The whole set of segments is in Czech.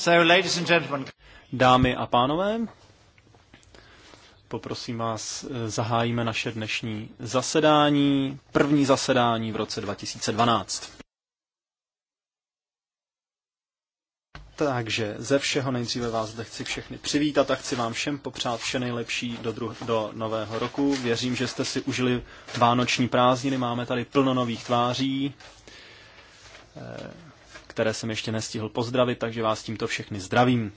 So, ladies and gentlemen. Dámy a pánové, poprosím vás, eh, zahájíme naše dnešní zasedání, první zasedání v roce 2012. Takže ze všeho nejdříve vás zde chci všechny přivítat a chci vám všem popřát vše nejlepší do, druh- do nového roku. Věřím, že jste si užili vánoční prázdniny, máme tady plno nových tváří. Eh, které jsem ještě nestihl pozdravit, takže vás tímto všechny zdravím.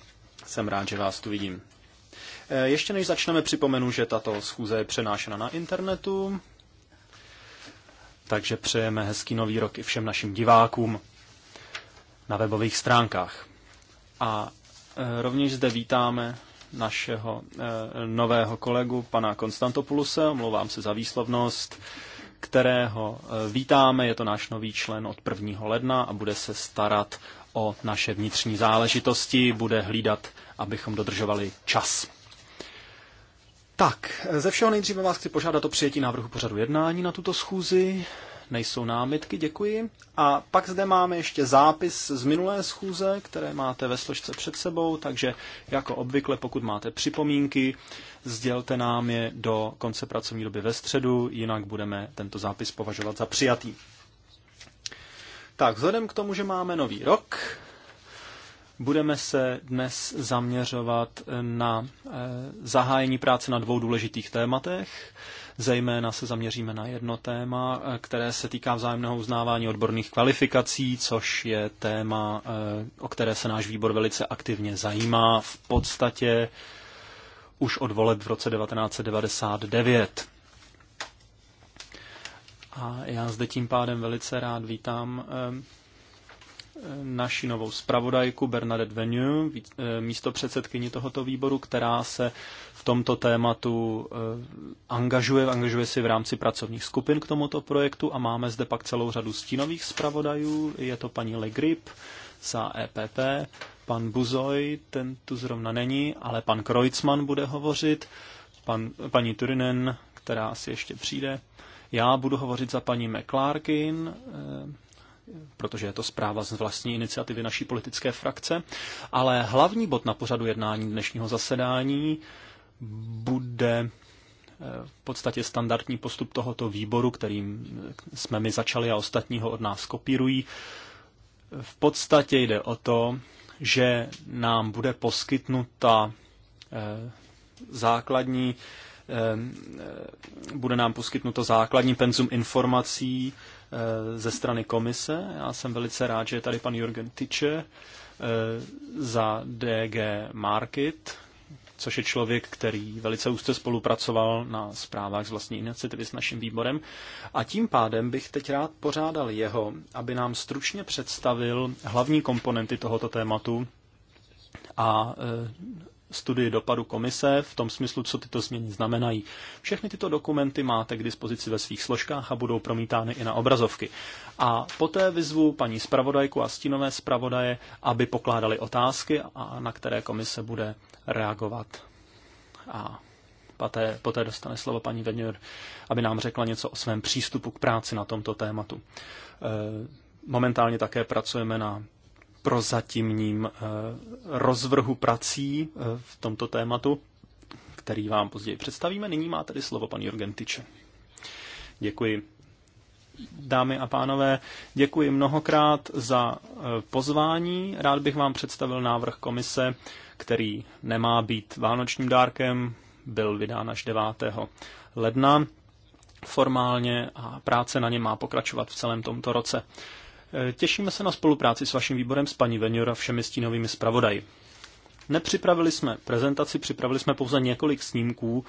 Jsem rád, že vás tu vidím. E, ještě než začneme, připomenu, že tato schůze je přenášena na internetu, takže přejeme hezký nový rok i všem našim divákům na webových stránkách. A e, rovněž zde vítáme našeho e, nového kolegu, pana Konstantopuluse, omlouvám se za výslovnost, kterého eh, vítáme. Je to náš nový člen od 1. ledna a bude se starat o naše vnitřní záležitosti, bude hlídat, abychom dodržovali čas. Tak, eh, ze všeho nejdříve vás chci požádat o přijetí návrhu pořadu jednání na tuto schůzi. Nejsou námitky, děkuji. A pak zde máme ještě zápis z minulé schůze, které máte ve složce před sebou, takže jako obvykle, pokud máte připomínky, sdělte nám je do konce pracovní doby ve středu, jinak budeme tento zápis považovat za přijatý. Tak, vzhledem k tomu, že máme nový rok, budeme se dnes zaměřovat na eh, zahájení práce na dvou důležitých tématech Zejména se zaměříme na jedno téma, eh, které se týká vzájemného uznávání odborných kvalifikací, což je téma, eh, o které se náš výbor velice aktivně zajímá v podstatě už od voleb v roce 1999. A já zde tím pádem velice rád vítám eh, naši novou zpravodajku Bernadette Venue, eh, místo předsedkyni tohoto výboru, která se v tomto tématu eh, angažuje, angažuje si v rámci pracovních skupin k tomuto projektu a máme zde pak celou řadu stínových zpravodajů. Je to paní Legrip za EPP, pan Buzoj, ten tu zrovna není, ale pan Kreutzmann bude hovořit, pan, paní Turinen, která asi ještě přijde. Já budu hovořit za paní McClarkin, eh, protože je to zpráva z vlastní iniciativy naší politické frakce. Ale hlavní bod na pořadu jednání dnešního zasedání bude eh, v podstatě standardní postup tohoto výboru, kterým eh, jsme my začali a ostatního od nás kopírují. V podstatě jde o to, že nám bude poskytnuta eh, základní bude nám poskytnuto základní penzum informací Eh, ze strany komise. Já jsem velice rád, že je tady pan Jürgen Tyče eh, za DG Market, což je člověk, který velice úzce spolupracoval na zprávách z vlastní iniciativy s naším výborem. A tím pádem bych teď rád pořádal jeho, aby nám stručně představil hlavní komponenty tohoto tématu a eh, studii dopadu komise v tom smyslu, co tyto změny znamenají. Všechny tyto dokumenty máte k dispozici ve svých složkách a budou promítány i na obrazovky. A poté vyzvu paní zpravodajku a stínové zpravodaje, aby pokládali otázky, a na které komise bude reagovat. A poté, poté dostane slovo paní Venior, aby nám řekla něco o svém přístupu k práci na tomto tématu. E, momentálně také pracujeme na prozatímním eh, rozvrhu prací eh, v tomto tématu, který vám později představíme. Nyní má tedy slovo pan Jorgen Tyče. Děkuji. Dámy a pánové, děkuji mnohokrát za eh, pozvání. Rád bych vám představil návrh komise, který nemá být vánočním dárkem, byl vydán až 9. ledna formálně a práce na něm má pokračovat v celém tomto roce. Eh, těšíme se na spolupráci s vaším výborem s paní Venior a všemi stínovými zpravodaji. Nepřipravili jsme prezentaci, připravili jsme pouze několik snímků,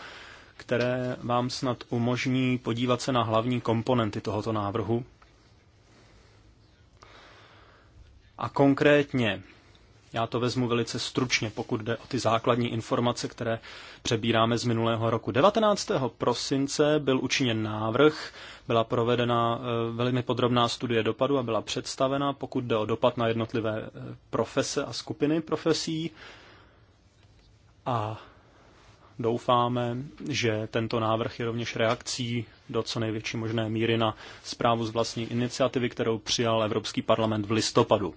které vám snad umožní podívat se na hlavní komponenty tohoto návrhu. A konkrétně já to vezmu velice stručně, pokud jde o ty základní informace, které přebíráme z minulého roku. 19. prosince byl učiněn návrh, byla provedena eh, velmi podrobná studie dopadu a byla představena, pokud jde o dopad na jednotlivé eh, profese a skupiny profesí. A doufáme, že tento návrh je rovněž reakcí do co největší možné míry na zprávu z vlastní iniciativy, kterou přijal Evropský parlament v listopadu.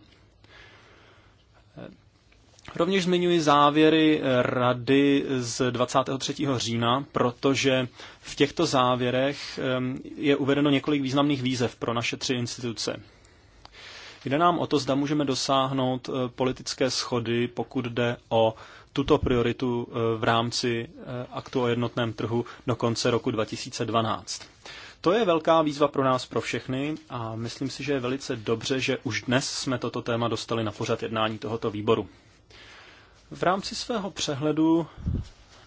Rovněž zmiňuji závěry rady z 23. října, protože v těchto závěrech je uvedeno několik významných výzev pro naše tři instituce. Jde nám o to, zda můžeme dosáhnout e, politické schody, pokud jde o tuto prioritu e, v rámci e, aktu o jednotném trhu do konce roku 2012. To je velká výzva pro nás, pro všechny a myslím si, že je velice dobře, že už dnes jsme toto téma dostali na pořad jednání tohoto výboru. V rámci svého přehledu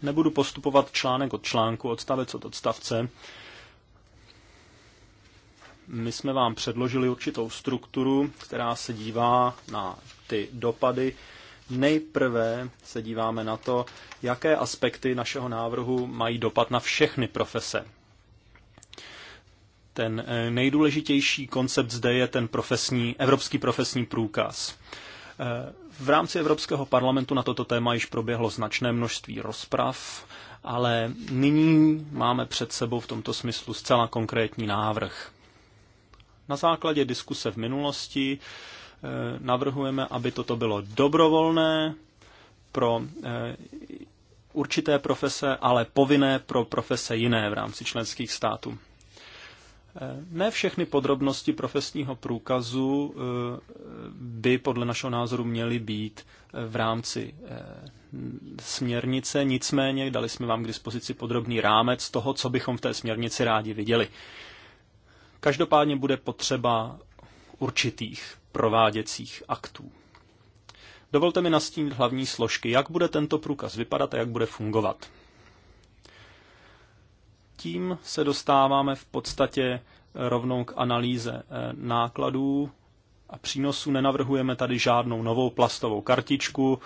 nebudu postupovat článek od článku, odstavec od odstavce. My jsme vám předložili určitou strukturu, která se dívá na ty dopady. Nejprve se díváme na to, jaké aspekty našeho návrhu mají dopad na všechny profese. Ten eh, nejdůležitější koncept zde je ten profesní, evropský profesní průkaz. Eh, v rámci Evropského parlamentu na toto téma již proběhlo značné množství rozprav, ale nyní máme před sebou v tomto smyslu zcela konkrétní návrh. Na základě diskuse v minulosti eh, navrhujeme, aby toto bylo dobrovolné pro určité profese, ale povinné pro profese jiné v rámci členských států. Eh, ne všechny podrobnosti profesního průkazu eh, by podle našeho názoru měly být eh, v rámci směrnice, nicméně dali jsme vám k dispozici podrobný rámec toho, co bychom v té směrnici rádi viděli. Každopádně bude potřeba určitých prováděcích aktů. Dovolte mi nastínit hlavní složky, jak bude tento průkaz vypadat a jak bude fungovat tím se dostáváme v podstatě rovnou k analýze eh, nákladů a přínosu. Nenavrhujeme tady žádnou novou plastovou kartičku,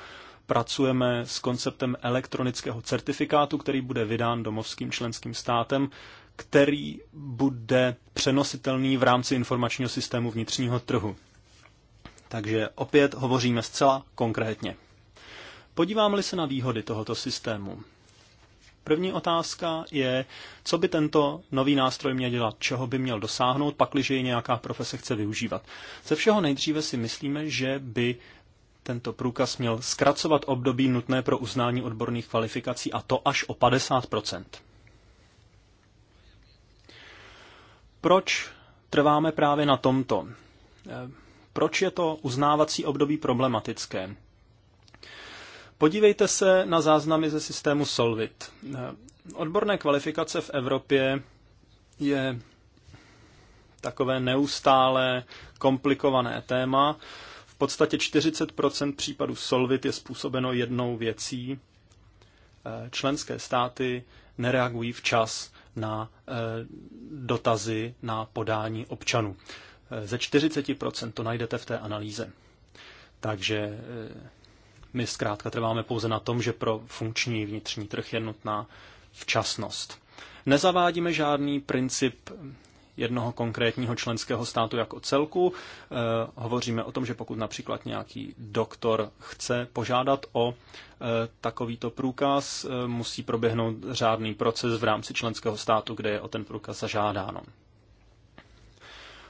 pracujeme s konceptem elektronického certifikátu, který bude vydán domovským členským státem, který bude přenositelný v rámci informačního systému vnitřního trhu. Takže opět hovoříme zcela konkrétně. Podíváme-li se na výhody tohoto systému. První otázka je, co by tento nový nástroj měl dělat, čeho by měl dosáhnout, pakliže ji nějaká profese chce využívat. Ze všeho nejdříve si myslíme, že by tento průkaz měl zkracovat období nutné pro uznání odborných kvalifikací a to až o 50 Proč trváme právě na tomto? Proč je to uznávací období problematické? Podívejte se na záznamy ze systému Solvit. Odborné kvalifikace v Evropě je takové neustálé komplikované téma. V podstatě 40 případů Solvit je způsobeno jednou věcí. Členské státy nereagují včas na eh, dotazy na podání občanů. Eh, ze 40 to najdete v té analýze. Takže eh, my zkrátka trváme pouze na tom, že pro funkční vnitřní trh je nutná včasnost. Nezavádíme žádný princip jednoho konkrétního členského státu jako celku. E, hovoříme o tom, že pokud například nějaký doktor chce požádat o e, takovýto průkaz, e, musí proběhnout řádný proces v rámci členského státu, kde je o ten průkaz zažádáno.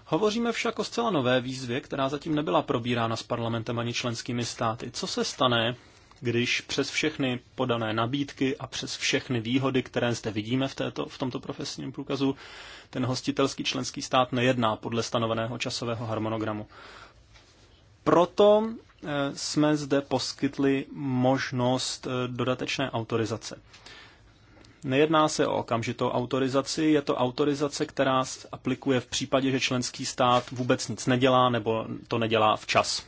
Hovoříme však o zcela nové výzvě, která zatím nebyla probírána s parlamentem ani členskými státy. Co se stane, když přes všechny podané nabídky a přes všechny výhody, které zde vidíme v, této, v tomto profesním průkazu, ten hostitelský členský stát nejedná podle stanoveného časového harmonogramu. Proto eh, jsme zde poskytli možnost eh, dodatečné autorizace. Nejedná se o okamžitou autorizaci, je to autorizace, která aplikuje v případě, že členský stát vůbec nic nedělá nebo to nedělá včas.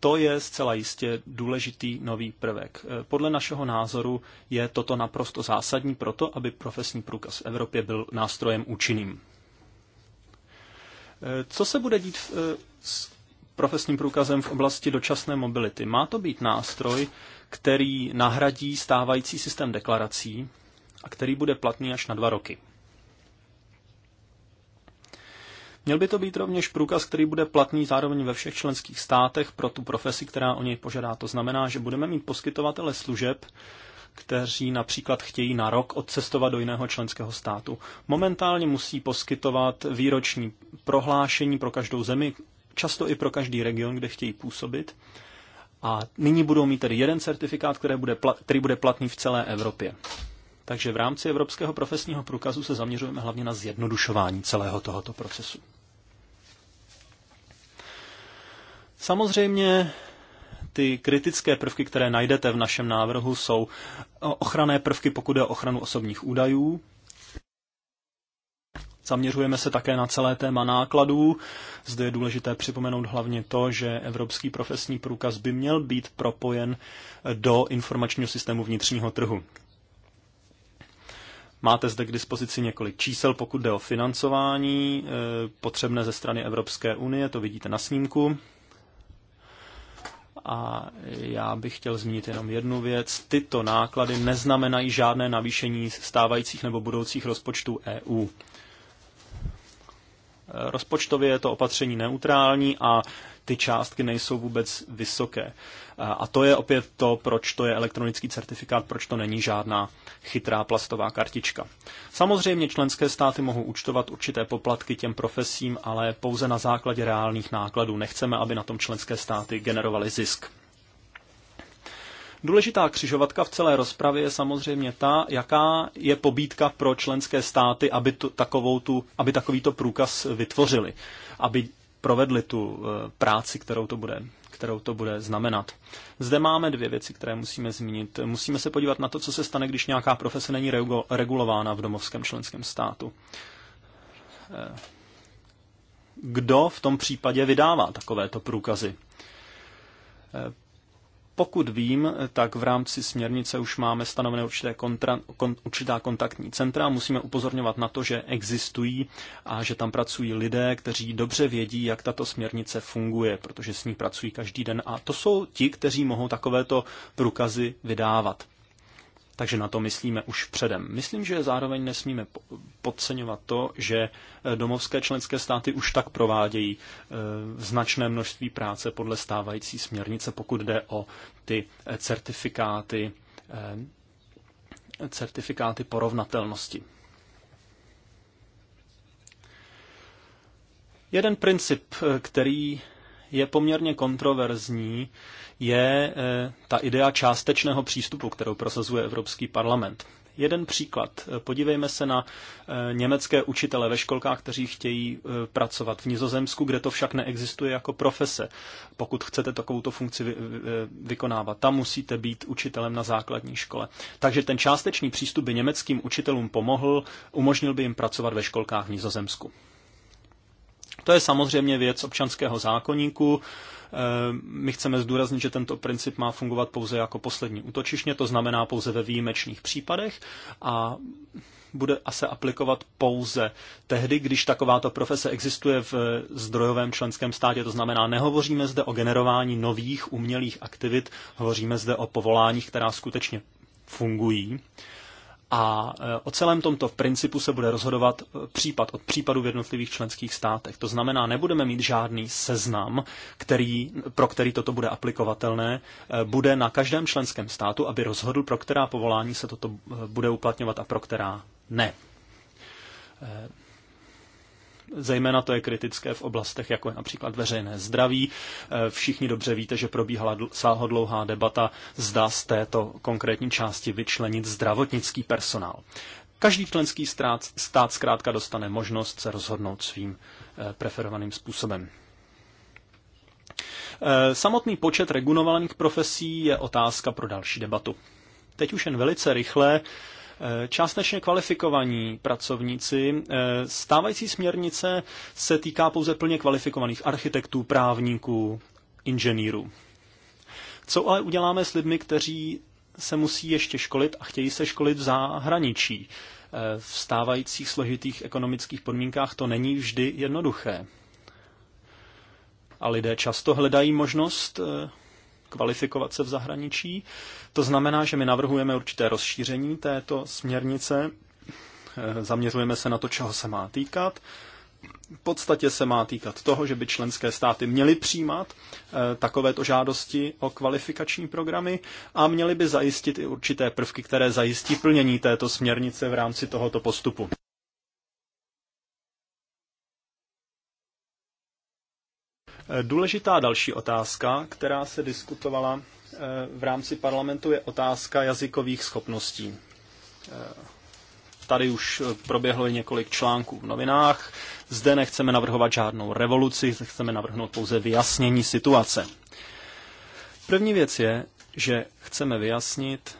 To je zcela jistě důležitý nový prvek. E, podle našeho názoru je toto naprosto zásadní proto, aby profesní průkaz v Evropě byl nástrojem účinným. E, co se bude dít e, s profesním průkazem v oblasti dočasné mobility? Má to být nástroj, který nahradí stávající systém deklarací a který bude platný až na dva roky. Měl by to být rovněž průkaz, který bude platný zároveň ve všech členských státech pro tu profesi, která o něj požadá. To znamená, že budeme mít poskytovatele služeb, kteří například chtějí na rok odcestovat do jiného členského státu. Momentálně musí poskytovat výroční prohlášení pro každou zemi, často i pro každý region, kde chtějí působit. A nyní budou mít tedy jeden certifikát, který bude, plat, který bude platný v celé Evropě. Takže v rámci Evropského profesního průkazu se zaměřujeme hlavně na zjednodušování celého tohoto procesu. Samozřejmě ty kritické prvky, které najdete v našem návrhu, jsou ochranné prvky, pokud je o ochranu osobních údajů, Zaměřujeme se také na celé téma nákladů. Zde je důležité připomenout hlavně to, že Evropský profesní průkaz by měl být propojen do informačního systému vnitřního trhu. Máte zde k dispozici několik čísel, pokud jde o financování eh, potřebné ze strany Evropské unie, to vidíte na snímku. A já bych chtěl zmínit jenom jednu věc. Tyto náklady neznamenají žádné navýšení stávajících nebo budoucích rozpočtů EU. Rozpočtově je to opatření neutrální a ty částky nejsou vůbec vysoké. A to je opět to, proč to je elektronický certifikát, proč to není žádná chytrá plastová kartička. Samozřejmě členské státy mohou účtovat určité poplatky těm profesím, ale pouze na základě reálných nákladů. Nechceme, aby na tom členské státy generovaly zisk. Důležitá křižovatka v celé rozpravě je samozřejmě ta, jaká je pobídka pro členské státy, aby, tu, takovou tu, aby takovýto průkaz vytvořili, aby provedli tu eh, práci, kterou to bude kterou to bude znamenat. Zde máme dvě věci, které musíme zmínit. Musíme se podívat na to, co se stane, když nějaká profese není regulována v domovském členském státu. Eh, kdo v tom případě vydává takovéto průkazy? Eh, pokud vím, tak v rámci směrnice už máme stanovené určité kontra, kon, určitá kontaktní centra. Musíme upozorňovat na to, že existují a že tam pracují lidé, kteří dobře vědí, jak tato směrnice funguje, protože s ní pracují každý den. A to jsou ti, kteří mohou takovéto průkazy vydávat. Takže na to myslíme už předem. Myslím, že zároveň nesmíme podceňovat to, že e, domovské členské státy už tak provádějí e, značné množství práce podle stávající směrnice, pokud jde o ty e, certifikáty, certifikáty porovnatelnosti. Jeden princip, který je poměrně kontroverzní, je e, ta idea částečného přístupu, kterou prosazuje Evropský parlament. Jeden příklad. E, podívejme se na e, německé učitele ve školkách, kteří chtějí pracovat v Nizozemsku, kde to však neexistuje jako profese. Pokud chcete takovou funkci vykonávat, tam musíte být učitelem na základní škole. Takže ten částečný přístup by německým učitelům pomohl, umožnil by jim pracovat ve školkách v Nizozemsku. To je samozřejmě věc občanského zákoníku. Eh, my chceme zdůraznit, že tento princip má fungovat pouze jako poslední útočišně, to znamená pouze ve výjimečných případech a bude se aplikovat pouze tehdy, když takováto profese existuje v zdrojovém členském státě. To znamená, nehovoříme zde o generování nových umělých aktivit, hovoříme zde o povoláních, která skutečně fungují a e, o celém tomto principu se bude rozhodovat e, případ od případu v jednotlivých členských státech. To znamená, nebudeme mít žádný seznam, který, pro který toto bude aplikovatelné. E, bude na každém členském státu, aby rozhodl, pro která povolání se toto bude uplatňovat a pro která ne. Zejména to je kritické v oblastech, jako je například veřejné zdraví. Eh, všichni dobře víte, že probíhala sáhodlouhá debata, zda z této konkrétní části vyčlenit zdravotnický personál. Každý členský stát, stát zkrátka dostane možnost se rozhodnout svým eh, preferovaným způsobem. Eh, samotný počet regulovaných profesí je otázka pro další debatu. Teď už jen velice rychle Částečně kvalifikovaní pracovníci. Eh, stávající směrnice se týká pouze plně kvalifikovaných architektů, právníků, inženýrů. Co ale uděláme s lidmi, kteří se musí ještě školit a chtějí se školit v zahraničí? Eh, v stávajících složitých ekonomických podmínkách to není vždy jednoduché. A lidé často hledají možnost eh, kvalifikovat se v zahraničí to znamená, že my navrhujeme určité rozšíření této směrnice, eh, zaměřujeme se na to, čeho se má týkat. V podstatě se má týkat toho, že by členské státy měly přijímat eh, takovéto žádosti o kvalifikační programy a měly by zajistit i určité prvky, které zajistí plnění této směrnice v rámci tohoto postupu. Eh, důležitá další otázka, která se diskutovala Eh, v rámci parlamentu je otázka jazykových schopností. Eh, tady už eh, proběhlo i několik článků v novinách. Zde nechceme navrhovat žádnou revoluci, chceme navrhnout pouze vyjasnění situace. První věc je, že chceme vyjasnit,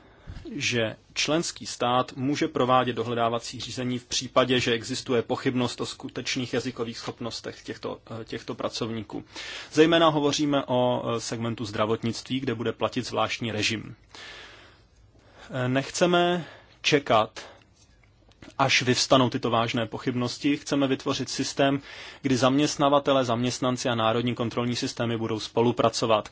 že členský stát může provádět dohledávací řízení v případě, že existuje pochybnost o skutečných jazykových schopnostech těchto, eh, těchto pracovníků. Zejména hovoříme o eh, segmentu zdravotnictví, kde bude platit zvláštní režim. Eh, nechceme čekat až vyvstanou tyto vážné pochybnosti, chceme vytvořit systém, kdy zaměstnavatele, zaměstnanci a národní kontrolní systémy budou spolupracovat.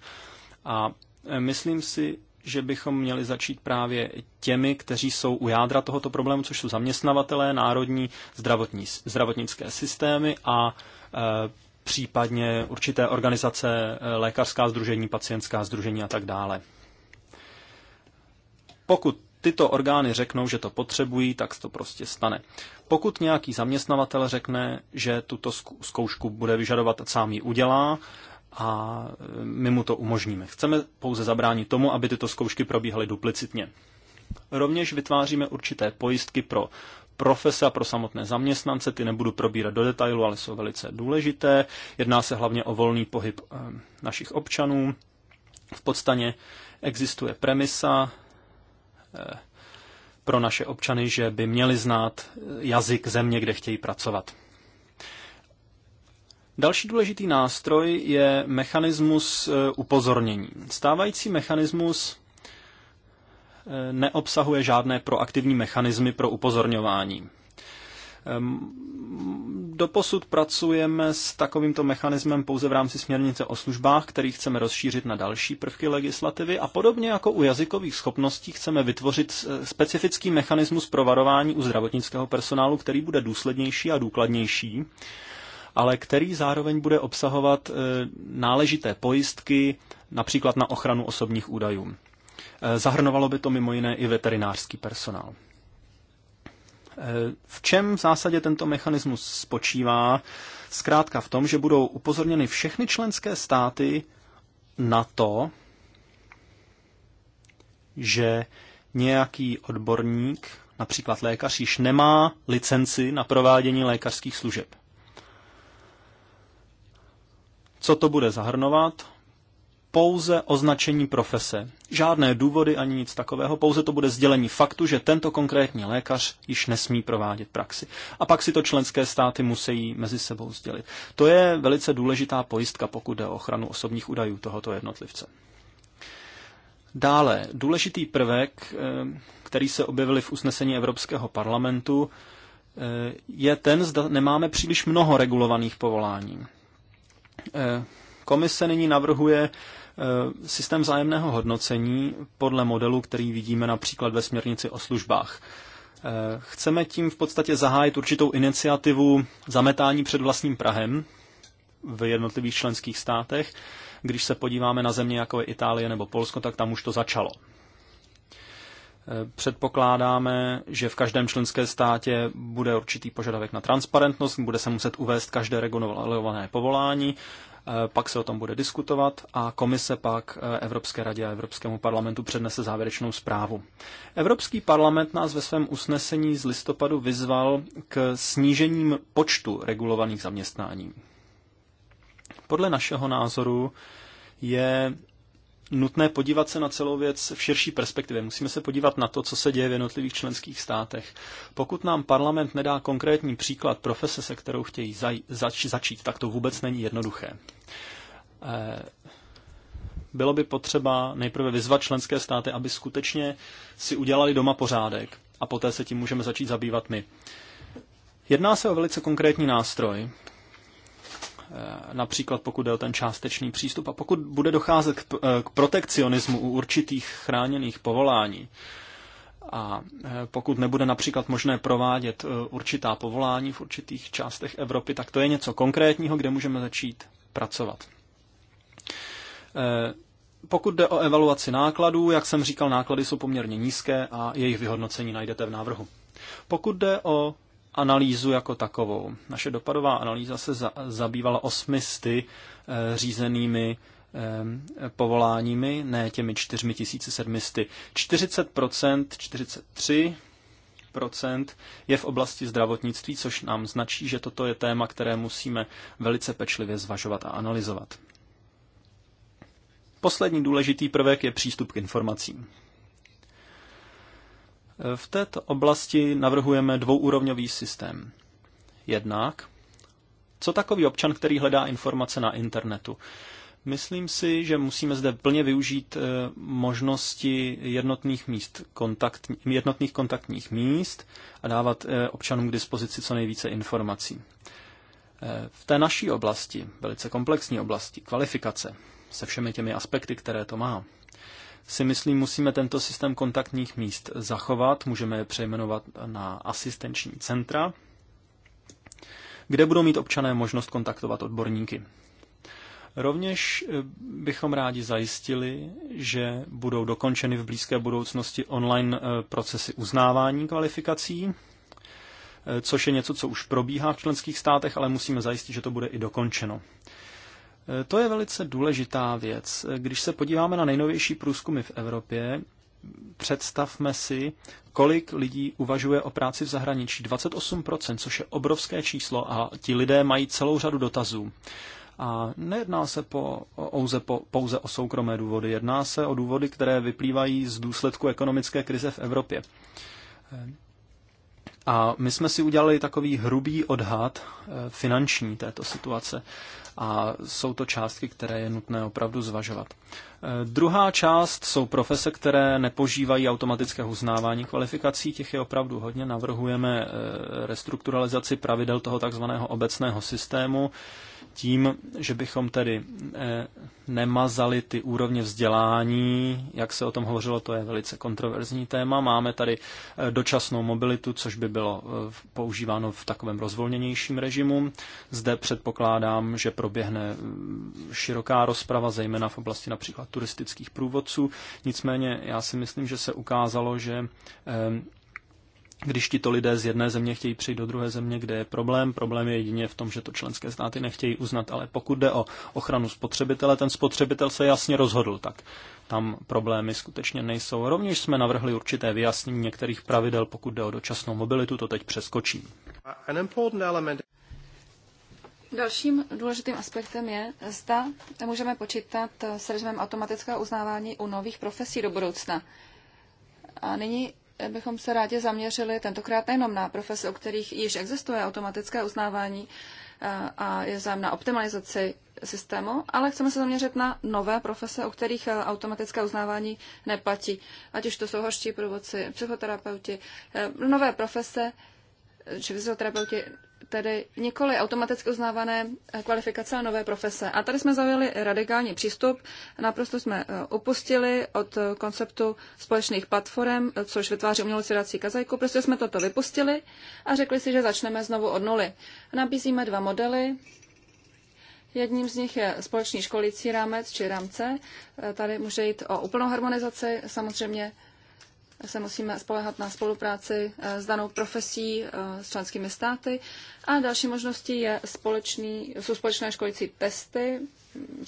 A myslím si, že bychom měli začít právě těmi, kteří jsou u jádra tohoto problému, což jsou zaměstnavatelé, národní zdravotní, zdravotnické systémy a e, případně určité organizace, e, lékařská združení, pacientská združení a tak dále. Pokud tyto orgány řeknou, že to potřebují, tak to prostě stane. Pokud nějaký zaměstnavatel řekne, že tuto zkoušku bude vyžadovat a sám ji udělá, a e, my mu to umožníme. Chceme pouze zabránit tomu, aby tyto zkoušky probíhaly duplicitně. Rovněž vytváříme určité pojistky pro profese a pro samotné zaměstnance, ty nebudu probírat do detailu, ale jsou velice důležité. Jedná se hlavně o volný pohyb e, našich občanů. V podstatě existuje premisa e, pro naše občany, že by měli znát jazyk země, kde chtějí pracovat. Další důležitý nástroj je mechanismus e, upozornění. Stávající mechanismus e, neobsahuje žádné proaktivní mechanismy pro upozorňování. E, doposud pracujeme s takovýmto mechanismem pouze v rámci směrnice o službách, který chceme rozšířit na další prvky legislativy a podobně jako u jazykových schopností chceme vytvořit specifický mechanismus pro varování u zdravotnického personálu, který bude důslednější a důkladnější ale který zároveň bude obsahovat e, náležité pojistky, například na ochranu osobních údajů. E, zahrnovalo by to mimo jiné i veterinářský personál. E, v čem v zásadě tento mechanismus spočívá? Zkrátka v tom, že budou upozorněny všechny členské státy na to, že nějaký odborník, například lékař, již nemá licenci na provádění lékařských služeb. Co to bude zahrnovat? Pouze označení profese. Žádné důvody ani nic takového, pouze to bude sdělení faktu, že tento konkrétní lékař již nesmí provádět praxi. A pak si to členské státy musí mezi sebou sdělit. To je velice důležitá pojistka, pokud jde o ochranu osobních údajů tohoto jednotlivce. Dále, důležitý prvek, eh, který se objevil v usnesení Evropského parlamentu, eh, je ten, zda nemáme příliš mnoho regulovaných povolání. Komise nyní navrhuje eh, systém zájemného hodnocení podle modelu, který vidíme například ve směrnici o službách. Eh, chceme tím v podstatě zahájit určitou iniciativu zametání před vlastním Prahem v jednotlivých členských státech. Když se podíváme na země jako je Itálie nebo Polsko, tak tam už to začalo. Předpokládáme, že v každém členském státě bude určitý požadavek na transparentnost, bude se muset uvést každé regulované povolání, eh, pak se o tom bude diskutovat a komise pak eh, Evropské radě a Evropskému parlamentu přednese závěrečnou zprávu. Evropský parlament nás ve svém usnesení z listopadu vyzval k snížením počtu regulovaných zaměstnání. Podle našeho názoru je nutné podívat se na celou věc v širší perspektivě. Musíme se podívat na to, co se děje v jednotlivých členských státech. Pokud nám parlament nedá konkrétní příklad profese, se kterou chtějí zač- začít, tak to vůbec není jednoduché. Eh, bylo by potřeba nejprve vyzvat členské státy, aby skutečně si udělali doma pořádek a poté se tím můžeme začít zabývat my. Jedná se o velice konkrétní nástroj, Eh, například pokud jde o ten částečný přístup. A pokud bude docházet k, eh, k protekcionismu u určitých chráněných povolání, a eh, pokud nebude například možné provádět určitá povolání v určitých částech Evropy, tak to je něco konkrétního, kde můžeme začít pracovat. Pokud jde o evaluaci nákladů, jak jsem říkal, náklady jsou poměrně nízké a jejich vyhodnocení najdete v návrhu. Pokud jde o analýzu jako takovou. Naše dopadová analýza se za, zabývala osmisty e, eh, řízenými e, povoláními, ne těmi 4700. 40%, 43 je v oblasti zdravotnictví, což nám značí, že toto je téma, které musíme velice pečlivě zvažovat a analyzovat. Poslední důležitý prvek je přístup k informacím. V této oblasti navrhujeme dvouúrovňový systém. Jednak, co takový občan, který hledá informace na internetu? Myslím si, že musíme zde plně využít eh, možnosti jednotných, míst, kontakt, jednotných kontaktních míst a dávat eh, občanům k dispozici co nejvíce informací. Eh, v té naší oblasti, velice komplexní oblasti, kvalifikace, se všemi těmi aspekty, které to má, si myslím, musíme tento systém kontaktních míst zachovat. Můžeme je přejmenovat na asistenční centra, kde budou mít občané možnost kontaktovat odborníky. Rovněž eh, bychom rádi zajistili, že budou dokončeny v blízké budoucnosti online eh, procesy uznávání kvalifikací, eh, což je něco, co už probíhá v členských státech, ale musíme zajistit, že to bude i dokončeno. To je velice důležitá věc. Když se podíváme na nejnovější průzkumy v Evropě, představme si, kolik lidí uvažuje o práci v zahraničí. 28%, což je obrovské číslo a ti lidé mají celou řadu dotazů. A nejedná se po, ouze, po, pouze o soukromé důvody, jedná se o důvody, které vyplývají z důsledku ekonomické krize v Evropě. A my jsme si udělali takový hrubý odhad eh, finanční této situace a jsou to částky, které je nutné opravdu zvažovat. Eh, druhá část jsou profese, které nepožívají automatického uznávání kvalifikací, těch je opravdu hodně. Navrhujeme eh, restrukturalizaci pravidel toho takzvaného obecného systému, tím, že bychom tedy eh, nemazali ty úrovně vzdělání, jak se o tom hovořilo, to je velice kontroverzní téma. Máme tady eh, dočasnou mobilitu, což by bylo eh, používáno v takovém rozvolněnějším režimu. Zde předpokládám, že proběhne široká rozprava, zejména v oblasti například turistických průvodců. Nicméně já si myslím, že se ukázalo, že když ti to lidé z jedné země chtějí přijít do druhé země, kde je problém. Problém je jedině v tom, že to členské státy nechtějí uznat, ale pokud jde o ochranu spotřebitele, ten spotřebitel se jasně rozhodl, tak tam problémy skutečně nejsou. Rovněž jsme navrhli určité vyjasnění některých pravidel, pokud jde o dočasnou mobilitu, to teď přeskočím. Dalším důležitým aspektem je, zda můžeme počítat s režimem automatického uznávání u nových profesí do budoucna. A nyní bychom se rádi zaměřili tentokrát nejenom na profese, u kterých již existuje automatické uznávání eh, a je zájem na optimalizaci systému, ale chceme se zaměřit na nové profese, u kterých eh, automatické uznávání neplatí. Ať už to jsou horští průvodci, psychoterapeuti, eh, nové profese, či fyzioterapeuti, tedy nikoli automaticky uznávané eh, kvalifikace a nové profese. A tady jsme zavěli radikální přístup. Naprosto jsme eh, upustili od eh, konceptu společných platform, což vytváří umělou dací kazajku. Prostě jsme toto vypustili a řekli si, že začneme znovu od nuly. Nabízíme dva modely. Jedním z nich je společný školící rámec či rámce. Tady může jít o úplnou harmonizaci. Samozřejmě se musíme spolehat na spolupráci eh, s danou profesí, eh, s členskými státy. A další možností je společný, jsou společné školící testy,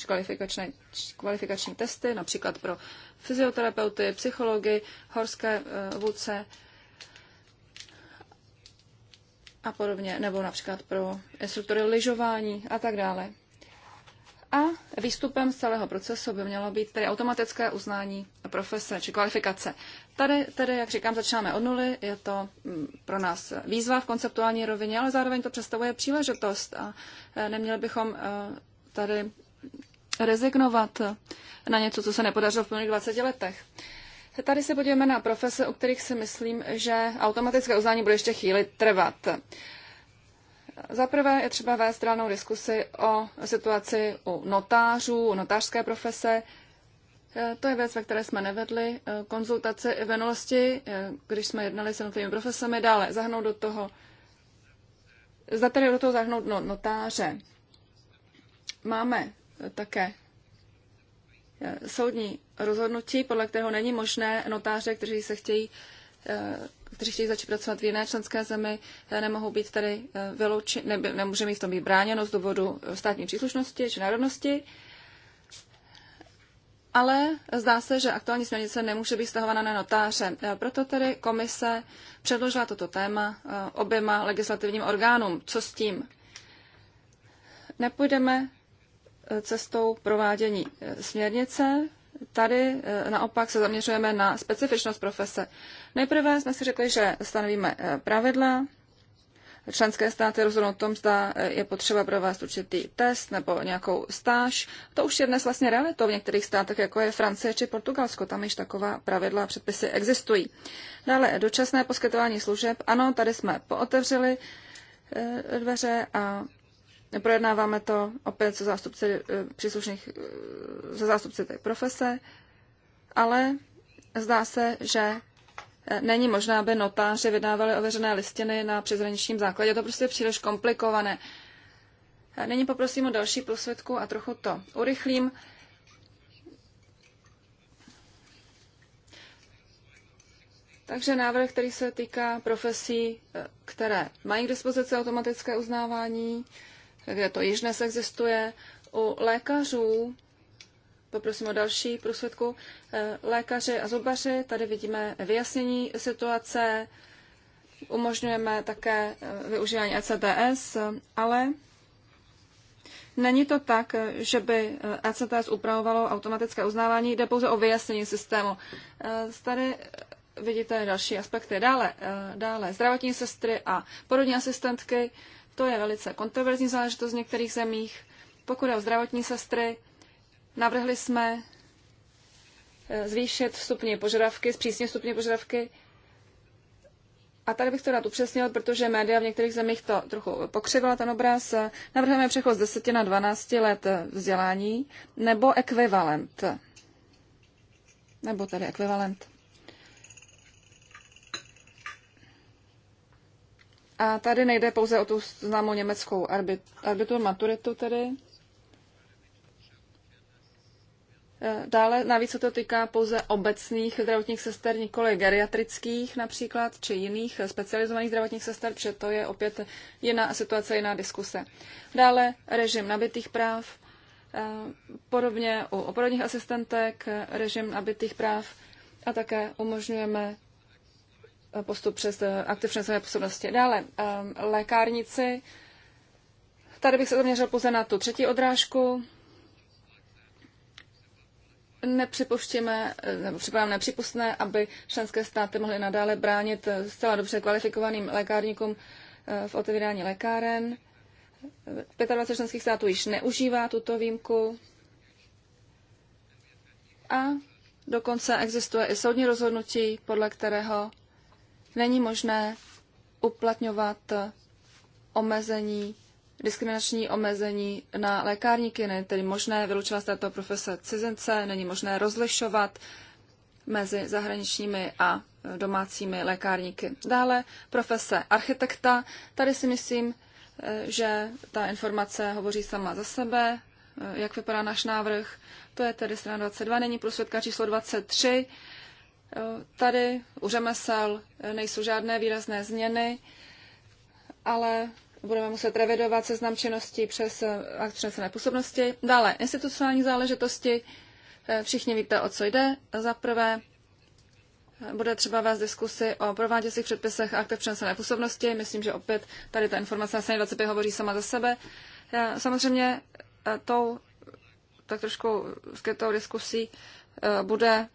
kvalifikační, kvalifikační testy, například pro fyzioterapeuty, psychology, horské eh, vůdce a podobně, nebo například pro instruktory lyžování a tak dále. A výstupem z celého procesu by mělo být tedy automatické uznání profese či kvalifikace. Tady, tedy, jak říkám, začínáme od nuly, je to mm, pro nás výzva v konceptuální rovině, ale zároveň to představuje příležitost a e, neměli bychom e, tady rezignovat na něco, co se nepodařilo v plných 20 letech. Tady se podíváme na profese, u kterých si myslím, že automatické uznání bude ještě chvíli trvat. Za prvé je třeba vést reálnou diskusi o situaci u notářů, u notářské profese. E, to je věc, ve které jsme nevedli e, konzultace i venulosti, e, když jsme jednali s jednotlivými profesemi. Dále zahrnout do toho, zda tedy do toho zahrnout no, notáře. Máme také soudní rozhodnutí, podle kterého není možné notáře, kteří se chtějí uh, Eh, kteří chtějí začít pracovat v jiné členské zemi, eh, nemohou být tady eh, vyloučeni, ne, nemůže mít v tom být bráněno z důvodu státní příslušnosti či národnosti. Ale zdá se, že aktuální směrnice nemůže být stahována na notáře. Proto tedy komise předložila toto téma oběma legislativním orgánům. Co s tím? Nepůjdeme cestou provádění směrnice, Tady eh, naopak se zaměřujeme na specifičnost profese. Nejprve jsme si řekli, že stanovíme eh, pravidla, členské státy rozhodnou o tom, zda eh, je potřeba provést určitý test nebo nějakou stáž. To už je dnes vlastně realitou v některých státech, jako je Francie či Portugalsko. Tam již taková pravidla a předpisy existují. Dále dočasné poskytování služeb. Ano, tady jsme pootevřeli dveře a Projednáváme to opět se zástupci eh, příslušných, eh, se zástupci té profese, ale zdá se, že eh, není možné, aby notáři vydávali ověřené listiny na přezraničním základě. Je To prostě příliš komplikované. Nyní poprosím o další posvědku a trochu to urychlím. Takže návrh, který se týká profesí, které mají k dispozici automatické uznávání, kde to již dnes existuje. U lékařů, poprosím o další průsvědku, eh, lékaři a zubaři, tady vidíme vyjasnění situace, umožňujeme také eh, využívání ECDS, ale Není to tak, že by ECTS eh, e upravovalo automatické uznávání, jde pouze o vyjasnění systému. Tady vidíte další aspekty. Dále, dále zdravotní sestry a porodní asistentky. To je velice kontroverzní záležitost v některých zemích. Pokud je o zdravotní sestry, navrhli jsme eh, zvýšit stupně požadavky, zpřísně stupně požadavky. A tady bych to rád upřesnil, protože média v některých zemích to trochu pokřivila ten obraz. Navrhujeme přechod z 10 na 12 let vzdělání nebo ekvivalent. Nebo tedy ekvivalent. A tady nejde pouze o tu známou německou arbitru maturitu tedy. E, dále navíc se to týká pouze obecných zdravotních sester, nikoli geriatrických například, či jiných specializovaných zdravotních sester, protože to je opět jiná situace, jiná diskuse. Dále režim nabitých práv, e, podobně u oporodních asistentek, e, režim nabitých práv a také umožňujeme postup přes eh, aktiv přenesené působnosti. Dále, ehm, lékárnici. Tady bych se zaměřil pouze na tu třetí odrážku. Nepřipuštíme, eh, nebo připadám nepřipustné, aby členské státy mohly nadále bránit eh, zcela dobře kvalifikovaným lékárníkům v otevírání lékáren. 25 členských států již neužívá tuto výjimku. A dokonce existuje i soudní rozhodnutí, podle kterého není možné uplatňovat omezení, diskriminační omezení na lékárníky, není tedy možné vylučovat z této profese cizince, není možné rozlišovat mezi zahraničními a domácími lékárníky. Dále profese architekta. Tady si myslím, eh, že ta informace hovoří sama za sebe, eh, jak vypadá náš návrh. To je tedy strana 22, není prosvědka číslo 23. Tady u řemesel nejsou žádné výrazné změny, ale budeme muset revidovat seznam činností přes akt přenesené působnosti. Dále institucionální záležitosti. Eh, Všichni víte, o co jde. Za prvé bude třeba vést diskusy o prováděcích předpisech a aktech přenesené působnosti. Myslím, že opět tady ta informace na 25 hovoří sama za sebe. Eh, samozřejmě eh, tou tak trošku skrytou diskusí bude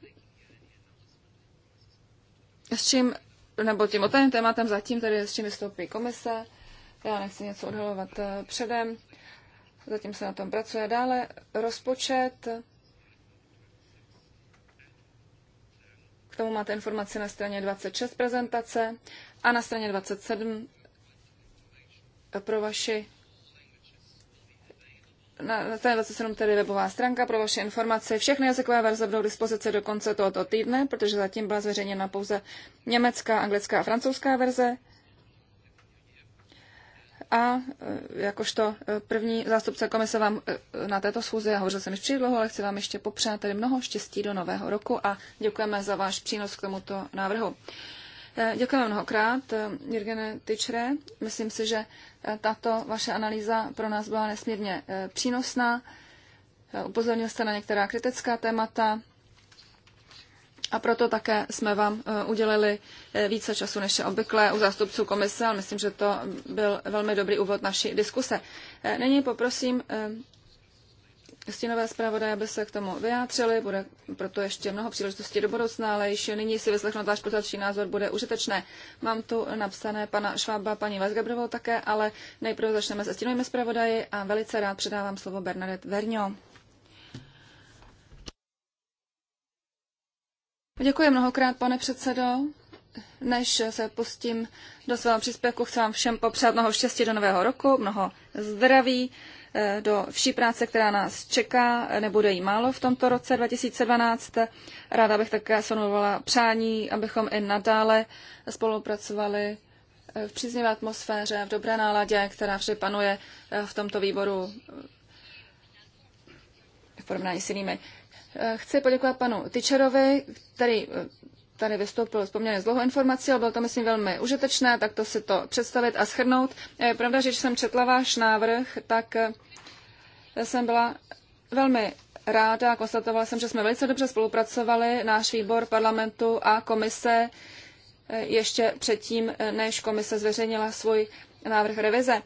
s čím, nebo tím otevřeným tématem zatím tady s čím vystoupí komise. Já nechci něco odhalovat eh, předem. Zatím se na tom pracuje dále. Rozpočet. K tomu máte informaci na straně 26 prezentace a na straně 27 pro vaši na té 27 tedy webová stránka pro vaše informace. Všechny jazykové verze budou k dispozici do konce tohoto týdne, protože zatím byla zveřejněna pouze německá, anglická a francouzská verze. A eh, jakožto eh, první zástupce komise vám eh, na této schůzi, já hovořil jsem již příliš dlouho, ale chci vám ještě popřát tedy mnoho štěstí do nového roku a děkujeme za váš přínos k tomuto návrhu. Eh, Děkuji vám mnohokrát, eh, Jirgene Tyčre. Myslím si, že eh, tato vaše analýza pro nás byla nesmírně přínosná. Upozornil jste na některá kritická témata a proto také jsme vám udělili více času než je obvykle u zástupců komise, ale myslím, že to byl velmi dobrý úvod naší diskuse. Nyní poprosím stínové zpravodaje, aby se k tomu vyjádřili. Bude proto ještě mnoho příležitostí do budoucna, ale již nyní si vyslechnout váš pořadší názor bude užitečné. Mám tu napsané pana Švába, paní Vazgabrovou také, ale nejprve začneme se stínovými zpravodaji a velice rád předávám slovo Bernadette Verňo. Děkuji mnohokrát, pane předsedo. Než se pustím do svého příspěvku, chci vám všem popřát mnoho štěstí do nového roku, mnoho zdraví Eh, do vší práce, která nás čeká. Eh, nebude jí málo v tomto roce 2012. Ráda bych také sonovala přání, abychom i nadále spolupracovali eh, v příznivé atmosféře, v dobré náladě, která vždy panuje v tomto výboru v porovnání s jinými. Chci poděkovat panu Tyčerovi, který tady vystoupil s poměrně dlouhou informací, ale bylo to, myslím, velmi užitečné, tak to si to představit a schrnout. Je pravda, že když jsem četla váš návrh, tak eh, jsem byla velmi ráda a konstatovala jsem, že jsme velice dobře spolupracovali, náš výbor parlamentu a komise eh, ještě předtím, eh, než komise zveřejnila svůj návrh revize.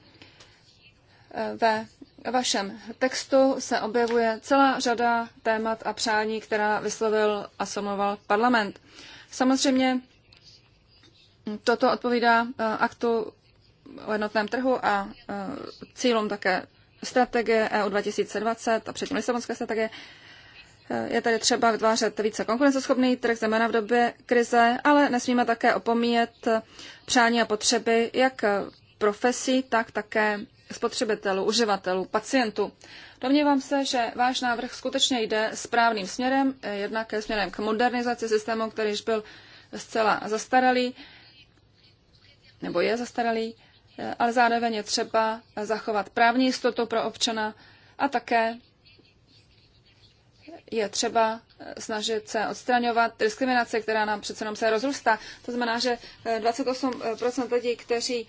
Ve vašem textu se objevuje celá řada témat a přání, která vyslovil a somoval parlament. Samozřejmě toto odpovídá eh, aktu o jednotném trhu a eh, cílům také strategie EU 2020 a předtím Lisabonské strategie. Eh, je tady třeba vytvářet více konkurenceschopný trh, zejména v době krize, ale nesmíme také opomíjet přání a potřeby jak profesí, tak také spotřebitelů, uživatelů, pacientů. Domnívám se, že váš návrh skutečně jde správným směrem, eh, jednak směrem k modernizaci systému, který již byl zcela zastaralý, nebo je zastaralý, eh, ale zároveň je třeba zachovat právní jistotu pro občana a také je třeba eh, snažit se odstraňovat diskriminace, která nám přece jenom se rozrůstá. To znamená, že 28% lidí, kteří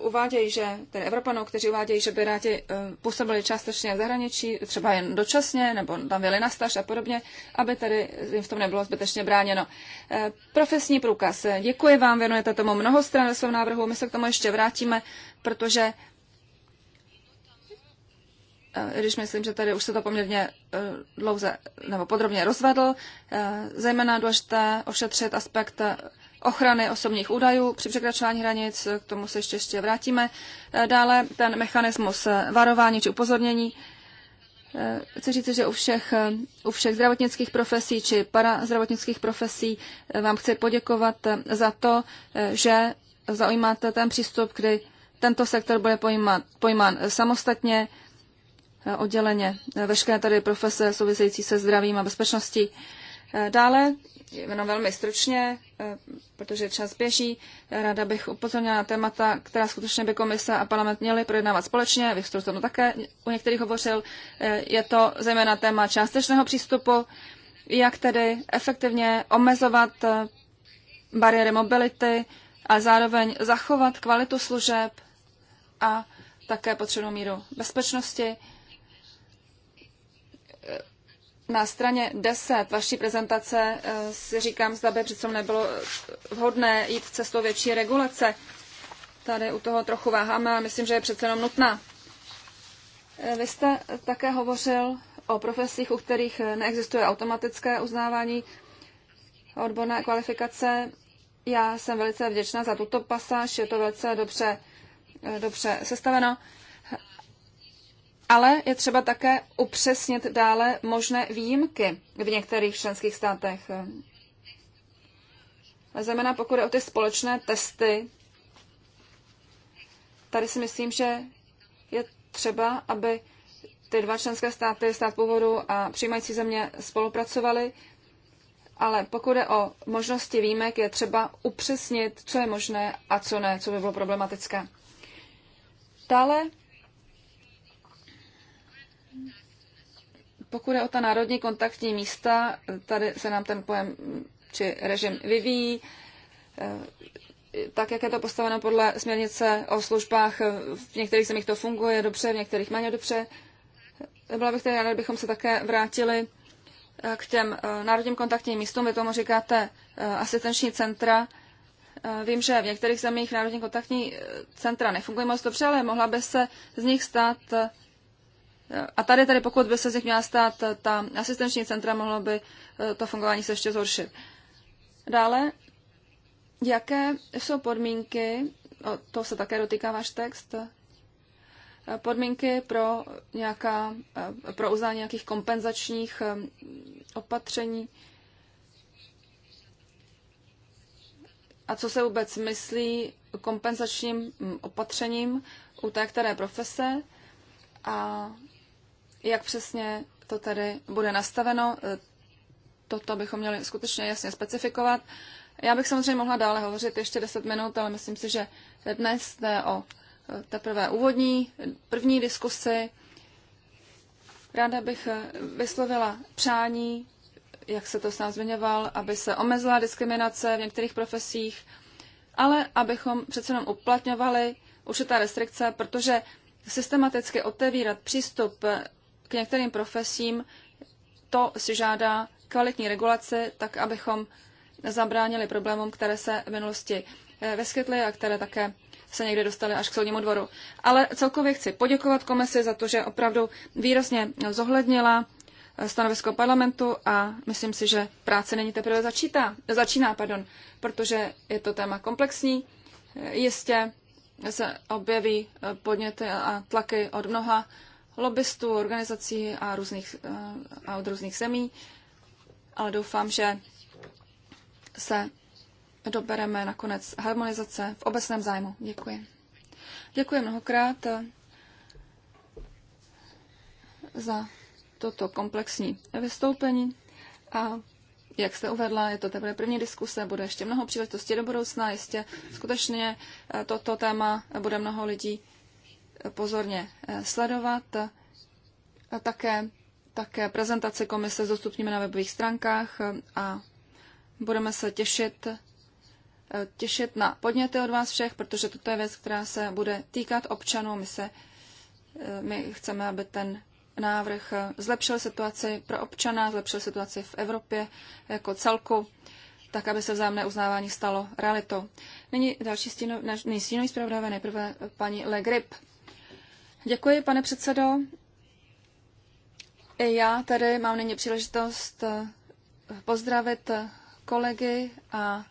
uvádějí, že, tedy Evropanů, kteří uvádějí, že by rádi eh, působili částečně v zahraničí, třeba jen dočasně, nebo tam byli na staž a podobně, aby tady jim v tom nebylo zbytečně bráněno. Eh, profesní průkaz. Děkuji vám, věnujete tomu mnoho stran ve svém návrhu, my se k tomu ještě vrátíme, protože eh, když myslím, že tady už se to poměrně dlouze nebo podrobně rozvedl, zejména důležité ošetřit aspekt ochrany osobních údajů při překračování hranic, k tomu se ještě, ještě vrátíme. Eh, dále ten mechanismus eh, varování či upozornění. Eh, chci říct, že u všech, u všech zdravotnických profesí či parazdravotnických profesí vám chci poděkovat za to, že zaujímáte ten přístup, kdy tento sektor bude pojímat, pojímán samostatně, odděleně veškeré tady profese související se zdravím a bezpečností. Dále jenom velmi stručně, eh, protože čas běží. Ráda bych upozornila na témata, která skutečně by komise a parlament měly projednávat společně. Vy jste tomu také u některých hovořil. Eh, je to zejména téma částečného přístupu, jak tedy efektivně omezovat eh, bariéry mobility a zároveň zachovat kvalitu služeb a také potřebnou míru bezpečnosti na straně 10 vaší prezentace eh, si říkám, zda by přece nebylo vhodné jít cestou větší regulace. Tady u toho trochu váháme, ale myslím, že je přece jenom nutná. Eh, vy jste také hovořil o profesích, u kterých neexistuje automatické uznávání odborné kvalifikace. Já jsem velice vděčná za tuto pasáž, je to velice dobře, eh, dobře sestaveno. Ale je třeba také upřesnit dále možné výjimky v některých členských státech. Zejména pokud je o ty společné testy, tady si myslím, že je třeba, aby ty dva členské státy, stát původu a přijímající země spolupracovaly, ale pokud je o možnosti výjimek, je třeba upřesnit, co je možné a co ne, co by bylo problematické. Dále Pokud je o ta národní kontaktní místa, tady se nám ten pojem či režim vyvíjí. E, tak, jak je to postaveno podle směrnice o službách, v některých zemích to funguje dobře, v některých méně dobře. Byla bych tedy ráda, kdybychom se také vrátili e, k těm e, národním kontaktním místům. Vy tomu říkáte asistenční centra. Vím, že v některých zemích národní kontaktní centra nefungují moc dobře, ale mohla by se z nich stát a tady, tady pokud by se z nich měla stát ta asistenční centra, mohlo by eh, to fungování se ještě zhoršit. Dále, jaké jsou podmínky, o, to se také dotýká váš text, eh, podmínky pro, nějaká, eh, pro uznání nějakých kompenzačních opatření. A co se vůbec myslí kompenzačním mm, opatřením u té které profese? A jak přesně to tady bude nastaveno, e, toto bychom měli skutečně jasně specifikovat. Já bych samozřejmě mohla dále hovořit ještě 10 minut, ale myslím si, že dnes jde o e, teprve úvodní, první diskusy. Ráda bych e, vyslovila přání, jak se to s sám zmiňoval, aby se omezila diskriminace v některých profesích, ale abychom přece jenom uplatňovali určitá restrikce, protože systematicky otevírat přístup k některým profesím, to si žádá kvalitní regulaci, tak abychom zabránili problémům, které se v minulosti eh, vyskytly a které také se někde dostali až k soudnímu dvoru. Ale celkově chci poděkovat komisi za to, že opravdu výrazně zohlednila eh, stanovisko parlamentu a myslím si, že práce není teprve začítá, začíná, pardon, protože je to téma komplexní. Eh, Jistě se objeví podněty a tlaky od mnoha lobbystů, organizací a, různých, eh, a od různých zemí, ale doufám, že se dobereme nakonec harmonizace v obecném zájmu. Děkuji. Děkuji mnohokrát eh, za toto komplexní vystoupení a jak jste uvedla, je to teprve první diskuse, bude ještě mnoho příležitostí do budoucna, jistě skutečně eh, toto téma bude mnoho lidí pozorně eh, sledovat. A také, také prezentace komise zostupníme na webových stránkách eh, a budeme se těšit, eh, těšit na podněty od vás všech, protože toto je věc, která se bude týkat občanů. My, se, my chceme, aby ten návrh zlepšil situaci pro občana, zlepšil situaci v Evropě jako celku, tak, aby se vzájemné uznávání stalo realitou. Nyní další stínový zpravodajové, nejprve paní Le Grip. Děkuji, pane předsedo. I já tady mám nyní příležitost eh, pozdravit eh, kolegy a,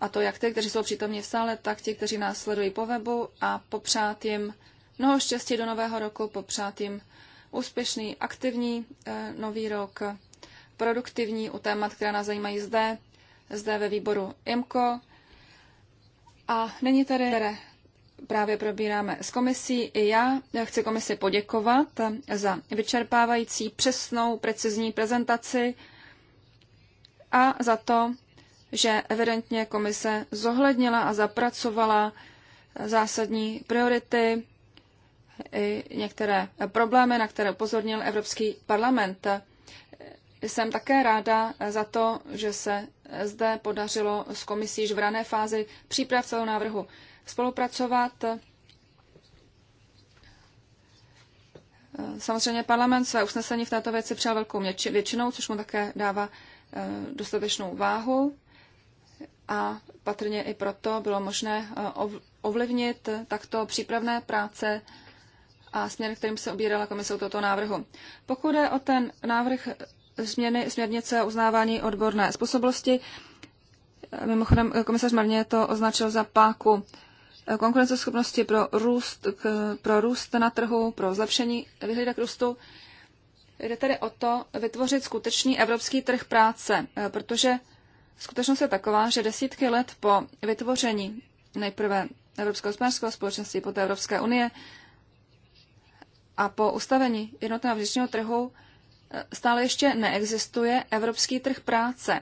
a to jak ty, kteří jsou přítomní v sále, tak ti, kteří nás sledují po webu a popřát jim mnoho štěstí do nového roku, popřát jim úspěšný, aktivní eh, nový rok, produktivní u témat, která nás zajímají zde, zde ve výboru IMCO. A nyní tady právě probíráme s komisí. I já chci komisi poděkovat za vyčerpávající, přesnou, precizní prezentaci a za to, že evidentně komise zohlednila a zapracovala zásadní priority i některé problémy, na které upozornil Evropský parlament. Jsem také ráda za to, že se zde podařilo s komisí již v rané fázi příprav celého návrhu spolupracovat. Samozřejmě parlament své usnesení v této věci přijal velkou většinou, což mu také dává eh, dostatečnou váhu a patrně i proto bylo možné eh, ovlivnit takto přípravné práce a směr, kterým se obírala komise toto návrhu. Pokud je o ten návrh změny směrnice a uznávání odborné způsobilosti, eh, mimochodem komisař Marně to označil za páku Eh, konkurenceschopnosti, pro růst, k, pro růst na trhu, pro zlepšení vyhlídek růstu. Jde tedy o to vytvořit skutečný evropský trh práce, eh, protože skutečnost je taková, že desítky let po vytvoření nejprve Evropského hospodářského společenství, poté Evropské unie a po ustavení jednotného vnitřního trhu eh, stále ještě neexistuje evropský trh práce.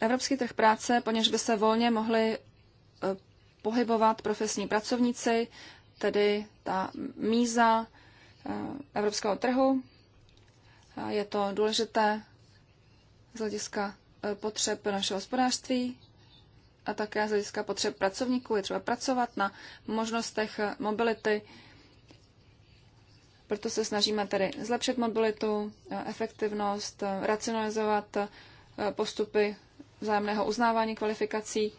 Evropský trh práce, po něž by se volně mohly pohybovat profesní pracovníci, tedy ta míza eh, evropského trhu. Eh, je to důležité z hlediska eh, potřeb našeho hospodářství a také z hlediska potřeb pracovníků. Je třeba pracovat na možnostech mobility, proto se snažíme tedy zlepšit mobilitu, efektivnost, racionalizovat postupy vzájemného uznávání kvalifikací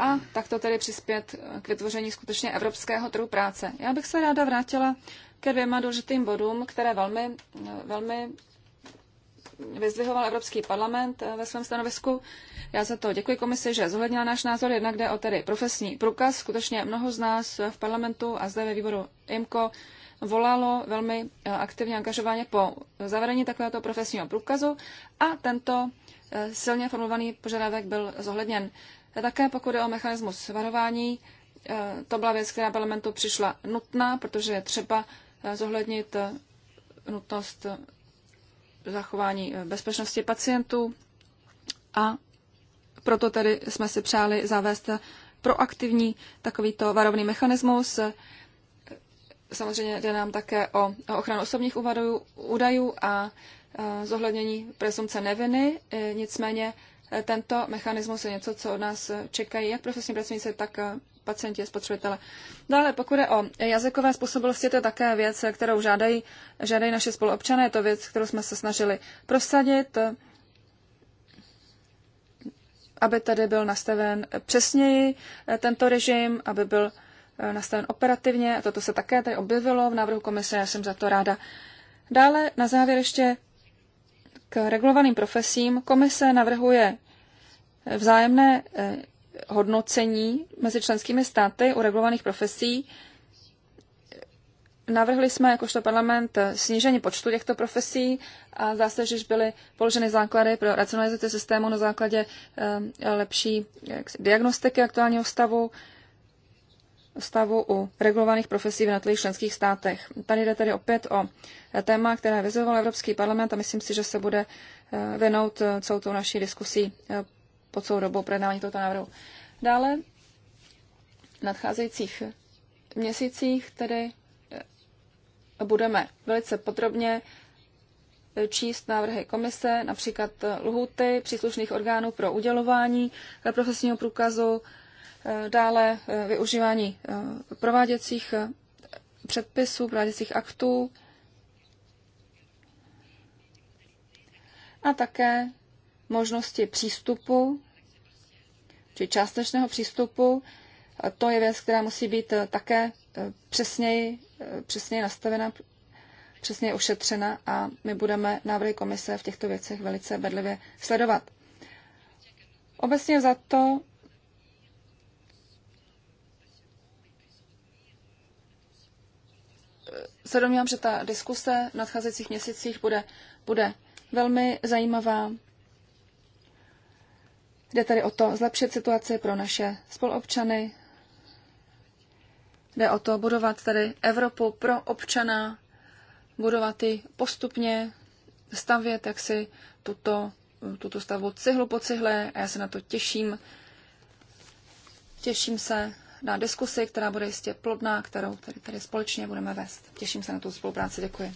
a takto tedy přispět k vytvoření skutečně evropského trhu práce. Já bych se ráda vrátila ke dvěma důležitým bodům, které velmi, velmi vyzdvihoval Evropský parlament eh, ve svém stanovisku. Já za to děkuji komisi, že zohlednila náš názor. Jednak jde o tedy profesní průkaz. Skutečně mnoho z nás v parlamentu a zde ve výboru IMCO volalo velmi eh, aktivně angažovaně po zavedení takového profesního průkazu a tento eh, silně formulovaný požadavek byl zohledněn. A také pokud je o mechanismus varování, eh, to byla věc, která parlamentu přišla nutná, protože je třeba eh, zohlednit eh, nutnost zachování bezpečnosti pacientů a proto tedy jsme si přáli zavést proaktivní takovýto varovný mechanismus. Samozřejmě jde nám také o ochranu osobních údajů a zohlednění presumce neviny. Nicméně tento mechanismus je něco, co od nás čekají jak profesní pracovníci, tak eh, pacienti a spotřebitele. Dále, pokud je o jazykové způsobilosti, to je také věc, kterou žádají, žádají naše spoluobčané. Je to věc, kterou jsme se snažili prosadit, eh, aby tady byl nastaven přesněji eh, tento režim, aby byl nastaven operativně. A toto se také tady objevilo v návrhu komise, já jsem za to ráda. Dále na závěr ještě k regulovaným profesím komise navrhuje vzájemné eh, hodnocení mezi členskými státy u regulovaných profesí. Navrhli jsme jakožto parlament eh, snížení počtu těchto profesí a zdá se, že byly položeny základy pro racionalizaci systému na základě eh, lepší diagnostiky aktuálního stavu, stavu u regulovaných profesí v jednotlivých členských státech. Tady jde tedy opět o téma, které vyzoval Evropský parlament a myslím si, že se bude eh, věnout eh, celou tou naší diskusí eh, po celou dobu projednávání tohoto návrhu. Dále v nadcházejících měsících tedy budeme velice podrobně číst návrhy komise, například lhuty příslušných orgánů pro udělování profesního průkazu, Dále eh, využívání eh, prováděcích eh, předpisů, prováděcích aktů a také možnosti přístupu či částečného přístupu. To je věc, která musí být také přesněji, přesněji nastavena, přesněji ošetřena a my budeme návrhy komise v těchto věcech velice bedlivě sledovat. Obecně za to se domnívám, že ta diskuse v nadcházejících měsících bude, bude velmi zajímavá. Jde tady o to zlepšit situaci pro naše spoluobčany. Jde o to budovat tady Evropu pro občana, budovat ji postupně, stavět jaksi tuto, tuto stavbu cihlu po cihle a já se na to těším. Těším se na diskusi, která bude jistě plodná, kterou tady, tady společně budeme vést. Těším se na tu spolupráci. Děkuji.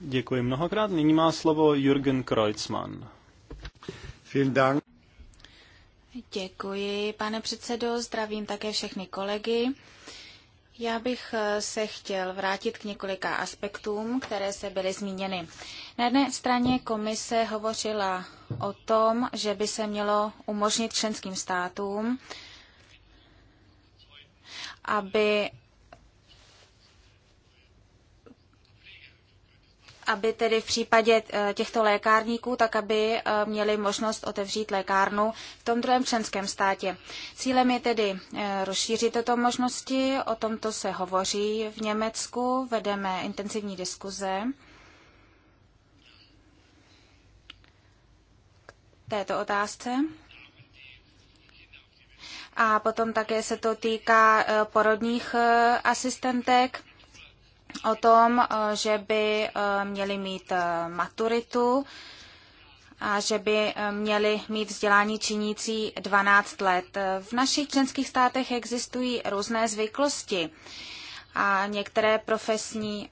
Děkuji mnohokrát. Nyní má slovo Jürgen Kreuzmann. Vielen Dank. Děkuji, pane předsedo. Zdravím také všechny kolegy. Já bych eh, se chtěl vrátit k několika aspektům, které se byly zmíněny. Na jedné straně komise hovořila o tom, že by se mělo umožnit členským státům aby aby tedy v případě eh, těchto lékárníků, tak aby eh, měli možnost otevřít lékárnu v tom druhém členském státě. Cílem je tedy eh, rozšířit toto možnosti, o tomto se hovoří v Německu, vedeme intenzivní diskuze k této otázce a potom také se to týká eh, porodních eh, asistentek o tom, eh, že by měli mít maturitu a že by měli mít vzdělání činící 12 let. V našich členských státech existují různé zvyklosti a některé profesní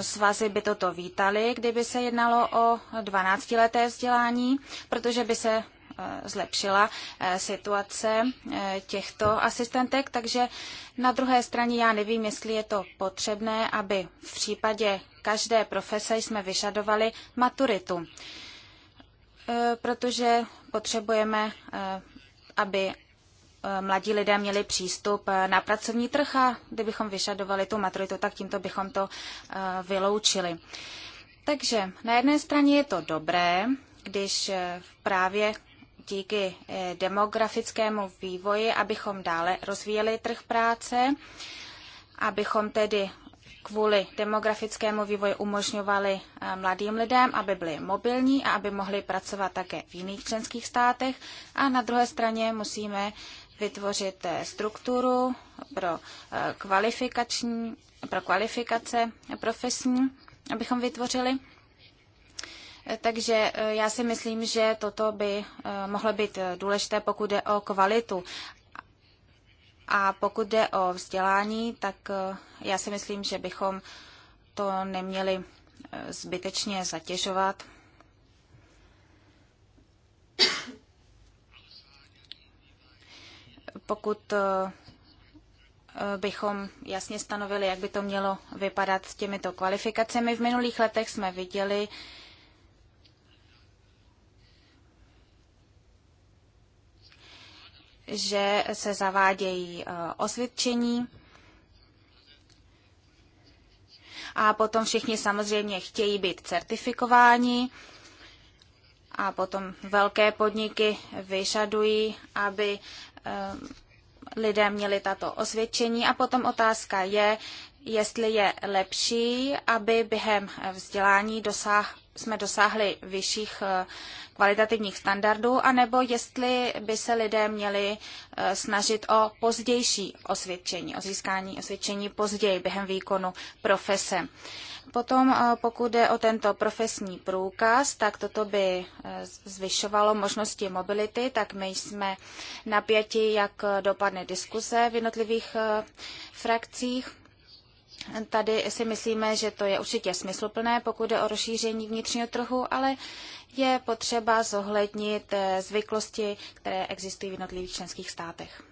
svazy by toto vítali, kdyby se jednalo o 12-leté vzdělání, protože by se Eh, zlepšila eh, situace eh, těchto asistentek, takže na druhé straně já nevím, jestli je to potřebné, aby v případě každé profese jsme vyžadovali maturitu, protože potřebujeme, aby mladí lidé měli přístup na pracovní trh a kdybychom vyžadovali tu maturitu, tak tímto bychom to vyloučili. Takže na jedné straně je to dobré, když právě díky eh, demografickému vývoji, abychom dále rozvíjeli trh práce, abychom tedy kvůli demografickému vývoji umožňovali eh, mladým lidem, aby byli mobilní a aby mohli pracovat také v jiných členských státech. A na druhé straně musíme vytvořit eh, strukturu pro, kvalifikační, pro kvalifikace profesní, abychom vytvořili. Takže eh, já si myslím, že toto by eh, mohlo být eh, důležité, pokud jde o kvalitu. A pokud jde o vzdělání, tak já si myslím, že bychom to neměli zbytečně zatěžovat. Pokud bychom jasně stanovili, jak by to mělo vypadat s těmito kvalifikacemi. V minulých letech jsme viděli, že se zavádějí eh, osvědčení. A potom všichni samozřejmě chtějí být certifikováni. A potom velké podniky vyžadují, aby eh, lidé měli tato osvědčení. A potom otázka je, jestli je lepší, aby během vzdělání dosáhl jsme dosáhli vyšších eh, kvalitativních standardů, anebo jestli by se lidé měli eh, snažit o pozdější osvědčení, o získání osvědčení později během výkonu profese. Potom, eh, pokud jde o tento profesní průkaz, tak toto by zvyšovalo možnosti mobility, tak my jsme napěti, jak dopadne diskuse v jednotlivých frakcích. Tady si myslíme, že to je určitě smysluplné, pokud je o rozšíření vnitřního trhu, ale je potřeba zohlednit eh, zvyklosti, které existují v jednotlivých členských státech.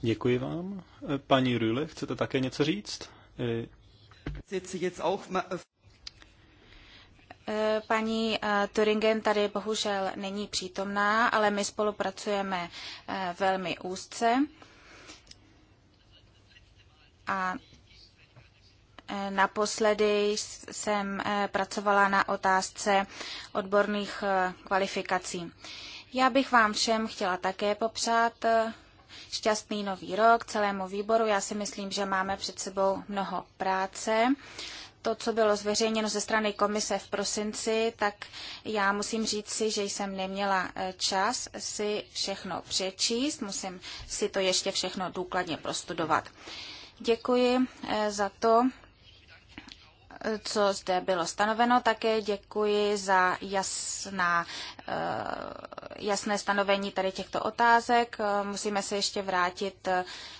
Děkuji vám. Eh, paní Rüle, chcete také něco říct? Eh, äh, paní Turingen tady bohužel není přítomná, ale my spolupracujeme velmi úzce a e, naposledy jsem e, pracovala na otázce odborných e, kvalifikací. Já bych vám všem chtěla také popřát šťastný nový rok celému výboru. Já si myslím, že máme před sebou mnoho práce. To, co bylo zveřejněno ze strany komise v prosinci, tak já musím říct si, že jsem neměla čas si všechno přečíst. Musím si to ještě všechno důkladně prostudovat. Děkuji eh, za to, co zde bylo stanoveno. Také děkuji za jasná, eh, jasné stanovení tady těchto otázek. Eh, musíme se ještě vrátit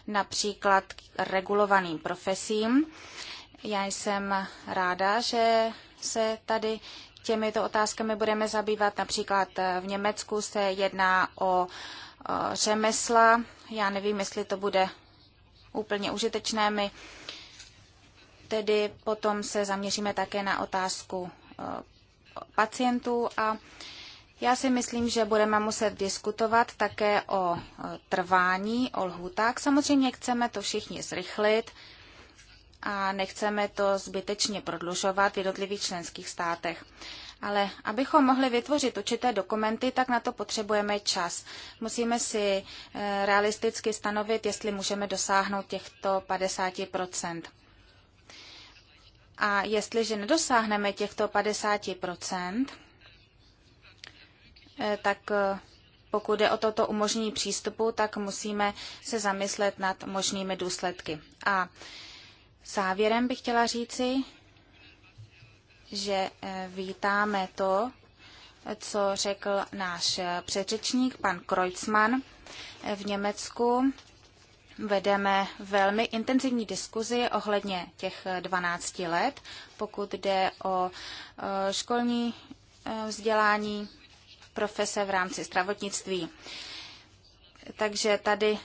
například k regulovaným profesím. Já jsem ráda, že se tady těmito otázkami budeme zabývat. Například v Německu se jedná o řemesla. Já nevím, jestli to bude úplně užitečné. My tedy potom se zaměříme také na otázku eh, pacientů a já si myslím, že budeme muset diskutovat také o eh, trvání, o lhůtách. Samozřejmě chceme to všichni zrychlit a nechceme to zbytečně prodlužovat v jednotlivých členských státech. Ale abychom mohli vytvořit určité dokumenty, tak na to potřebujeme čas. Musíme si eh, realisticky stanovit, jestli můžeme dosáhnout těchto 50 A jestliže nedosáhneme těchto 50 eh, tak eh, pokud je o toto umožnění přístupu, tak musíme se zamyslet nad možnými důsledky. A závěrem bych chtěla říci, že eh, vítáme to, co řekl náš eh, předřečník, pan Kreutzmann. Eh, v Německu vedeme velmi intenzivní diskuzi ohledně těch 12 let, pokud jde o školní vzdělání profese v rámci zdravotnictví. Takže tady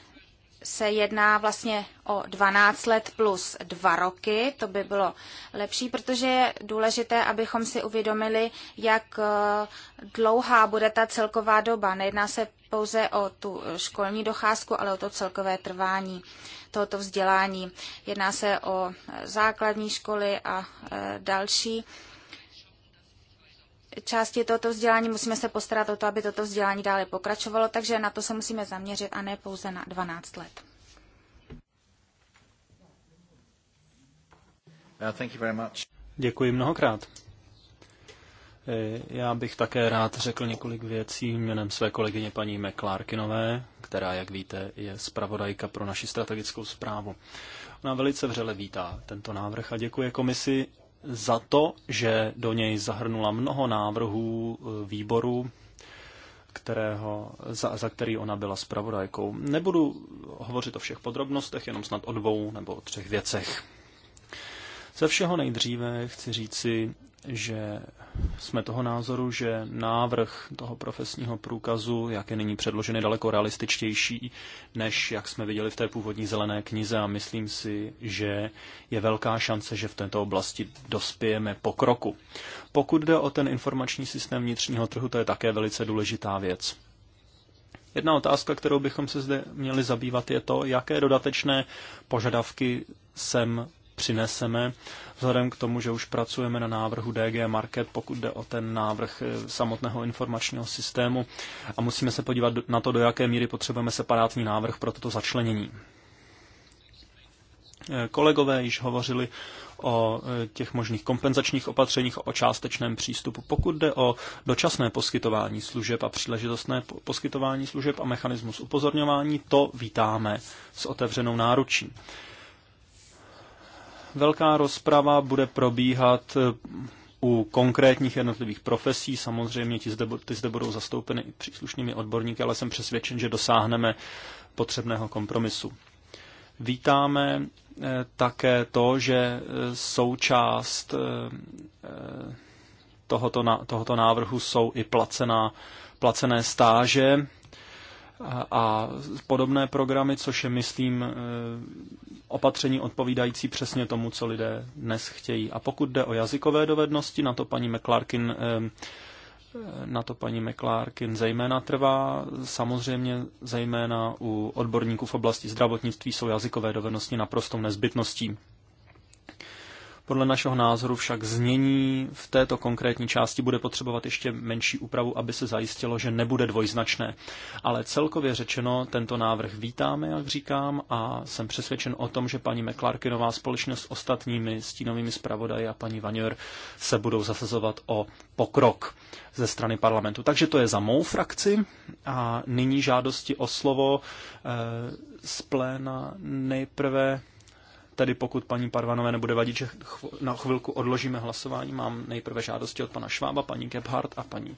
se jedná vlastně o 12 let plus 2 roky, to by bylo lepší, protože je důležité, abychom si uvědomili, jak eh, dlouhá bude ta celková doba. Nejedná se pouze o tu školní docházku, ale o to celkové trvání tohoto vzdělání. Jedná se o eh, základní školy a eh, další části tohoto vzdělání musíme se postarat o to, aby toto vzdělání dále pokračovalo, takže na to se musíme zaměřit a ne pouze na 12 let. Uh, Děkuji mnohokrát. Eh, já bych také rád řekl několik věcí jménem své kolegyně paní McClarkinové, která, jak víte, je zpravodajka pro naši strategickou zprávu. Ona velice vřele vítá tento návrh a děkuje komisi za to, že do něj zahrnula mnoho návrhů e, výboru, kterého, za, za který ona byla zpravodajkou. Nebudu hovořit o všech podrobnostech, jenom snad o dvou nebo o třech věcech. Ze všeho nejdříve chci říci, že jsme toho názoru, že návrh toho profesního průkazu, jak je nyní předložen, je daleko realističtější, než jak jsme viděli v té původní zelené knize a myslím si, že je velká šance, že v této oblasti dospějeme pokroku. Pokud jde o ten informační systém vnitřního trhu, to je také velice důležitá věc. Jedna otázka, kterou bychom se zde měli zabývat, je to, jaké dodatečné požadavky sem přineseme, vzhledem k tomu, že už pracujeme na návrhu DG Market, pokud jde o ten návrh eh, samotného informačního systému a musíme se podívat na to, do jaké míry potřebujeme separátní návrh pro toto začlenění. Eh, kolegové již hovořili o eh, těch možných kompenzačních opatřeních, o částečném přístupu. Pokud jde o dočasné poskytování služeb a příležitostné poskytování služeb a mechanismus upozorňování, to vítáme s otevřenou náručí. Velká rozprava bude probíhat eh, u konkrétních jednotlivých profesí. Samozřejmě ti zde, ty zde budou zastoupeny i příslušnými odborníky, ale jsem přesvědčen, že dosáhneme potřebného kompromisu. Vítáme eh, také to, že eh, součást tohoto, tohoto návrhu jsou i placená, placené stáže a, podobné programy, což je, myslím, e, opatření odpovídající přesně tomu, co lidé dnes chtějí. A pokud jde o jazykové dovednosti, na to paní McClarkin e, e, na to paní McClarkin zejména trvá. Samozřejmě zejména u odborníků v oblasti zdravotnictví jsou jazykové dovednosti naprostou nezbytností. Podle našeho názoru však znění v této konkrétní části bude potřebovat ještě menší úpravu, aby se zajistilo, že nebude dvojznačné. Ale celkově řečeno, tento návrh vítáme, jak říkám, a jsem přesvědčen o tom, že paní McClarkinová společně s ostatními stínovými zpravodaji a paní Vanjor se budou zasazovat o pokrok ze strany parlamentu. Takže to je za mou frakci a nyní žádosti o slovo e, z pléna nejprve Tedy pokud paní Parvanové nebude vadit, že na chvilku odložíme hlasování, mám nejprve žádosti od pana Švába, paní Gebhardt a paní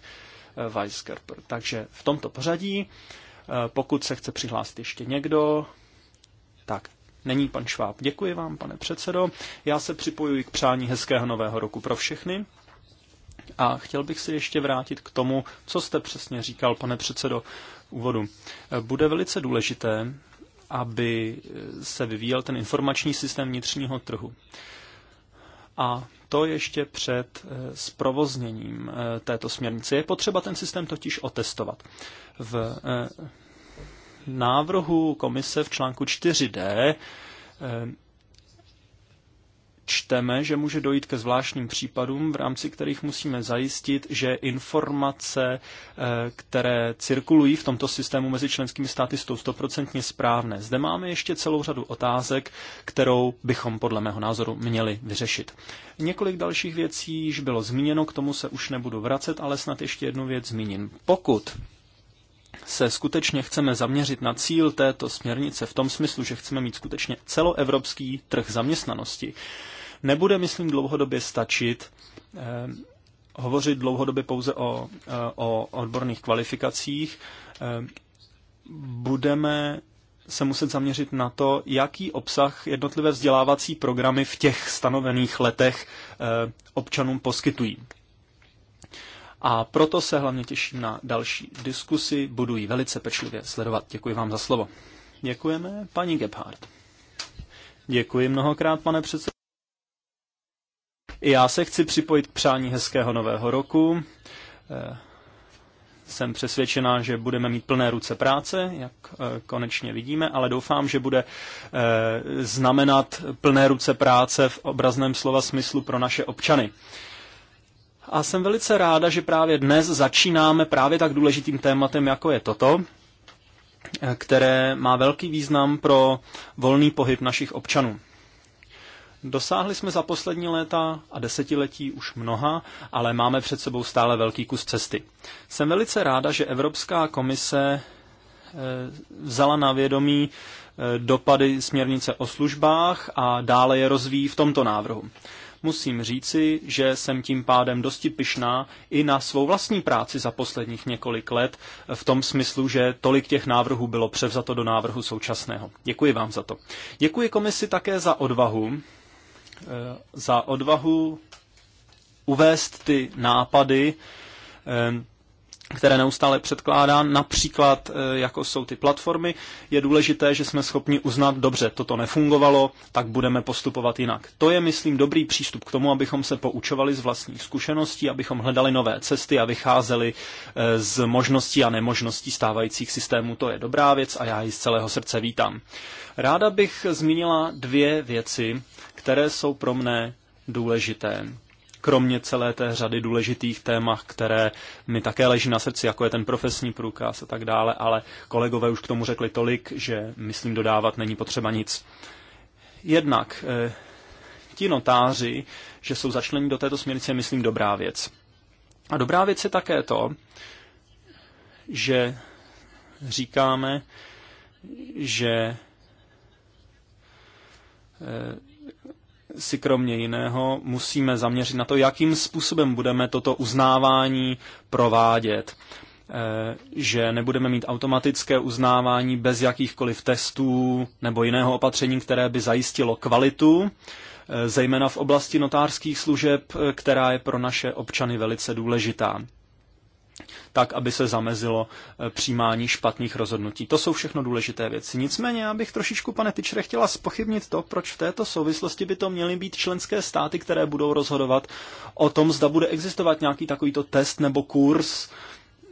eh, Weisskerper. Takže v tomto pořadí, eh, pokud se chce přihlásit ještě někdo, tak není pan Šváb. Děkuji vám, pane předsedo. Já se připojuji k přání hezkého nového roku pro všechny. A chtěl bych se ještě vrátit k tomu, co jste přesně říkal, pane předsedo, úvodu. Eh, bude velice důležité, aby se vyvíjel ten informační systém vnitřního trhu. A to ještě před eh, zprovozněním eh, této směrnice. Je potřeba ten systém totiž otestovat. V eh, návrhu komise v článku 4d čteme, že může dojít ke zvláštním případům, v rámci kterých musíme zajistit, že informace, eh, které cirkulují v tomto systému mezi členskými státy, jsou stoprocentně správné. Zde máme ještě celou řadu otázek, kterou bychom podle mého názoru měli vyřešit. Několik dalších věcí již bylo zmíněno, k tomu se už nebudu vracet, ale snad ještě jednu věc zmíním. Pokud se skutečně chceme zaměřit na cíl této směrnice v tom smyslu, že chceme mít skutečně celoevropský trh zaměstnanosti, Nebude, myslím, dlouhodobě stačit eh, hovořit dlouhodobě pouze o, eh, o odborných kvalifikacích. Eh, budeme se muset zaměřit na to, jaký obsah jednotlivé vzdělávací programy v těch stanovených letech občanům poskytují. A proto se hlavně těším na další diskusi, budu ji velice pečlivě sledovat. Děkuji vám za slovo. Děkujeme, paní Gebhardt. Děkuji mnohokrát, pane předsedo. I já se chci připojit k přání hezkého nového roku. Eh, jsem přesvědčená, že budeme mít plné ruce práce, jak eh, konečně vidíme, ale doufám, že bude eh, znamenat plné ruce práce v obrazném slova smyslu pro naše občany. A jsem velice ráda, že právě dnes začínáme právě tak důležitým tématem, jako je toto, které má velký význam pro volný pohyb našich občanů. Dosáhli jsme za poslední léta a desetiletí už mnoha, ale máme před sebou stále velký kus cesty. Jsem velice ráda, že Evropská komise eh, vzala na vědomí eh, dopady směrnice o službách a dále je rozvíjí v tomto návrhu. Musím říci, že jsem tím pádem dosti pyšná i na svou vlastní práci za posledních několik let, eh, v tom smyslu, že tolik těch návrhů bylo převzato do návrhu současného. Děkuji vám za to. Děkuji komisi také za odvahu Eh, za odvahu uvést ty nápady eh, které neustále předkládá, například eh, jako jsou ty platformy, je důležité, že jsme schopni uznat, dobře, toto nefungovalo, tak budeme postupovat jinak. To je, myslím, dobrý přístup k tomu, abychom se poučovali z vlastních zkušeností, abychom hledali nové cesty a vycházeli eh, z možností a nemožností stávajících systémů. To je dobrá věc a já ji z celého srdce vítám. Ráda bych zmínila dvě věci, které jsou pro mne důležité kromě celé té řady důležitých témat, které mi také leží na srdci, jako je ten profesní průkaz a tak dále, ale kolegové už k tomu řekli tolik, že myslím dodávat není potřeba nic. Jednak eh, ti notáři, že jsou začleni do této směrnice, myslím dobrá věc. A dobrá věc je také to, že říkáme, že eh, si kromě jiného musíme zaměřit na to, jakým způsobem budeme toto uznávání provádět. Eh, že nebudeme mít automatické uznávání bez jakýchkoliv testů nebo jiného opatření, které by zajistilo kvalitu, eh, zejména v oblasti notářských služeb, eh, která je pro naše občany velice důležitá tak aby se zamezilo eh, přijímání špatných rozhodnutí. To jsou všechno důležité věci. Nicméně, já bych trošičku, pane Tyčere, chtěla spochybnit to, proč v této souvislosti by to měly být členské státy, které budou rozhodovat o tom, zda bude existovat nějaký takovýto test nebo kurz,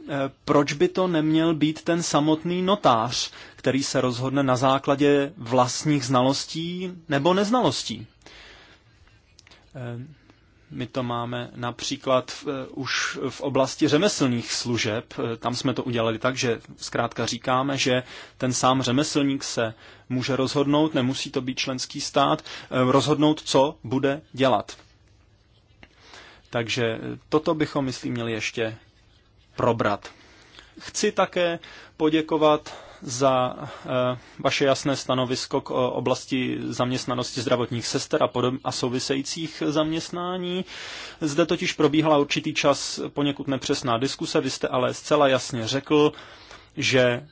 eh, proč by to neměl být ten samotný notář, který se rozhodne na základě vlastních znalostí nebo neznalostí? Eh, my to máme například v, eh, už v oblasti řemeslných služeb. Eh, tam jsme to udělali tak, že zkrátka říkáme, že ten sám řemeslník se může rozhodnout, nemusí to být členský stát, eh, rozhodnout, co bude dělat. Takže toto bychom, myslím, měli ještě probrat. Chci také poděkovat za eh, vaše jasné stanovisko k eh, oblasti zaměstnanosti zdravotních sester a, podob- a souvisejících zaměstnání. Zde totiž probíhala určitý čas poněkud nepřesná diskuse, vy jste ale zcela jasně řekl, že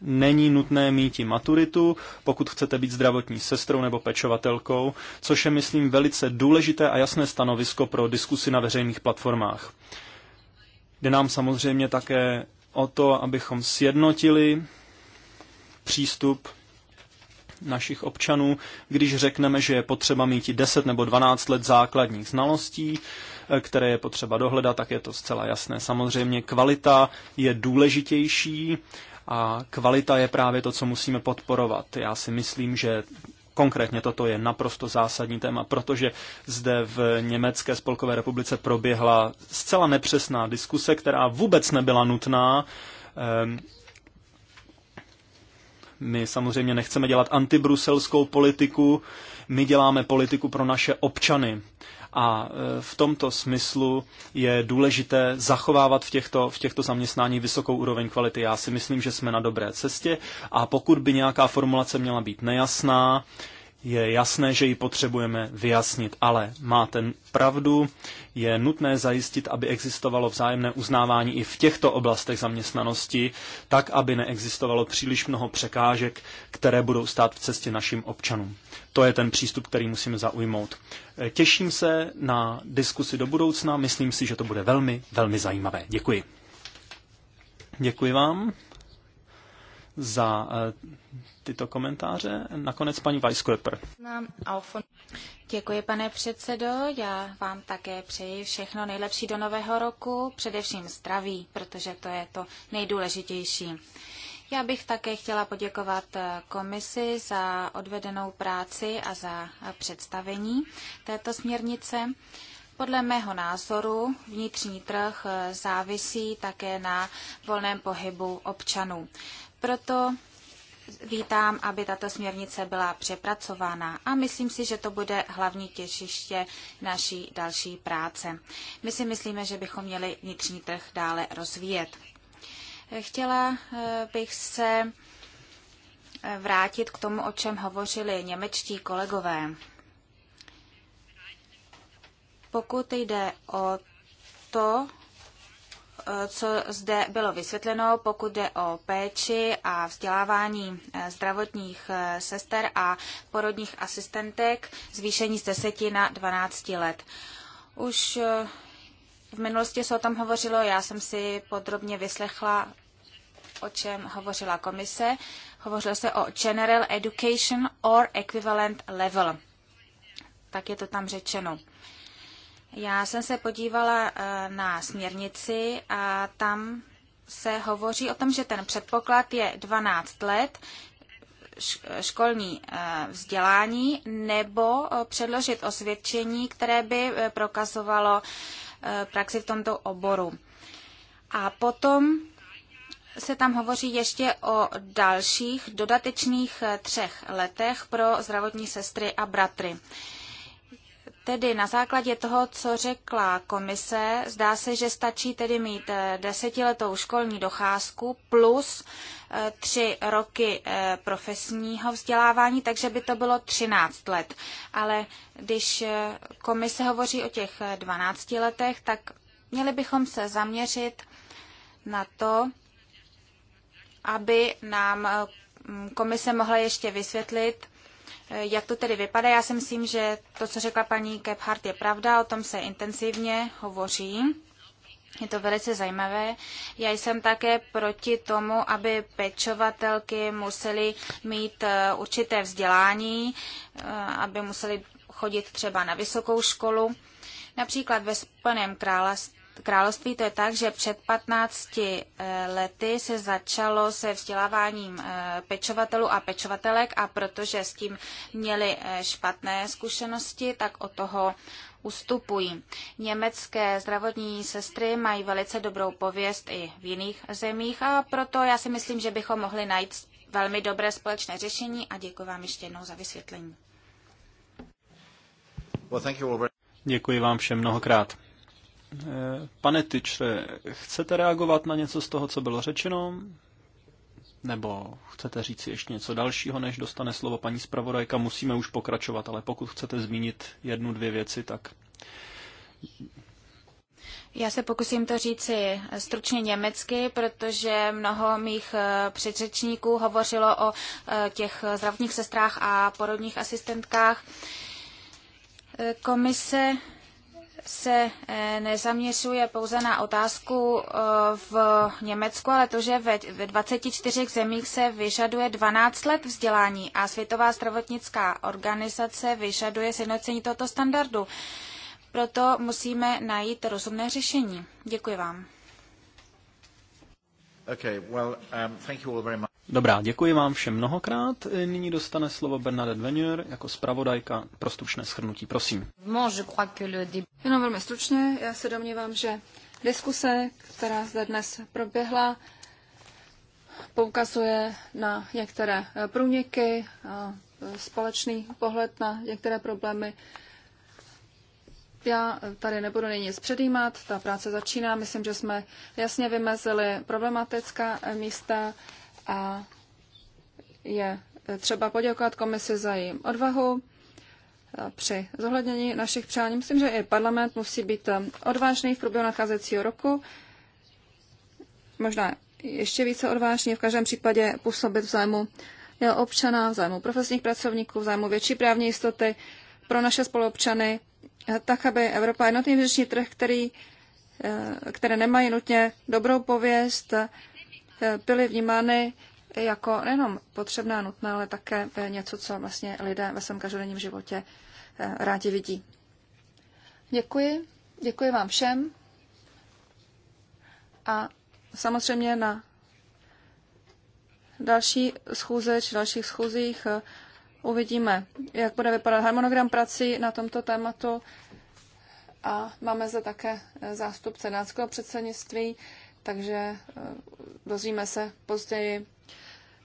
není nutné mít i maturitu, pokud chcete být zdravotní sestrou nebo pečovatelkou, což je, myslím, velice důležité a jasné stanovisko pro diskusy na veřejných platformách. Jde nám samozřejmě také o to, abychom sjednotili přístup našich občanů, když řekneme, že je potřeba mít 10 nebo 12 let základních znalostí, eh, které je potřeba dohledat, tak je to zcela jasné. Samozřejmě kvalita je důležitější a kvalita je právě to, co musíme podporovat. Já si myslím, že Konkrétně toto je naprosto zásadní téma, protože zde v Německé spolkové republice proběhla zcela nepřesná diskuse, která vůbec nebyla nutná. Ehm, my samozřejmě nechceme dělat antibruselskou politiku, my děláme politiku pro naše občany a e, v tomto smyslu je důležité zachovávat v těchto, v těchto zaměstnání vysokou úroveň kvality. Já si myslím, že jsme na dobré cestě a pokud by nějaká formulace měla být nejasná, je jasné, že ji potřebujeme vyjasnit, ale máte pravdu, je nutné zajistit, aby existovalo vzájemné uznávání i v těchto oblastech zaměstnanosti, tak, aby neexistovalo příliš mnoho překážek, které budou stát v cestě našim občanům. To je ten přístup, který musíme zaujmout. E, těším se na diskusi do budoucna, myslím si, že to bude velmi, velmi zajímavé. Děkuji. Děkuji vám za eh, tyto komentáře. Nakonec paní Weisskörper. Děkuji, pane předsedo. Já vám také přeji všechno nejlepší do nového roku, především zdraví, protože to je to nejdůležitější. Já bych také chtěla poděkovat eh, komisi za odvedenou práci a za eh, představení této směrnice. Podle mého názoru vnitřní trh závisí také na volném pohybu občanů. Proto vítám, aby tato směrnice byla přepracována a myslím si, že to bude hlavní těžiště naší další práce. My si myslíme, že bychom měli vnitřní trh dále rozvíjet. Chtěla eh, bych se eh, vrátit k tomu, o čem hovořili němečtí kolegové. Pokud jde o to, co zde bylo vysvětleno, pokud jde o péči a vzdělávání eh, zdravotních eh, sester a porodních asistentek, zvýšení z 10 na 12 let. Už eh, v minulosti se o tom hovořilo, já jsem si podrobně vyslechla, o čem hovořila komise. Hovořilo se o General Education or Equivalent Level. Tak je to tam řečeno. Já jsem se podívala eh, na směrnici a tam se hovoří o tom, že ten předpoklad je 12 let školní eh, vzdělání nebo eh, předložit osvědčení, které by prokazovalo praxi v tomto oboru. A potom se tam hovoří ještě o dalších dodatečných třech letech pro zdravotní sestry a bratry. Tedy na základě toho, co řekla komise, zdá se, že stačí tedy mít eh, desetiletou školní docházku plus eh, tři roky eh, profesního vzdělávání, takže by to bylo 13 let. Ale když komise hovoří o těch 12 letech, tak měli bychom se zaměřit na to, aby nám komise mohla ještě vysvětlit, jak to tedy vypadá? Já si myslím, že to, co řekla paní Kephart, je pravda, o tom se intenzivně hovoří. Je to velice zajímavé. Já jsem také proti tomu, aby pečovatelky musely mít eh, určité vzdělání, eh, aby musely chodit třeba na vysokou školu. Například ve Spojeném království království to je tak, že před 15 eh, lety se začalo se vzděláváním eh, pečovatelů a pečovatelek a protože s tím měli eh, špatné zkušenosti, tak o toho ustupují. Německé zdravotní sestry mají velice dobrou pověst i v jiných zemích a proto já si myslím, že bychom mohli najít velmi dobré společné řešení a děkuji vám ještě jednou za vysvětlení. Děkuji vám všem mnohokrát. Pane Tyčre, chcete reagovat na něco z toho, co bylo řečeno? Nebo chcete říct ještě něco dalšího, než dostane slovo paní zpravodajka? Musíme už pokračovat, ale pokud chcete zmínit jednu, dvě věci, tak já se pokusím to říci stručně německy, protože mnoho mých eh, předřečníků hovořilo o eh, těch zdravotních sestrách a porodních asistentkách. Eh, komise se eh, nezaměřuje pouze na otázku eh, v Německu, ale to, že ve 24 zemích se vyžaduje 12 let vzdělání a Světová zdravotnická organizace vyžaduje sjednocení tohoto standardu. Proto musíme najít rozumné řešení. Děkuji vám. Okay, well, um, thank you all very much. Dobrá, děkuji vám všem mnohokrát. Nyní dostane slovo Bernadette Venier jako zpravodajka pro stručné shrnutí. Prosím. Jenom velmi stručně, já se domnívám, že diskuse, která zde dnes proběhla, poukazuje na některé eh, průniky, a eh, společný pohled na některé problémy, já tady nebudu nyní nic předjímat, ta práce začíná. Myslím, že jsme jasně vymezili problematická místa a je třeba poděkovat komisi za její odvahu při zohlednění našich přání. Myslím, že i parlament musí být odvážný v průběhu nadcházejícího roku. Možná ještě více odvážný, v každém případě působit v zájmu občana, v zájmu profesních pracovníků, v zájmu větší právní jistoty pro naše spoluobčany Eh, tak, aby Evropa jednotný vnitřní trh, který, eh, které nemají nutně dobrou pověst, eh, byly vnímány jako nejenom potřebná, nutná, ale také něco, co vlastně lidé ve svém každodenním životě rádi vidí. Děkuji. Děkuji vám všem. A samozřejmě na další schůze či dalších schůzích Uvidíme, jak bude vypadat harmonogram prací na tomto tématu. A máme zde také eh, zástupce náckého předsednictví, takže eh, dozvíme se později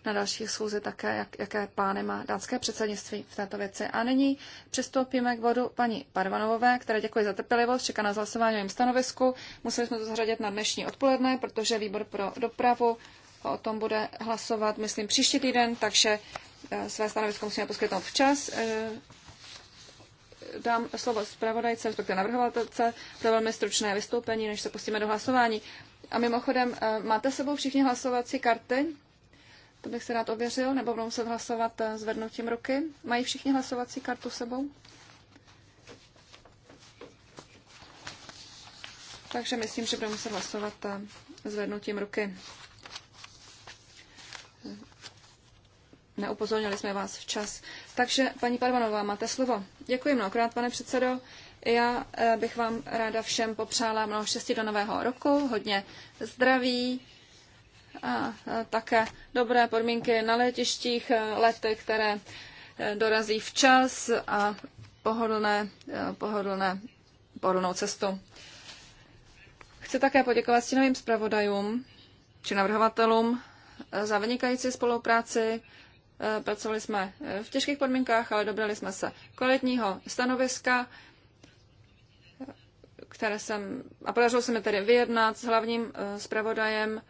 na dalších schůzi také, jak, jaké plány má dánské předsednictví v této věci. A nyní přistoupíme k bodu paní Parvanovové, které děkuji za trpělivost, čeká na hlasování o jim stanovisku. Museli jsme to zařadit na dnešní odpoledne, protože výbor pro dopravu o tom bude hlasovat, myslím, příští týden, takže Eh, své stanovisko musíme poskytnout včas. Eh, dám slovo zpravodajce, respektive navrhovatelce, pro velmi stručné vystoupení, než se pustíme do hlasování. A mimochodem, eh, máte sebou všichni hlasovací karty? To bych se rád ověřil, nebo budou muset hlasovat zvednutím ruky. Mají všichni hlasovací kartu sebou? Takže myslím, že budeme muset hlasovat zvednutím ruky. neupozornili jsme vás včas. Takže, paní Parvanová, máte slovo. Děkuji mnohokrát, pane předsedo. Já eh, bych vám ráda všem popřála mnoho štěstí do nového roku, hodně zdraví a eh, také dobré podmínky na letištích, eh, lety, které dorazí včas a pohodlné, pohodlné, pohodlnou cestu. Chci také poděkovat stínovým zpravodajům či navrhovatelům za vynikající spolupráci Eh, pracovali jsme eh, v těžkých podmínkách, ale dobrali jsme se kvalitního stanoviska, eh, které jsem, a podařilo se mi tedy vyjednat s hlavním zpravodajem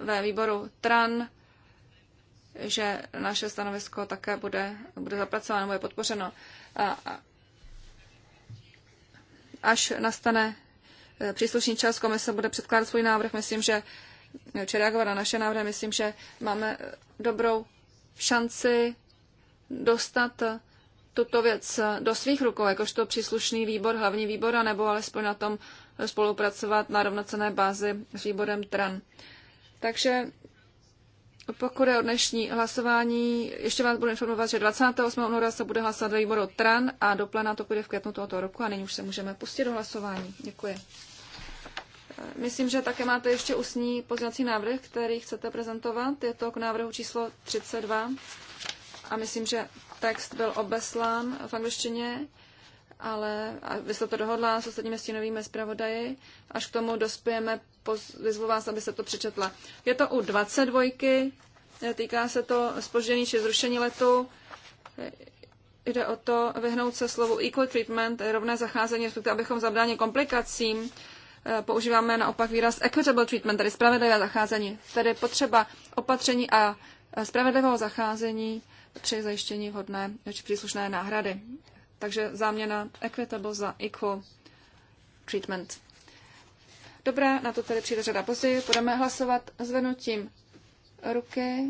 ve výboru TRAN, že naše stanovisko také bude, bude zapracováno, bude podpořeno. A, až nastane příslušný čas, komise bude předkládat svůj návrh, myslím, že či reagovat na naše návrhy, myslím, že máme dobrou šanci dostat tuto věc do svých rukou, jakožto příslušný výbor, hlavní výbor, nebo alespoň na tom spolupracovat na rovnocené bázi s výborem TRAN. Takže pokud je o dnešní hlasování, ještě vás budu informovat, že 28. února se bude hlasovat ve výboru TRAN a do plena to bude v květnu tohoto roku a nyní už se můžeme pustit do hlasování. Děkuji. Myslím, že také máte ještě ústní pozměňovací návrh, který chcete prezentovat. Je to k návrhu číslo 32 a myslím, že text byl obeslán v angličtině, ale vy jste to dohodla s ostatními stínovými zpravodaji. Až k tomu dospějeme, vyzvu vás, aby se to přečetla. Je to u 22, týká se to spoždění či zrušení letu. Jde o to vyhnout se slovu equal treatment, rovné zacházení, respektive abychom zabránili komplikacím Eh, používáme naopak výraz equitable treatment, tedy spravedlivé zacházení, tedy potřeba opatření a eh, spravedlivého zacházení při zajištění vhodné či příslušné náhrady. Takže záměna equitable za equal treatment. Dobré, na to tedy přijde řada později. Budeme hlasovat zvednutím ruky.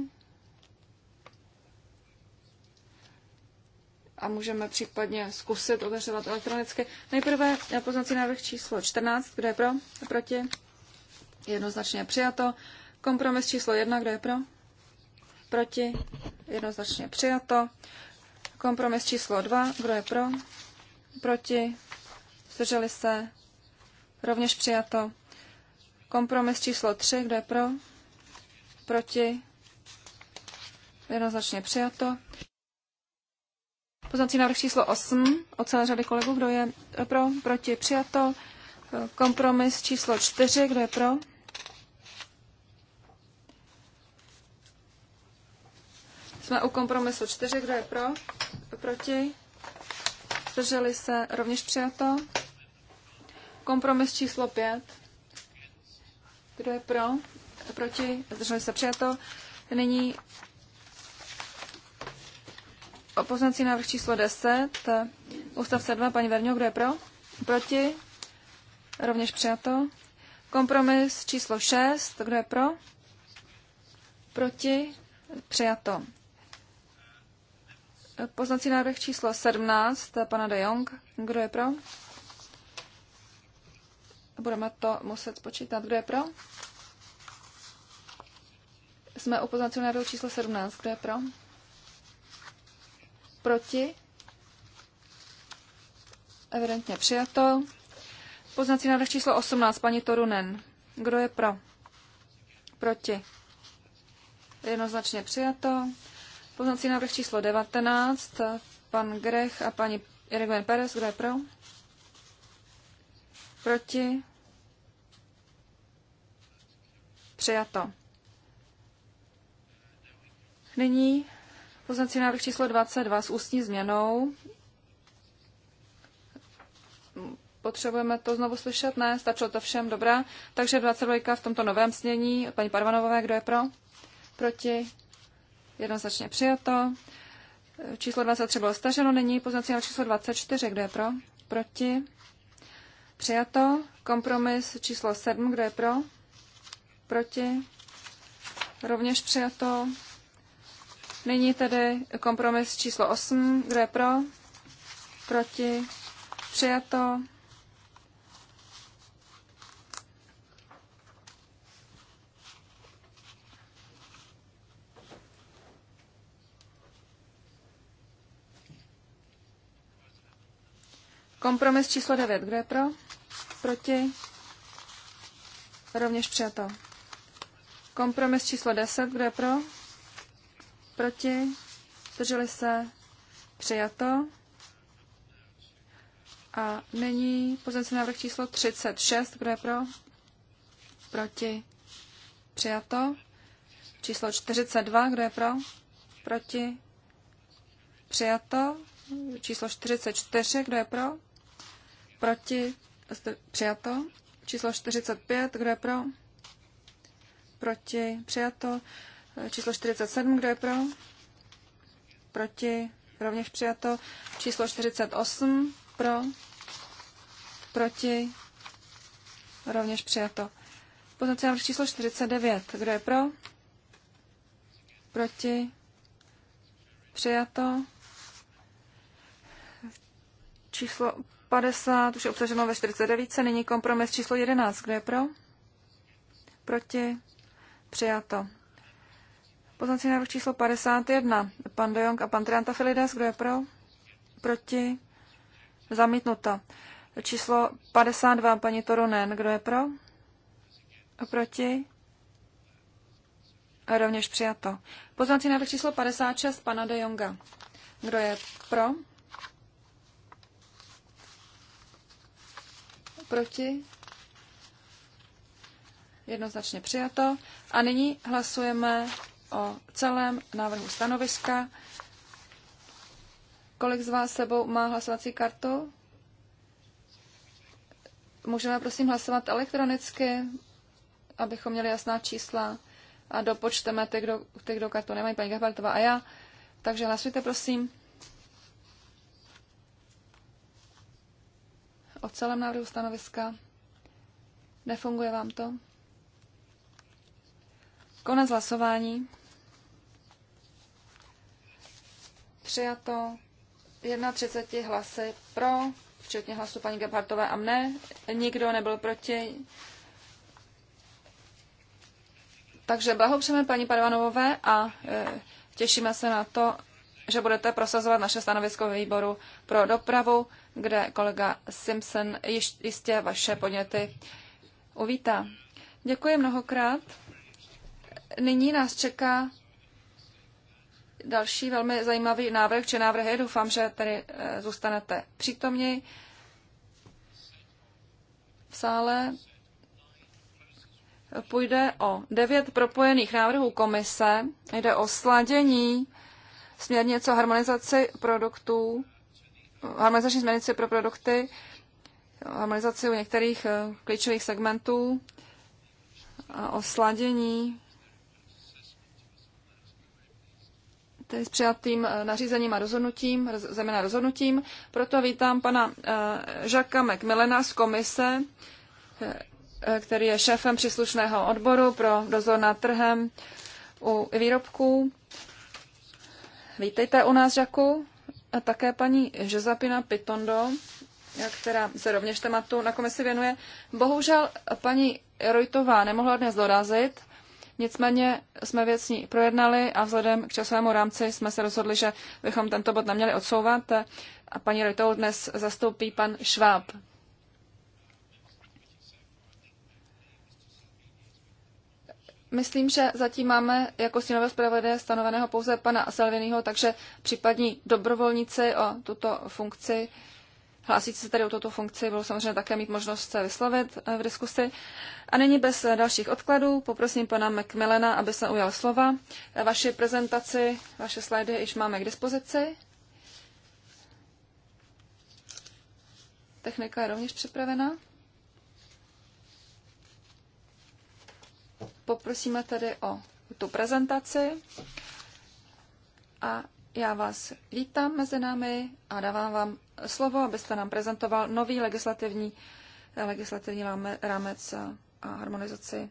a můžeme případně zkusit ověřovat elektronicky. Nejprve poznací návrh číslo 14, kdo je pro, proti, jednoznačně přijato. Kompromis číslo 1, kdo je pro, proti, jednoznačně přijato. Kompromis číslo 2, kdo je pro, proti, zdrželi se, rovněž přijato. Kompromis číslo 3, kdo je pro, proti, jednoznačně přijato. Poznací návrh číslo 8 od celé řady kolegů, kdo je pro, proti, přijato. Kompromis číslo 4, kdo je pro? Jsme u kompromisu 4, kdo je pro, proti, zdrželi se, rovněž přijato. Kompromis číslo 5, kdo je pro, proti, zdrželi se, přijato. Nyní Poznací návrh číslo 10, ústavce 2, paní Verňo, kdo je pro? Proti? Rovněž přijato. Kompromis číslo 6, kdo je pro? Proti? Přijato. Poznací návrh číslo 17, pana de Jong, kdo je pro? Budeme to muset spočítat. Kdo je pro? Jsme u poznací návrhu číslo 17. Kdo je pro? Proti? Evidentně přijato. Poznací návrh číslo 18, paní Torunen. Kdo je pro? Proti? Jednoznačně přijato. Poznací návrh číslo 19, pan Grech a paní Irigoyen Perez. Kdo je pro? Proti? Přijato. Nyní Poznací návrh číslo 22 s ústní změnou. Potřebujeme to znovu slyšet? Ne, stačilo to všem, dobrá. Takže 22 v tomto novém snění. Paní Parvanovové, kdo je pro? Proti? Jednoznačně přijato. Číslo 23 bylo staženo, není poznací návrh číslo 24. Kdo je pro? Proti? Přijato. Kompromis číslo 7. Kdo je pro? Proti? Rovněž přijato. Nyní tedy kompromis číslo 8. Kdo je pro? Proti? Přijato. Kompromis číslo 9. Kdo je pro? Proti? Rovněž přijato. Kompromis číslo 10. Kdo je pro? proti, zdrželi se, přijato. A nyní pozemce návrh číslo 36, kdo je pro, proti, přijato. Číslo 42, kdo je pro, proti, přijato. Číslo 44, kdo je pro, proti, přijato. Číslo 45, kdo je pro, proti, přijato. Číslo 47, kdo je pro? Proti? Rovněž přijato. Číslo 48, pro? Proti? Rovněž přijato. Pozvací návrh číslo 49, kdo je pro? Proti? Přijato. Číslo 50, už je obsaženo ve 49, nyní kompromis číslo 11, kdo je pro? Proti? Přijato. Poznací návrh číslo 51. Pan De Jong a pan Trianta Filides, kdo je pro? Proti? Zamítnuto. Číslo 52. Paní Torunen, kdo je pro? Proti? A rovněž přijato. Poznací návrh číslo 56. Pana De Jonga. Kdo je pro? Proti? Jednoznačně přijato. A nyní hlasujeme o celém návrhu stanoviska. Kolik z vás sebou má hlasovací kartu? Můžeme prosím hlasovat elektronicky, abychom měli jasná čísla a dopočteme ty, kdo, ty, kdo kartu nemají, paní Gabartová a já. Takže hlasujte prosím o celém návrhu stanoviska. Nefunguje vám to? Konec hlasování. Přijato 31 hlasy pro, včetně hlasu paní Gebhartové a mne. Nikdo nebyl proti. Takže blahopřejeme paní Parvanovové a e, těšíme se na to, že budete prosazovat naše stanovisko ve výboru pro dopravu, kde kolega Simpson jistě vaše podněty uvítá. Děkuji mnohokrát. Nyní nás čeká další velmi zajímavý návrh či návrhy. Doufám, že tady eh, zůstanete přítomní v sále. Půjde o devět propojených návrhů komise. Jde o sladění směrnice o harmonizaci produktů, harmonizační směrnice pro produkty, harmonizaci u některých eh, klíčových segmentů, o sladění tedy s přijatým eh, nařízením a rozhodnutím, zejména rozhodnutím. Proto vítám pana eh, Žaka McMillena z komise, eh, který je šéfem příslušného odboru pro dozor nad trhem u výrobků. Vítejte u nás, Žaku, a také paní Žezapina Pitondo, která se rovněž tématu na komisi věnuje. Bohužel paní Rojtová nemohla dnes dorazit, Nicméně jsme ní projednali a vzhledem k časovému rámci jsme se rozhodli, že bychom tento bod neměli odsouvat a paní Rojtou dnes zastoupí pan Šváb. Myslím, že zatím máme jako stínové zpravodaje stanoveného pouze pana Selvinyho, takže případní dobrovolníci o tuto funkci hlásit se tady o tuto funkci bylo samozřejmě také mít možnost se vyslovit eh, v diskusi. A nyní bez eh, dalších odkladů poprosím pana McMillena, aby se ujal slova. Eh, vaši prezentaci, vaše slajdy již máme k dispozici. Technika je rovněž připravena. Poprosíme tedy o tu prezentaci a já vás vítám mezi námi a dávám vám slovo, abyste nám prezentoval nový legislativní, eh, legislativní rámec a harmonizaci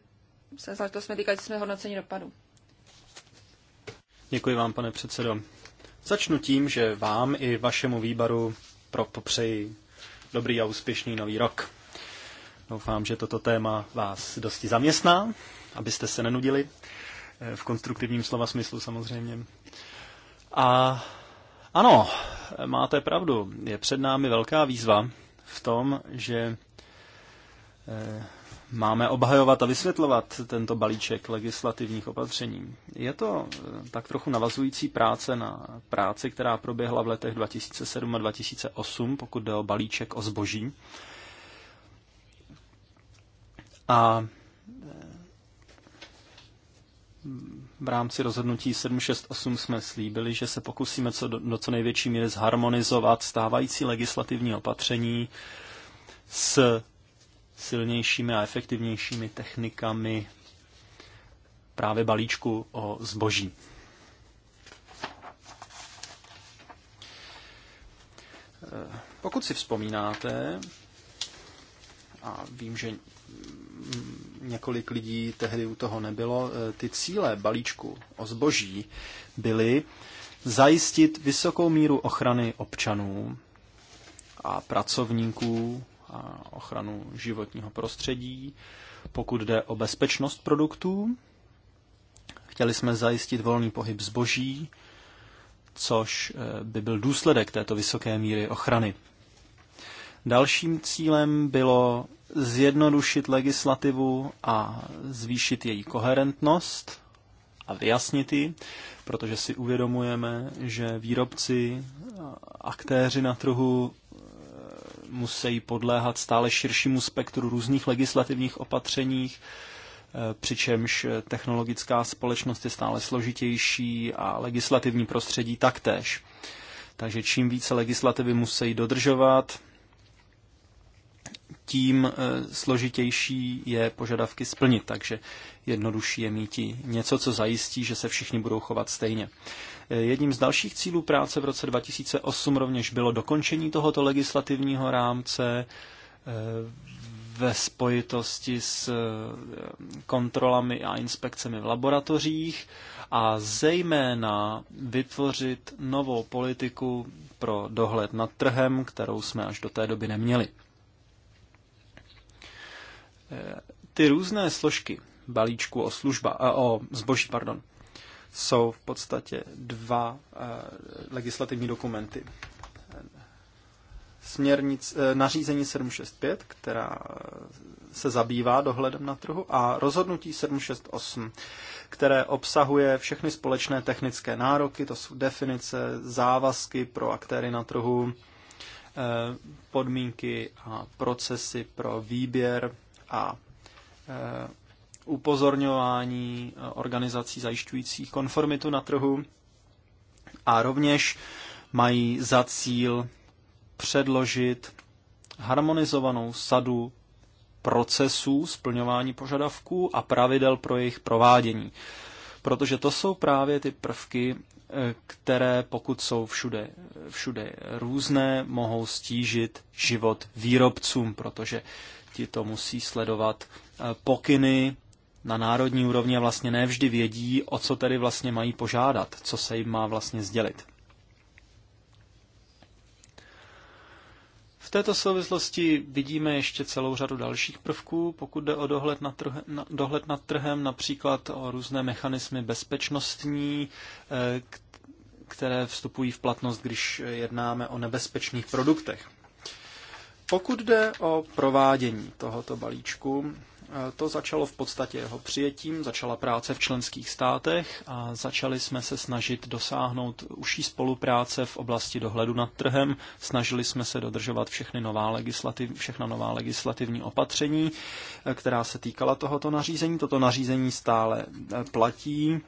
se záležitostmi týkajícími hodnocení dopadu. Děkuji vám, pane předsedo. Začnu tím, že vám i vašemu výbaru pro popřeji dobrý a úspěšný nový rok. Doufám, že toto téma vás dosti zaměstná, abyste se nenudili, eh, v konstruktivním slova smyslu samozřejmě. A ano, máte pravdu. Je před námi velká výzva v tom, že eh, máme obhajovat a vysvětlovat tento balíček legislativních opatření. Je to eh, tak trochu navazující práce na práci, která proběhla v letech 2007 a 2008, pokud jde o balíček o zboží. A eh, v rámci rozhodnutí 768 jsme slíbili, že se pokusíme co do, do co největší míry zharmonizovat stávající legislativní opatření s silnějšími a efektivnějšími technikami právě balíčku o zboží. Pokud si vzpomínáte, a vím, že několik lidí tehdy u toho nebylo, e, ty cíle balíčku o zboží byly zajistit vysokou míru ochrany občanů a pracovníků a ochranu životního prostředí, pokud jde o bezpečnost produktů. Chtěli jsme zajistit volný pohyb zboží, což e, by byl důsledek této vysoké míry ochrany. Dalším cílem bylo zjednodušit legislativu a zvýšit její koherentnost a vyjasnit ji, protože si uvědomujeme, že výrobci, aktéři na trhu eh, musí podléhat stále širšímu spektru různých legislativních opatřeních, eh, přičemž technologická společnost je stále složitější a legislativní prostředí taktéž. Takže čím více legislativy musí dodržovat, tím eh, složitější je požadavky splnit, takže jednodušší je mít něco, co zajistí, že se všichni budou chovat stejně. Eh, jedním z dalších cílů práce v roce 2008 rovněž bylo dokončení tohoto legislativního rámce eh, ve spojitosti s kontrolami a inspekcemi v laboratořích a zejména vytvořit novou politiku pro dohled nad trhem, kterou jsme až do té doby neměli. Ty různé složky balíčku o, služba, eh, o zboží pardon, jsou v podstatě dva eh, legislativní dokumenty. Směrnic, eh, nařízení 765, která se zabývá dohledem na trhu, a rozhodnutí 768, které obsahuje všechny společné technické nároky, to jsou definice, závazky pro aktéry na trhu, podmínky a procesy pro výběr a e, upozorňování e, organizací zajišťujících konformitu na trhu a rovněž mají za cíl předložit harmonizovanou sadu procesů splňování požadavků a pravidel pro jejich provádění. Protože to jsou právě ty prvky, e, které pokud jsou všude, všude různé, mohou stížit život výrobcům, protože ti to musí sledovat eh, pokyny na národní úrovni a vlastně nevždy vědí, o co tedy vlastně mají požádat, co se jim má vlastně sdělit. V této souvislosti vidíme ještě celou řadu dalších prvků, pokud jde o dohled nad, trh, na, dohled nad trhem, například o různé mechanismy bezpečnostní, eh, které vstupují v platnost, když jednáme o nebezpečných produktech. Pokud jde o provádění tohoto balíčku, eh, to začalo v podstatě jeho přijetím, začala práce v členských státech a začali jsme se snažit dosáhnout užší spolupráce v oblasti dohledu nad trhem. Snažili jsme se dodržovat všechny nová legislativ, všechna nová legislativní opatření, eh, která se týkala tohoto nařízení. Toto nařízení stále eh, platí.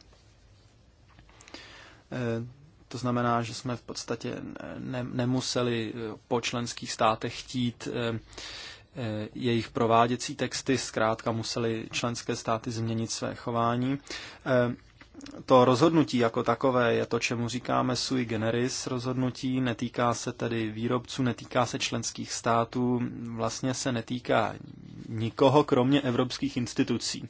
To znamená, že jsme v podstatě ne, nemuseli eh, po členských státech chtít eh, eh, jejich prováděcí texty, zkrátka museli členské státy změnit své chování. To rozhodnutí jako takové je to, čemu říkáme sui generis rozhodnutí, netýká se tedy výrobců, netýká se členských států, vlastně se netýká nikoho kromě evropských institucí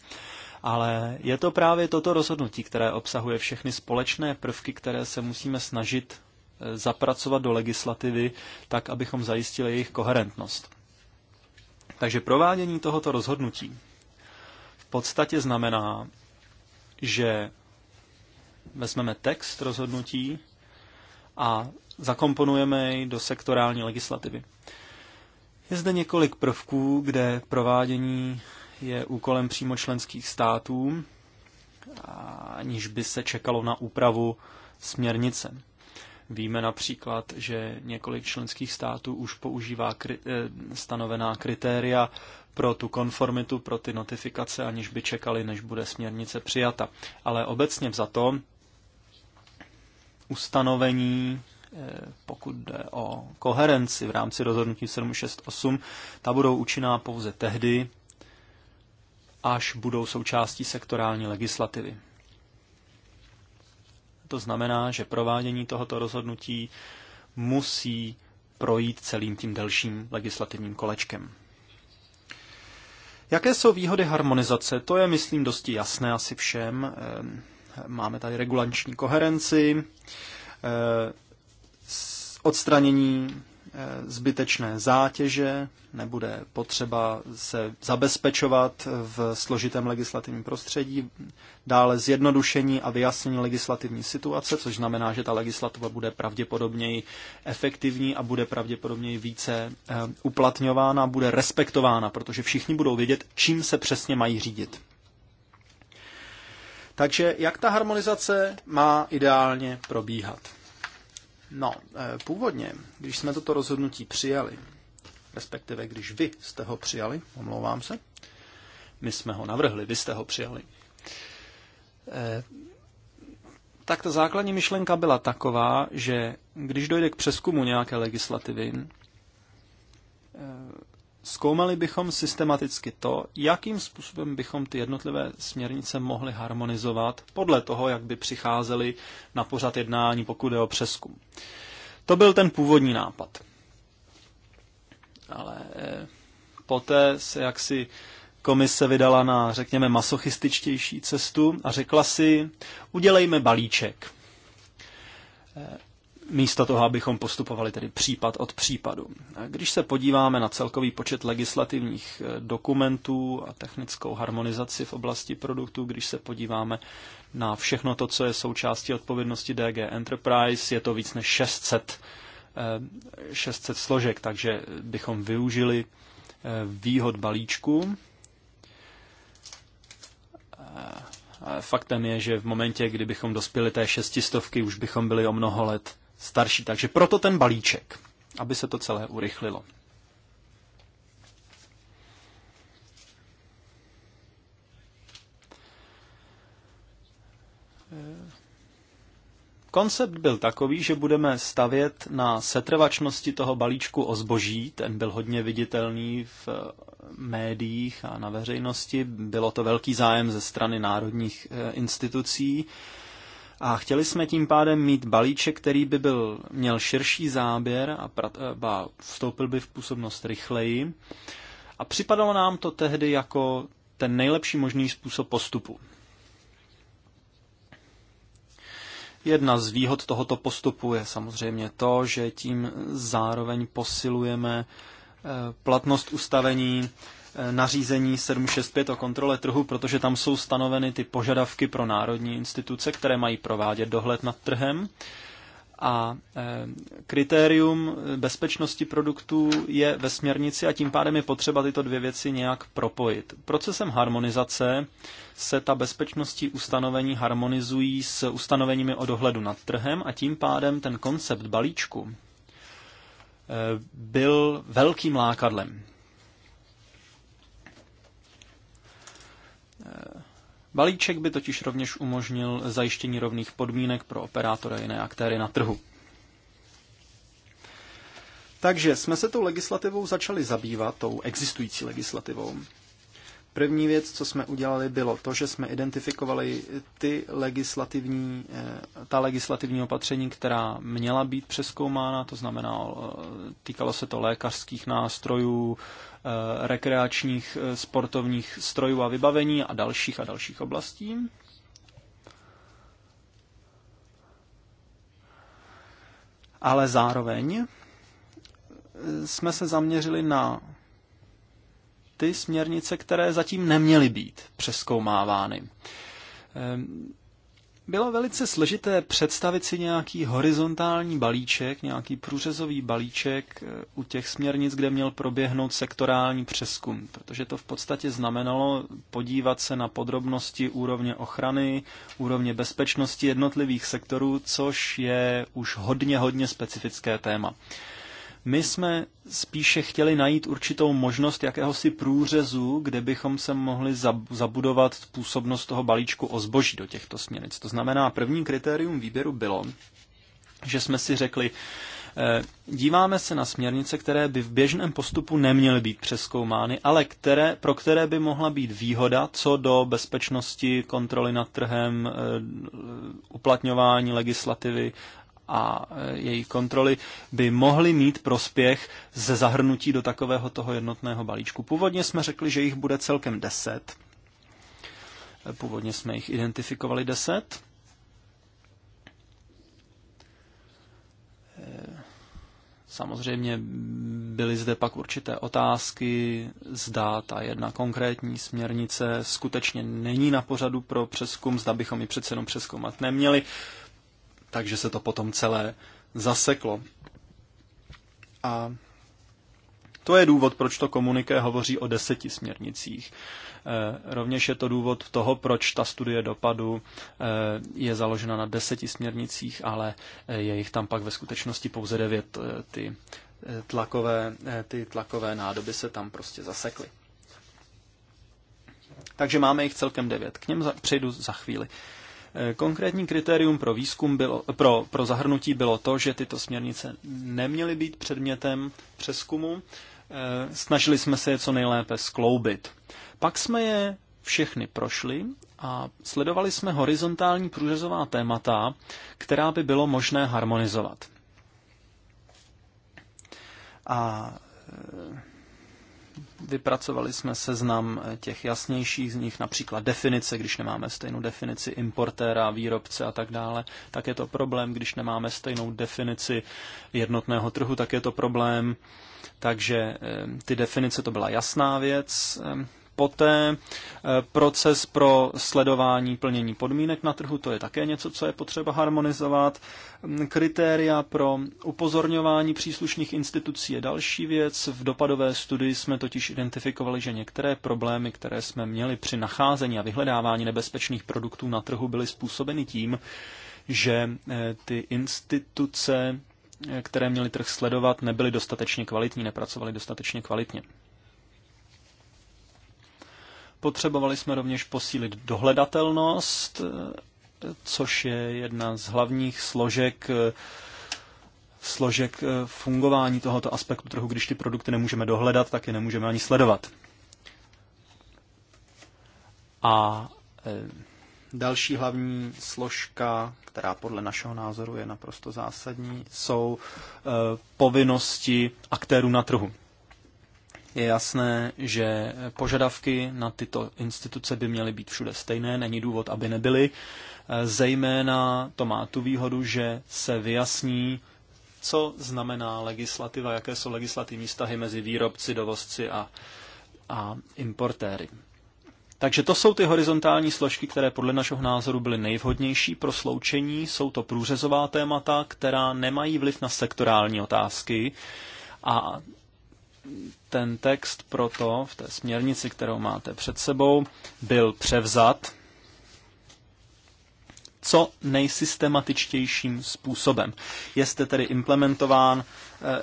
ale je to právě toto rozhodnutí, které obsahuje všechny společné prvky, které se musíme snažit e, zapracovat do legislativy, tak abychom zajistili jejich koherentnost. Takže provádění tohoto rozhodnutí v podstatě znamená, že vezmeme text rozhodnutí a zakomponujeme jej do sektorální legislativy. Je zde několik prvků, kde provádění je úkolem přímo členských států, aniž by se čekalo na úpravu směrnice. Víme například, že několik členských států už používá kri- eh, stanovená kritéria pro tu konformitu, pro ty notifikace, aniž by čekali, než bude směrnice přijata. Ale obecně to ustanovení, eh, pokud jde o koherenci v rámci rozhodnutí 768, ta budou účinná pouze tehdy, až budou součástí sektorální legislativy. To znamená, že provádění tohoto rozhodnutí musí projít celým tím delším legislativním kolečkem. Jaké jsou výhody harmonizace? To je, myslím, dosti jasné asi všem. Ehm, máme tady regulační koherenci, ehm, odstranění zbytečné zátěže, nebude potřeba se zabezpečovat v složitém legislativním prostředí, dále zjednodušení a vyjasnění legislativní situace, což znamená, že ta legislativa bude pravděpodobněji efektivní a bude pravděpodobněji více eh, uplatňována, bude respektována, protože všichni budou vědět, čím se přesně mají řídit. Takže jak ta harmonizace má ideálně probíhat? No, eh, původně, když jsme toto rozhodnutí přijali, respektive když vy jste ho přijali, omlouvám se, my jsme ho navrhli, vy jste ho přijali, eh, tak ta základní myšlenka byla taková, že když dojde k přeskumu nějaké legislativy, eh, Zkoumali bychom systematicky to, jakým způsobem bychom ty jednotlivé směrnice mohli harmonizovat podle toho, jak by přicházely na pořad jednání, pokud je o přeskum. To byl ten původní nápad. Ale eh, poté se jaksi komise vydala na, řekněme, masochističtější cestu a řekla si, udělejme balíček. Eh, místo toho, abychom postupovali tedy případ od případu. Když se podíváme na celkový počet legislativních eh, dokumentů a technickou harmonizaci v oblasti produktů, když se podíváme na všechno to, co je součástí odpovědnosti DG Enterprise, je to víc než 600, 600 eh, složek, takže bychom využili eh, výhod balíčku. Faktem je, že v momentě, kdybychom dospěli té šestistovky, už bychom byli o mnoho let starší. Takže proto ten balíček, aby se to celé urychlilo. Koncept byl takový, že budeme stavět na setrvačnosti toho balíčku o zboží. Ten byl hodně viditelný v eh, médiích a na veřejnosti. Bylo to velký zájem ze strany národních eh, institucí a chtěli jsme tím pádem mít balíček, který by byl, měl širší záběr a vstoupil by v působnost rychleji. A připadalo nám to tehdy jako ten nejlepší možný způsob postupu. Jedna z výhod tohoto postupu je samozřejmě to, že tím zároveň posilujeme eh, platnost ustavení Eh, nařízení 765 o kontrole trhu, protože tam jsou stanoveny ty požadavky pro národní instituce, které mají provádět dohled nad trhem. A eh, kritérium bezpečnosti produktů je ve směrnici a tím pádem je potřeba tyto dvě věci nějak propojit. Procesem harmonizace se ta bezpečnostní ustanovení harmonizují s ustanoveními o dohledu nad trhem a tím pádem ten koncept balíčku eh, byl velkým lákadlem. Balíček by totiž rovněž umožnil zajištění rovných podmínek pro operátory a jiné aktéry na trhu. Takže jsme se tou legislativou začali zabývat, tou existující legislativou. První věc, co jsme udělali, bylo to, že jsme identifikovali ty legislativní, eh, ta legislativní opatření, která měla být přeskoumána, to znamená, týkalo se to lékařských nástrojů, Eh, rekreačních eh, sportovních strojů a vybavení a dalších a dalších oblastí. Ale zároveň eh, jsme se zaměřili na ty směrnice, které zatím neměly být přeskoumávány. Ehm, bylo velice složité představit si nějaký horizontální balíček, nějaký průřezový balíček eh, u těch směrnic, kde měl proběhnout sektorální přeskum, protože to v podstatě znamenalo podívat se na podrobnosti úrovně ochrany, úrovně bezpečnosti jednotlivých sektorů, což je už hodně, hodně specifické téma. My jsme spíše chtěli najít určitou možnost jakéhosi průřezu, kde bychom se mohli zabudovat působnost toho balíčku o zboží do těchto směrnic. To znamená, první kritérium výběru bylo, že jsme si řekli, eh, díváme se na směrnice, které by v běžném postupu neměly být přeskoumány, ale které, pro které by mohla být výhoda co do bezpečnosti, kontroly nad trhem, eh, uplatňování legislativy a e, její kontroly by mohly mít prospěch ze zahrnutí do takového toho jednotného balíčku. Původně jsme řekli, že jich bude celkem deset. E, původně jsme jich identifikovali deset. E, samozřejmě byly zde pak určité otázky, zda ta jedna konkrétní směrnice skutečně není na pořadu pro přeskum, zda bychom ji přece jenom přeskoumat neměli takže se to potom celé zaseklo. A to je důvod, proč to komuniké hovoří o deseti směrnicích. E, rovněž je to důvod toho, proč ta studie dopadu e, je založena na deseti směrnicích, ale e, je jich tam pak ve skutečnosti pouze devět. Ty tlakové, ty tlakové nádoby se tam prostě zasekly. Takže máme jich celkem devět. K něm přejdu za chvíli. Konkrétní kritérium pro výzkum bylo, pro, pro zahrnutí bylo to, že tyto směrnice neměly být předmětem přeskumu. Eh, snažili jsme se je co nejlépe skloubit. Pak jsme je všechny prošli a sledovali jsme horizontální průřezová témata, která by bylo možné harmonizovat. A eh, Vypracovali jsme seznam eh, těch jasnějších z nich, například definice, když nemáme stejnou definici importéra, výrobce a tak dále, tak je to problém. Když nemáme stejnou definici jednotného trhu, tak je to problém. Takže eh, ty definice to byla jasná věc. Ehm, poté eh, proces pro sledování plnění podmínek na trhu, to je také něco, co je potřeba harmonizovat. Mm, kritéria pro upozorňování příslušných institucí je další věc. V dopadové studii jsme totiž identifikovali, že některé problémy, které jsme měli při nacházení a vyhledávání nebezpečných produktů na trhu, byly způsobeny tím, že eh, ty instituce eh, které měly trh sledovat, nebyly dostatečně kvalitní, nepracovaly dostatečně kvalitně. Potřebovali jsme rovněž posílit dohledatelnost, což je jedna z hlavních složek složek eh, fungování tohoto aspektu trhu, když ty produkty nemůžeme dohledat, tak je nemůžeme ani sledovat. A eh, další hlavní složka, která podle našeho názoru je naprosto zásadní, jsou eh, povinnosti aktérů na trhu. Je jasné, že požadavky na tyto instituce by měly být všude stejné, není důvod, aby nebyly. E, zejména to má tu výhodu, že se vyjasní, co znamená legislativa, jaké jsou legislativní vztahy mezi výrobci, dovozci a, a importéry. Takže to jsou ty horizontální složky, které podle našeho názoru byly nejvhodnější pro sloučení. Jsou to průřezová témata, která nemají vliv na sektorální otázky a ten text proto v té směrnici, kterou máte před sebou, byl převzat co nejsystematičtějším způsobem. zde tedy implementován,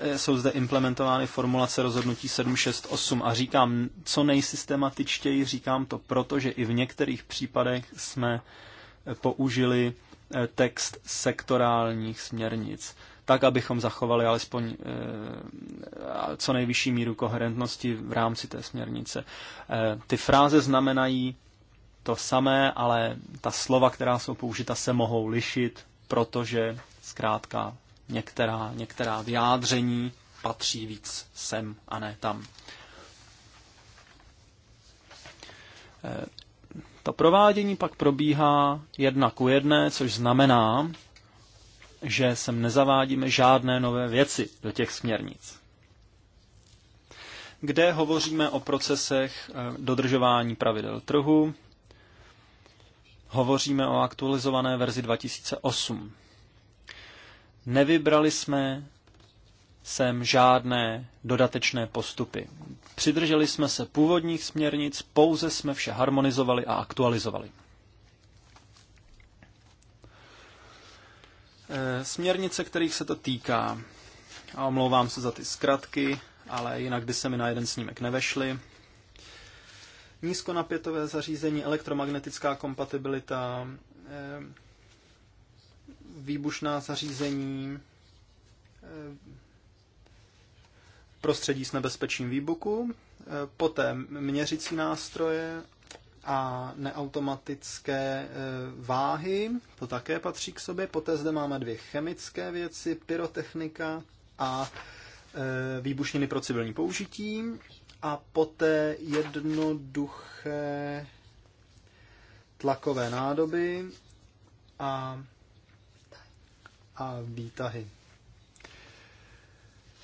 eh, jsou zde implementovány formulace rozhodnutí 768 a říkám co nejsystematičtěji, říkám to proto, že i v některých případech jsme eh, použili eh, text sektorálních směrnic tak abychom zachovali alespoň eh, co nejvyšší míru koherentnosti v rámci té směrnice. Eh, ty fráze znamenají to samé, ale ta slova, která jsou použita, se mohou lišit, protože zkrátka některá, některá vyjádření patří víc sem a ne tam. Eh, to provádění pak probíhá jedna ku jedné, což znamená, že sem nezavádíme žádné nové věci do těch směrnic, kde hovoříme o procesech eh, dodržování pravidel trhu, hovoříme o aktualizované verzi 2008. Nevybrali jsme sem žádné dodatečné postupy. Přidrželi jsme se původních směrnic, pouze jsme vše harmonizovali a aktualizovali. Eh, směrnice, kterých se to týká, a omlouvám se za ty zkratky, ale jinak by se mi na jeden snímek nevešly. Nízkonapětové zařízení, elektromagnetická kompatibilita, eh, výbušná zařízení, eh, prostředí s nebezpečím výbuku, poté měřicí nástroje a neautomatické eh, váhy, to také patří k sobě. Poté zde máme dvě chemické věci, pyrotechnika a eh, výbušniny pro civilní použití a poté jednoduché tlakové nádoby a, a výtahy.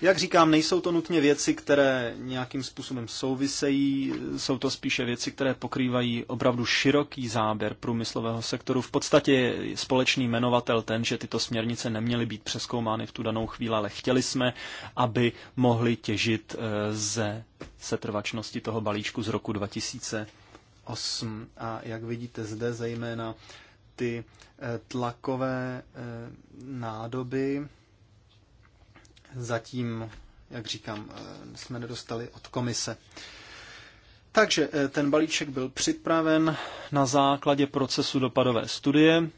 Jak říkám, nejsou to nutně věci, které nějakým způsobem souvisejí, jsou to spíše věci, které pokrývají opravdu široký záběr průmyslového sektoru. V podstatě je společný jmenovatel ten, že tyto směrnice neměly být přeskoumány v tu danou chvíli, ale chtěli jsme, aby mohli těžit eh, ze setrvačnosti toho balíčku z roku 2008. A jak vidíte zde zejména ty eh, tlakové eh, nádoby, zatím, jak říkám, eh, jsme nedostali od komise. Takže eh, ten balíček byl připraven na základě procesu dopadové studie,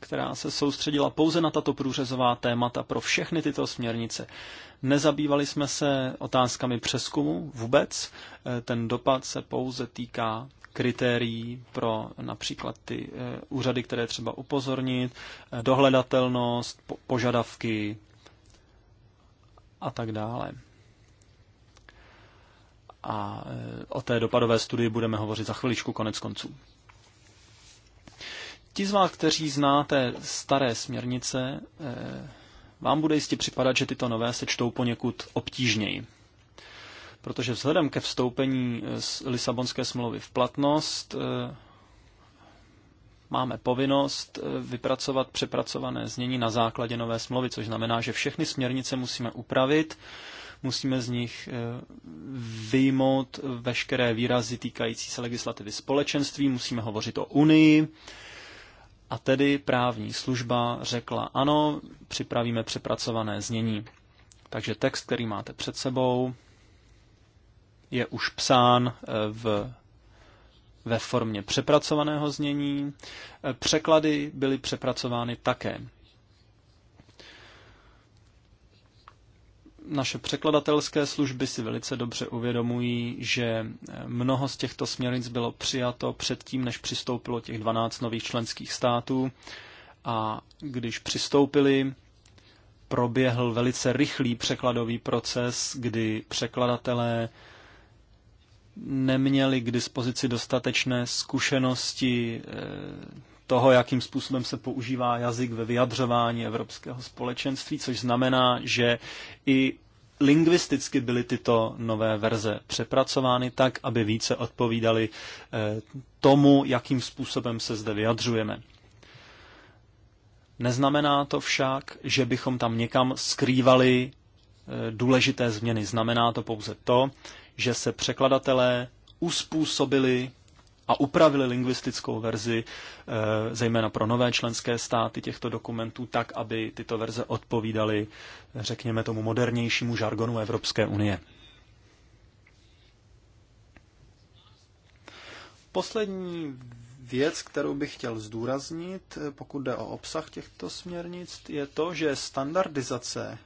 která se soustředila pouze na tato průřezová témata pro všechny tyto směrnice. Nezabývali jsme se otázkami přeskumu vůbec. Eh, ten dopad se pouze týká kritérií pro například ty úřady, které třeba upozornit, dohledatelnost, požadavky a tak dále. A e, o té dopadové studii budeme hovořit za chviličku konec konců. Ti z vás, kteří znáte staré směrnice, e, vám bude jistě připadat, že tyto nové se čtou poněkud obtížněji. Protože vzhledem ke vstoupení z Lisabonské smlouvy v platnost e, máme povinnost eh, vypracovat přepracované znění na základě nové smlouvy, což znamená, že všechny směrnice musíme upravit, musíme z nich eh, vyjmout veškeré výrazy týkající se legislativy společenství, musíme hovořit o Unii. A tedy právní služba řekla ano, připravíme přepracované znění. Takže text, který máte před sebou, je už psán eh, v ve formě přepracovaného znění. E, překlady byly přepracovány také. Naše překladatelské služby si velice dobře uvědomují, že e, mnoho z těchto směrnic bylo přijato předtím, než přistoupilo těch 12 nových členských států a když přistoupili, proběhl velice rychlý překladový proces, kdy překladatelé neměli k dispozici dostatečné zkušenosti eh, toho, jakým způsobem se používá jazyk ve vyjadřování evropského společenství, což znamená, že i lingvisticky byly tyto nové verze přepracovány tak, aby více odpovídaly eh, tomu, jakým způsobem se zde vyjadřujeme. Neznamená to však, že bychom tam někam skrývali eh, důležité změny. Znamená to pouze to, že se překladatelé uspůsobili a upravili lingvistickou verzi, eh, zejména pro nové členské státy těchto dokumentů, tak, aby tyto verze odpovídaly, řekněme tomu, modernějšímu žargonu Evropské unie. Poslední věc, kterou bych chtěl zdůraznit, eh, pokud jde o obsah těchto směrnic, je to, že standardizace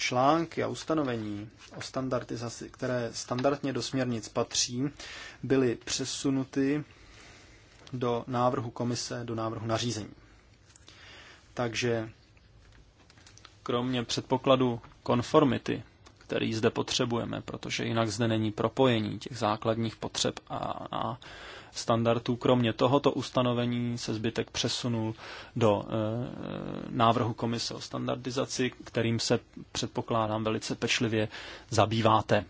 články a ustanovení o standardizaci, které standardně do směrnic patří, byly přesunuty do návrhu komise, do návrhu nařízení. Takže kromě předpokladu konformity, který zde potřebujeme, protože jinak zde není propojení těch základních potřeb a, a standardů. Kromě tohoto ustanovení se zbytek přesunul do eh, návrhu komise o standardizaci, kterým se předpokládám velice pečlivě zabýváte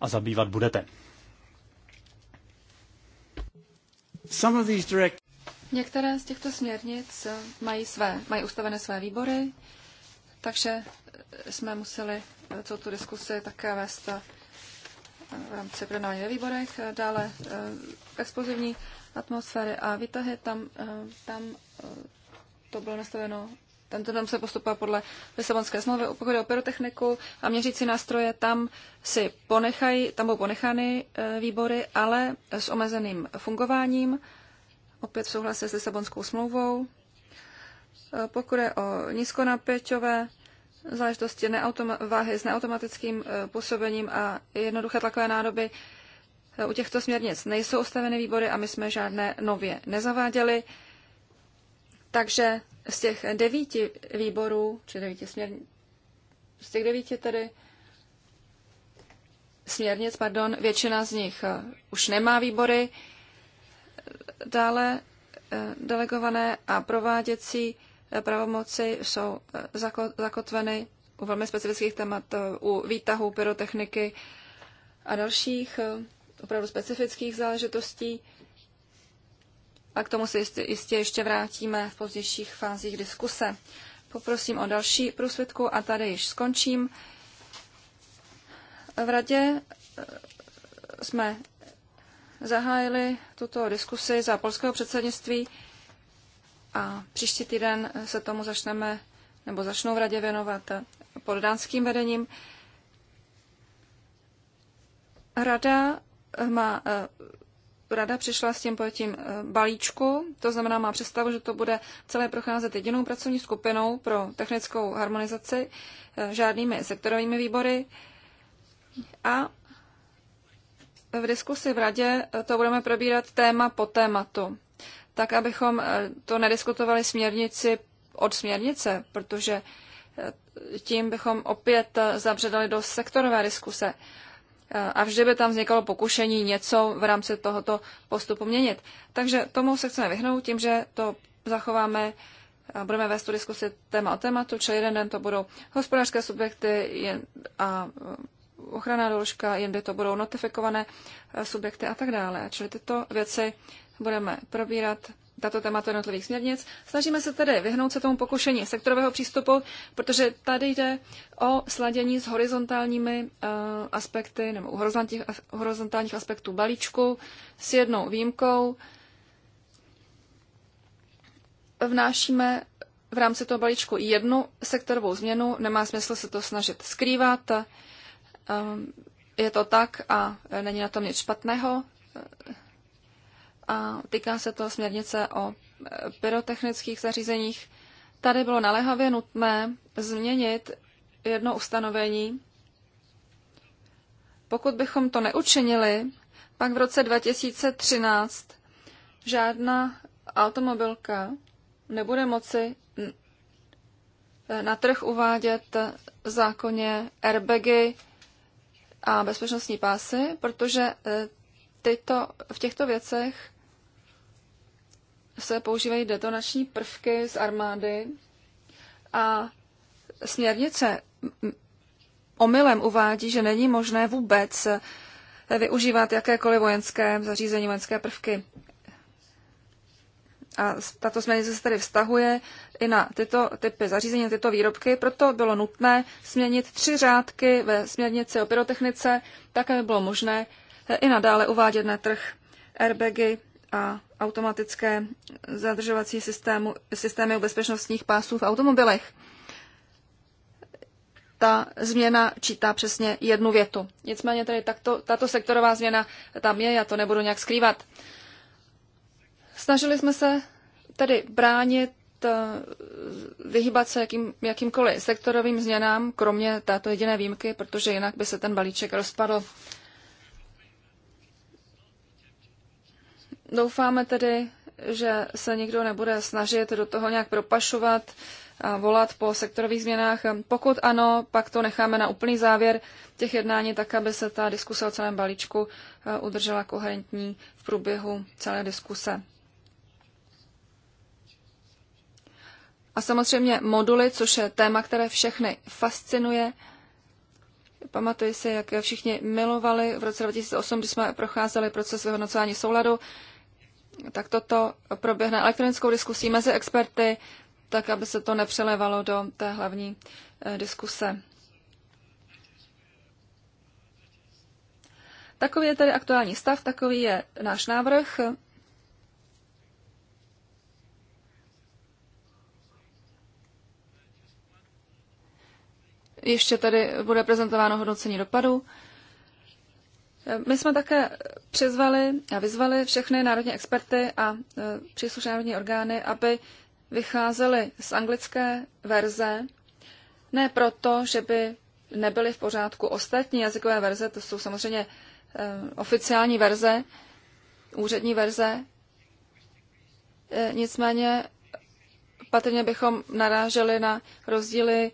a zabývat budete. Některé z těchto směrnic eh, mají, své, mají ustavené své výbory, takže eh, jsme museli co tu diskusi také vést v rámci projednávání ve výborech, eh, dále eh, explozivní atmosféry a výtahy, tam, eh, tam to bylo nastaveno tento tam se postupuje podle Lisabonské smlouvy, pokud o pyrotechniku a měřící nástroje, tam si ponechají, tam budou ponechány výbory, ale s omezeným fungováním, opět v souhlase s Lisabonskou smlouvou. Pokud je o nízkonapěťové záležitosti váhy s neautomatickým eh, působením a jednoduché takové nádoby. Eh, u těchto směrnic nejsou ustaveny výbory a my jsme žádné nově nezaváděli. Takže z těch devíti výborů, či devíti směrnic, z těch devíti tedy směrnic, pardon, většina z nich eh, už nemá výbory. Dále delegované a prováděcí pravomoci jsou eh, zakotveny u velmi specifických témat, eh, u výtahu, pyrotechniky a dalších eh, opravdu specifických záležitostí. A k tomu se jistě, jistě ještě vrátíme v pozdějších fázích diskuse. Poprosím o další průsvědku a tady již skončím. V radě jsme zahájili tuto diskusi za polského předsednictví a příští týden se tomu začneme, nebo začnou v radě věnovat pod dánským vedením. Rada eh, má eh, rada přišla s tím pojetím eh, balíčku, to znamená má představu, že to bude celé procházet jedinou pracovní skupinou pro technickou harmonizaci, žádnými sektorovými výbory a v diskusi v radě to budeme probírat téma po tématu tak abychom eh, to nediskutovali směrnici od směrnice, protože eh, tím bychom opět eh, zabředali do sektorové diskuse. A vždy by tam vznikalo pokušení něco v rámci tohoto postupu měnit. Takže tomu se chceme vyhnout tím, že to zachováme a budeme vést tu diskusi téma o tématu, čili jeden den to budou hospodářské subjekty a ochranná doložka, jindy to budou notifikované subjekty a tak dále. Čili tyto věci budeme probírat tato témata jednotlivých směrnic. Snažíme se tedy vyhnout se tomu pokušení sektorového přístupu, protože tady jde o sladění s horizontálními uh, aspekty nebo horizontálních, horizontálních aspektů balíčku s jednou výjimkou. Vnášíme v rámci toho balíčku jednu sektorovou změnu, nemá smysl se to snažit skrývat. Um, je to tak a není na tom nic špatného a týká se to směrnice o e, pyrotechnických zařízeních. Tady bylo naléhavě nutné změnit jedno ustanovení. Pokud bychom to neučinili, pak v roce 2013 žádná automobilka nebude moci e, na trh uvádět zákonně airbagy a bezpečnostní pásy, protože e, tyto, v těchto věcech se používají detonační prvky z armády a směrnice omylem uvádí, že není možné vůbec využívat jakékoliv vojenské zařízení, vojenské prvky. A tato směrnice se tedy vztahuje i na tyto typy zařízení, na tyto výrobky, proto bylo nutné změnit tři řádky ve směrnici o pyrotechnice, tak aby bylo možné i nadále uvádět na trh airbagy a automatické zadržovací systému, systémy u bezpečnostních pásů v automobilech. Ta změna čítá přesně jednu větu. Nicméně tady takto, tato sektorová změna tam je, já to nebudu nějak skrývat. Snažili jsme se tedy bránit eh, vyhýbat se jakým, jakýmkoliv sektorovým změnám, kromě této jediné výjimky, protože jinak by se ten balíček rozpadl Doufáme tedy, že se nikdo nebude snažit do toho nějak propašovat a volat po sektorových změnách. Pokud ano, pak to necháme na úplný závěr těch jednání, tak aby se ta diskuse o celém balíčku eh, udržela koherentní v průběhu celé diskuse. A samozřejmě moduly, což je téma, které všechny fascinuje. Pamatuji si, jak všichni milovali v roce 2008, kdy jsme procházeli proces vyhodnocování souladu tak toto proběhne elektronickou diskusí mezi experty, tak aby se to nepřelevalo do té hlavní eh, diskuse. Takový je tedy aktuální stav, takový je náš návrh. Ještě tady bude prezentováno hodnocení dopadu. My jsme také přizvali a vyzvali všechny národní experty a e, příslušné národní orgány, aby vycházeli z anglické verze, ne proto, že by nebyly v pořádku ostatní jazykové verze, to jsou samozřejmě e, oficiální verze, úřední verze. E, nicméně patrně bychom naráželi na rozdíly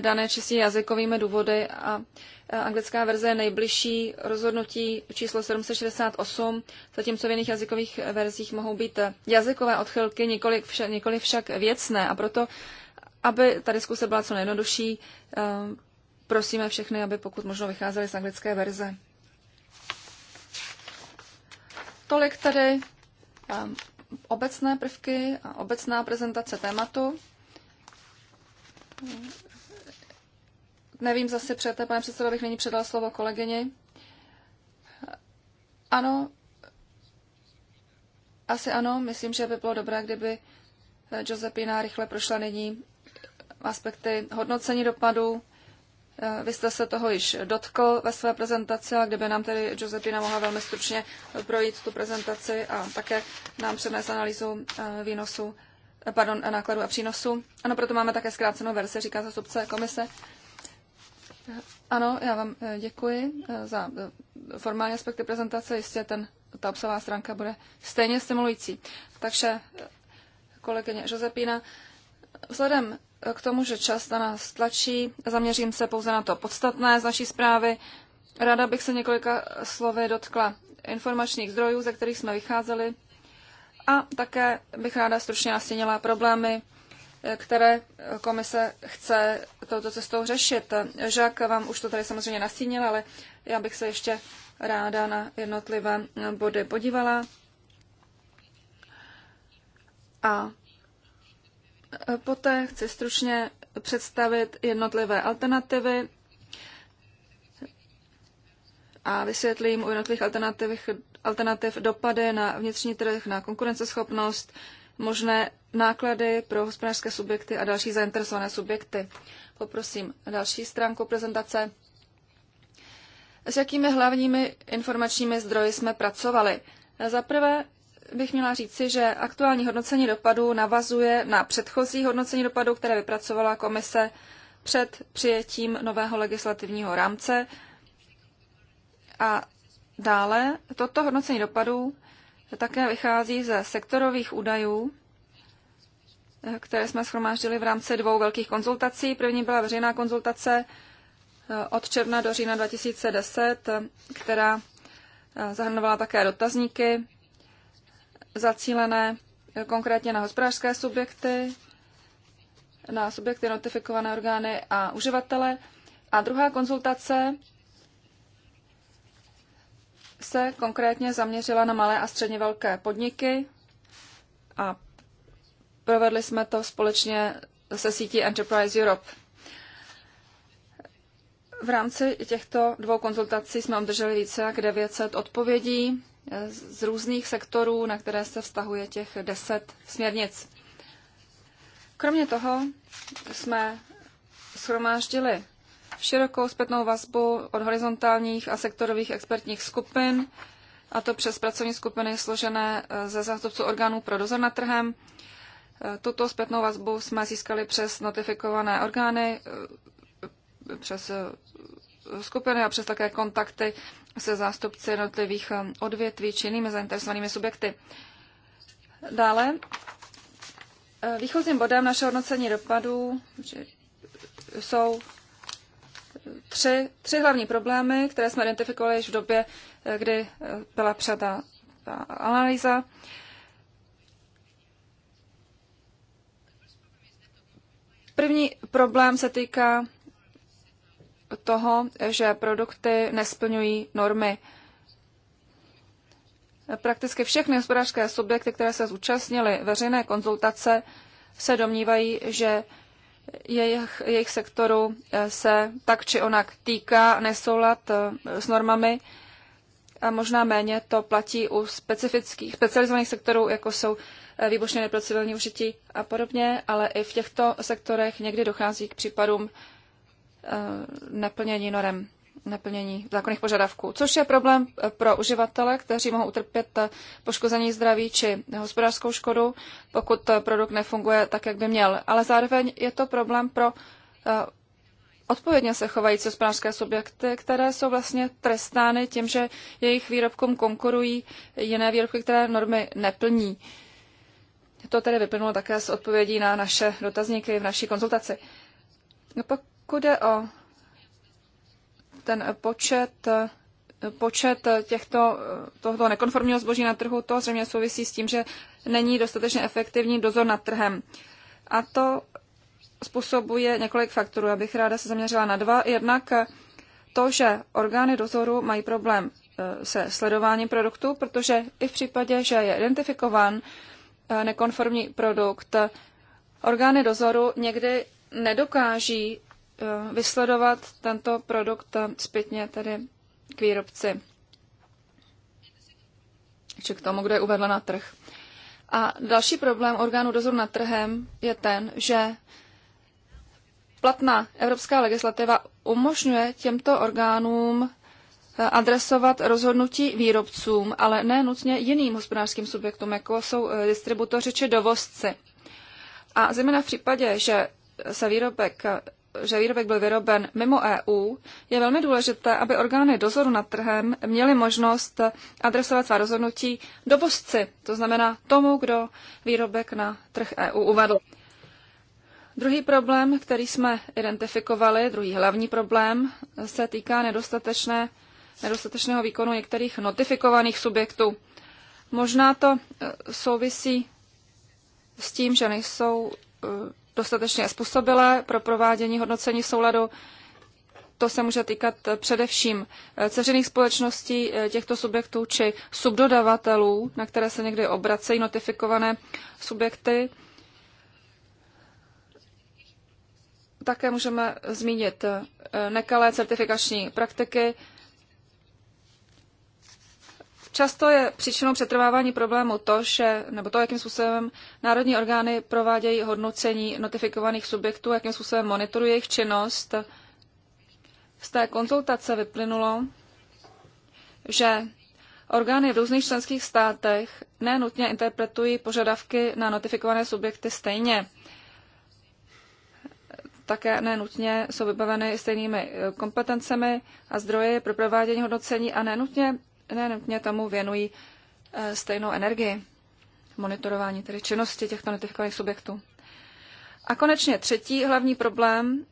dané čistě jazykovými důvody a e, anglická verze je nejbližší rozhodnutí číslo 768, zatímco v jiných jazykových verzích mohou být jazykové odchylky, nikoli však, nikoli však věcné a proto, aby ta diskuse byla co nejjednodušší, e, prosíme všechny, aby pokud možno vycházeli z anglické verze. Tolik tedy e, obecné prvky a obecná prezentace tématu. Nevím zase, přijete, pane předsedo, abych nyní předal slovo kolegyni. Ano, asi ano, myslím, že by bylo dobré, kdyby Josepina rychle prošla nyní aspekty hodnocení dopadu. Vy jste se toho již dotkl ve své prezentaci, a kdyby nám tedy Josepina mohla velmi stručně projít tu prezentaci a také nám přednést analýzu eh, výnosu, eh, pardon, eh, nákladu a přínosu. Ano, proto máme také zkrácenou verzi, říká zastupce komise. Ano, já vám eh, děkuji eh, za eh, formální aspekty prezentace. Jistě ten, ta obsahová stránka bude stejně stimulující. Takže kolegyně Josepína, vzhledem k tomu, že čas na nás tlačí, zaměřím se pouze na to podstatné z naší zprávy. Ráda bych se několika slovy dotkla informačních zdrojů, ze kterých jsme vycházeli, a také bych ráda stručně nastěnila problémy, které komise chce touto cestou řešit. Žák vám už to tady samozřejmě nastínil, ale já bych se ještě ráda na jednotlivé body podívala. A poté chci stručně představit jednotlivé alternativy a vysvětlím u jednotlivých alternativ, alternativ dopady na vnitřní trh, na konkurenceschopnost, možné náklady pro hospodářské subjekty a další zainteresované subjekty. Poprosím další stránku prezentace. S jakými hlavními informačními zdroji jsme pracovali? Za prvé bych měla říci, že aktuální hodnocení dopadů navazuje na předchozí hodnocení dopadů, které vypracovala komise před přijetím nového legislativního rámce. A dále toto hodnocení dopadů také vychází ze sektorových údajů, které jsme schromáždili v rámci dvou velkých konzultací. První byla veřejná konzultace eh, od června do října 2010, která eh, zahrnovala také dotazníky zacílené eh, konkrétně na hospodářské subjekty, na subjekty notifikované orgány a uživatele. A druhá konzultace se konkrétně zaměřila na malé a středně velké podniky a provedli jsme to společně se sítí Enterprise Europe. V rámci těchto dvou konzultací jsme obdrželi více jak 900 odpovědí z různých sektorů, na které se vztahuje těch 10 směrnic. Kromě toho jsme schromáždili širokou zpětnou vazbu od horizontálních a sektorových expertních skupin, a to přes pracovní skupiny složené eh, ze zástupců orgánů pro dozor nad trhem. Eh, tuto zpětnou vazbu jsme získali přes notifikované orgány, eh, přes skupiny a přes také kontakty se zástupci jednotlivých odvětví či jinými zainteresovanými subjekty. Dále, výchozím bodem našeho hodnocení dopadů jsou tři, tři hlavní problémy, které jsme identifikovali již v době, eh, kdy eh, byla přijata ta analýza. První problém se týká toho, že produkty nesplňují normy. Prakticky všechny hospodářské subjekty, které se zúčastnily veřejné konzultace, se domnívají, že jejich, jejich sektoru eh, se tak či onak týká nesoulad eh, s normami a možná méně to platí u specifických, specializovaných sektorů, jako jsou eh, výbušniny pro užití a podobně, ale i v těchto sektorech někdy dochází k případům neplnění norem neplnění zákonných požadavků, což je problém pro uživatele, kteří mohou utrpět poškození zdraví či hospodářskou škodu, pokud produkt nefunguje tak, jak by měl. Ale zároveň je to problém pro eh, odpovědně se chovající hospodářské subjekty, které jsou vlastně trestány tím, že jejich výrobkům konkurují jiné výrobky, které normy neplní. To tedy vyplnulo také z odpovědí na naše dotazníky v naší konzultaci. No pokud jde o ten počet počet těchto, tohoto nekonformního zboží na trhu, to zřejmě souvisí s tím, že není dostatečně efektivní dozor nad trhem. A to způsobuje několik faktorů. Já bych ráda se zaměřila na dva. Jednak to, že orgány dozoru mají problém eh, se sledováním produktu, protože i v případě, že je identifikován eh, nekonformní produkt, orgány dozoru někdy nedokáží Eh, vysledovat tento produkt eh, zpětně tedy k výrobci či k tomu, kdo je uvedl na trh. A další problém orgánu dozoru nad trhem je ten, že platná evropská legislativa umožňuje těmto orgánům eh, adresovat rozhodnutí výrobcům, ale ne nutně jiným hospodářským subjektům, jako jsou distributoři či dovozci. A zejména v případě, že se výrobek že výrobek byl vyroben mimo EU, je velmi důležité, aby orgány dozoru nad trhem měly možnost adresovat svá rozhodnutí dovozci, to znamená tomu, kdo výrobek na trh EU uvedl. Druhý problém, který jsme identifikovali, druhý hlavní problém, se týká nedostatečné, nedostatečného výkonu některých notifikovaných subjektů. Možná to e, souvisí s tím, že nejsou e, dostatečně způsobilé pro provádění hodnocení souladu. To se může týkat eh, především eh, ceřených společností eh, těchto subjektů či subdodavatelů, na které se někdy obracejí notifikované subjekty. Také můžeme zmínit nekalé certifikační praktiky, Často je příčinou přetrvávání problému to, že, nebo to, jakým způsobem národní orgány provádějí hodnocení notifikovaných subjektů, jakým způsobem monitorují jejich činnost. Z té konzultace vyplynulo, že orgány v různých členských státech nenutně interpretují požadavky na notifikované subjekty stejně. Také nenutně jsou vybaveny stejnými eh, kompetencemi a zdroje pro provádění hodnocení a nenutně nenutně tomu věnují eh, stejnou energii monitorování, tedy činnosti těchto notifikovaných subjektů. A konečně třetí hlavní problém,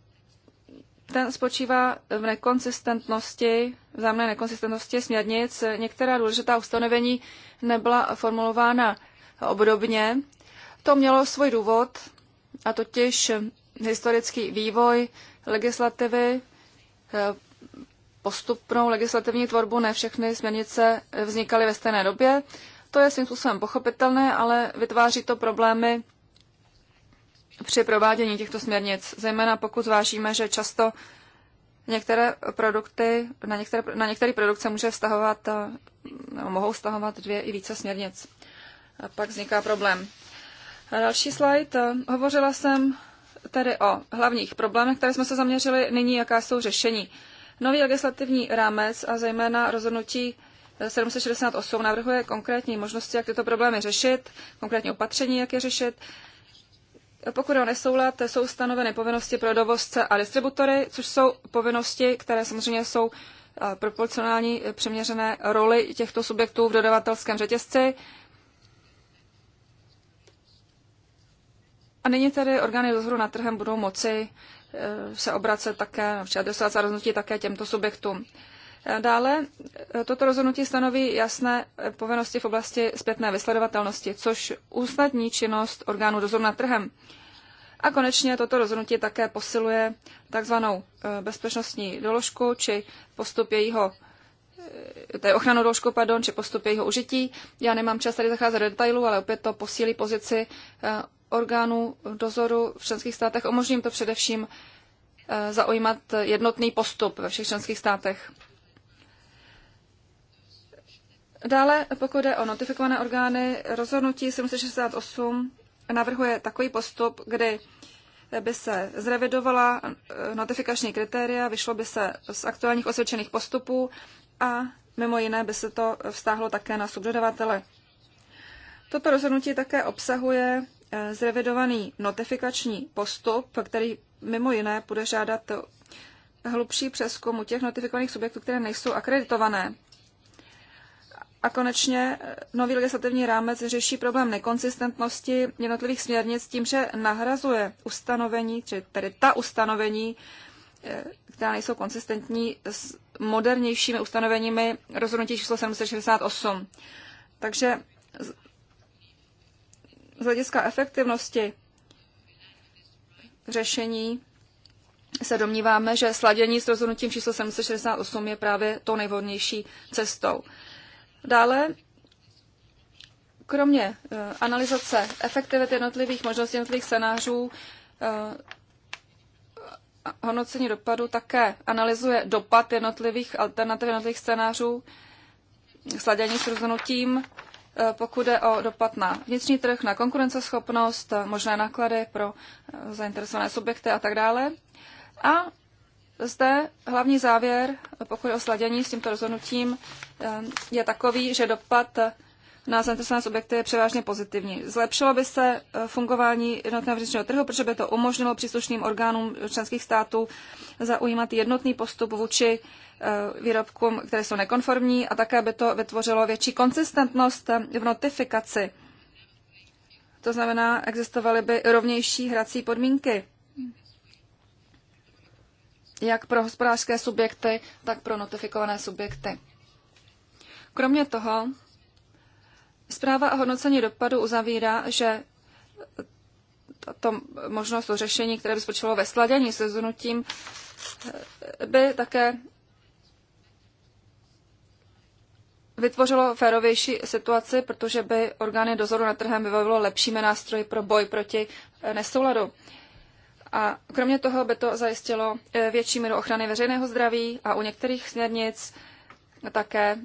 ten spočívá v nekonsistentnosti, vzájemné nekonsistentnosti směrnic. Některá důležitá ustanovení nebyla formulována obdobně. To mělo svůj důvod, a totiž historický vývoj legislativy eh, postupnou legislativní tvorbu, ne všechny směrnice eh, vznikaly ve stejné době. To je svým způsobem pochopitelné, ale vytváří to problémy při provádění těchto směrnic, zejména pokud zvážíme, že často některé produkty, na některé, na některé produkce může vztahovat, eh, nebo mohou vztahovat dvě i více směrnic. A pak vzniká problém. A další slide. Eh, hovořila jsem tedy o hlavních problémech, které jsme se zaměřili, nyní jaká jsou řešení. Nový legislativní rámec a zejména rozhodnutí 768 navrhuje konkrétní možnosti, jak tyto problémy řešit, konkrétní opatření, jak je řešit. Pokud o nesoulad, jsou stanoveny povinnosti pro dovozce a distributory, což jsou povinnosti, které samozřejmě jsou eh, proporcionální přeměřené roli těchto subjektů v dodavatelském řetězci. A nyní tedy orgány dozoru nad trhem budou moci se obracet také, například dostat za rozhodnutí také těmto subjektům. Dále toto rozhodnutí stanoví jasné povinnosti v oblasti zpětné vysledovatelnosti, což usnadní činnost orgánu dozoru nad trhem. A konečně toto rozhodnutí také posiluje takzvanou eh, bezpečnostní doložku či postup jejího je eh, ochranu doložku, pardon, či postup jejího užití. Já nemám čas tady zacházet do detailů, ale opět to posílí pozici eh, orgánů dozoru v členských státech. Umožním to především eh, zaujímat jednotný postup ve všech členských státech. Dále, pokud jde o notifikované orgány, rozhodnutí 768 navrhuje takový postup, kdy by se zrevidovala eh, notifikační kritéria, vyšlo by se z aktuálních osvědčených postupů a mimo jiné by se to vztáhlo také na subdodavatele. Toto rozhodnutí také obsahuje Eh, zrevidovaný notifikační postup, který mimo jiné bude žádat hlubší přeskum u těch notifikovaných subjektů, které nejsou akreditované. A konečně eh, nový legislativní rámec řeší problém nekonsistentnosti jednotlivých směrnic tím, že nahrazuje ustanovení, tedy ta ustanovení, eh, která nejsou konsistentní s modernějšími ustanoveními rozhodnutí číslo 768. Takže z hlediska efektivnosti řešení se domníváme, že sladění s rozhodnutím číslo 768 je právě to nejvhodnější cestou. Dále, kromě eh, analyzace efektivity jednotlivých možností jednotlivých scénářů, eh, hodnocení dopadu také analyzuje dopad jednotlivých alternativ jednotlivých scénářů, sladění s rozhodnutím Eh, pokud jde o dopad na vnitřní trh, na konkurenceschopnost, eh, možné náklady pro eh, zainteresované subjekty a tak dále. A zde hlavní závěr, pokud je o sladění s tímto rozhodnutím, je takový, že dopad na zainteresované subjekty je převážně pozitivní. Zlepšilo by se eh, fungování jednotného vnitřního trhu, protože by to umožnilo příslušným orgánům členských států zaujímat jednotný postup vůči eh, výrobkům, které jsou nekonformní a také by to vytvořilo větší konsistentnost eh, v notifikaci. To znamená, existovaly by rovnější hrací podmínky jak pro hospodářské subjekty, tak pro notifikované subjekty. Kromě toho Zpráva o hodnocení dopadu uzavírá, že tato možnost řešení, které by spočívalo ve sladění se zhrnutím, by také vytvořilo férovější situaci, protože by orgány dozoru nad trhem vybavilo lepšími nástroji pro boj proti nesouladu. A kromě toho by to zajistilo eh, větší míru ochrany veřejného zdraví a u některých směrnic také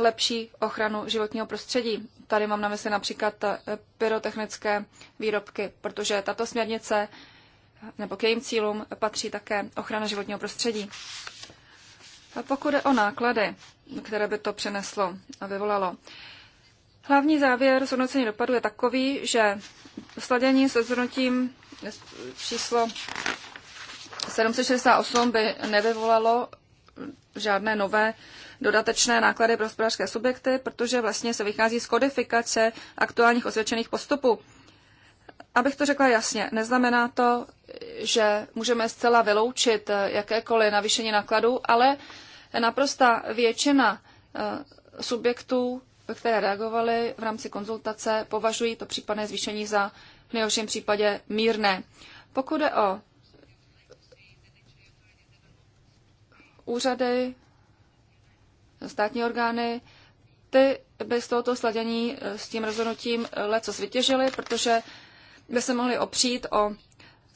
lepší ochranu životního prostředí. Tady mám na mysli například eh, pyrotechnické výrobky, protože tato směrnice eh, nebo k jejím cílům patří také ochrana životního prostředí. A pokud je o náklady, které by to přineslo a vyvolalo, hlavní závěr zhodnocení dopadu je takový, že sladění se zhodnotím číslo 768 by nevyvolalo žádné nové dodatečné náklady pro hospodářské subjekty, protože vlastně se vychází z kodifikace aktuálních osvědčených postupů. Abych to řekla jasně, neznamená to, že můžeme zcela vyloučit eh, jakékoliv navýšení nákladů, ale naprosta většina eh, subjektů, které reagovaly v rámci konzultace, považují to případné zvýšení za v nejhorším případě mírné. Pokud je o úřady státní orgány, ty by z tohoto sladění eh, s tím rozhodnutím eh, leco vytěžily, protože by se mohly opřít o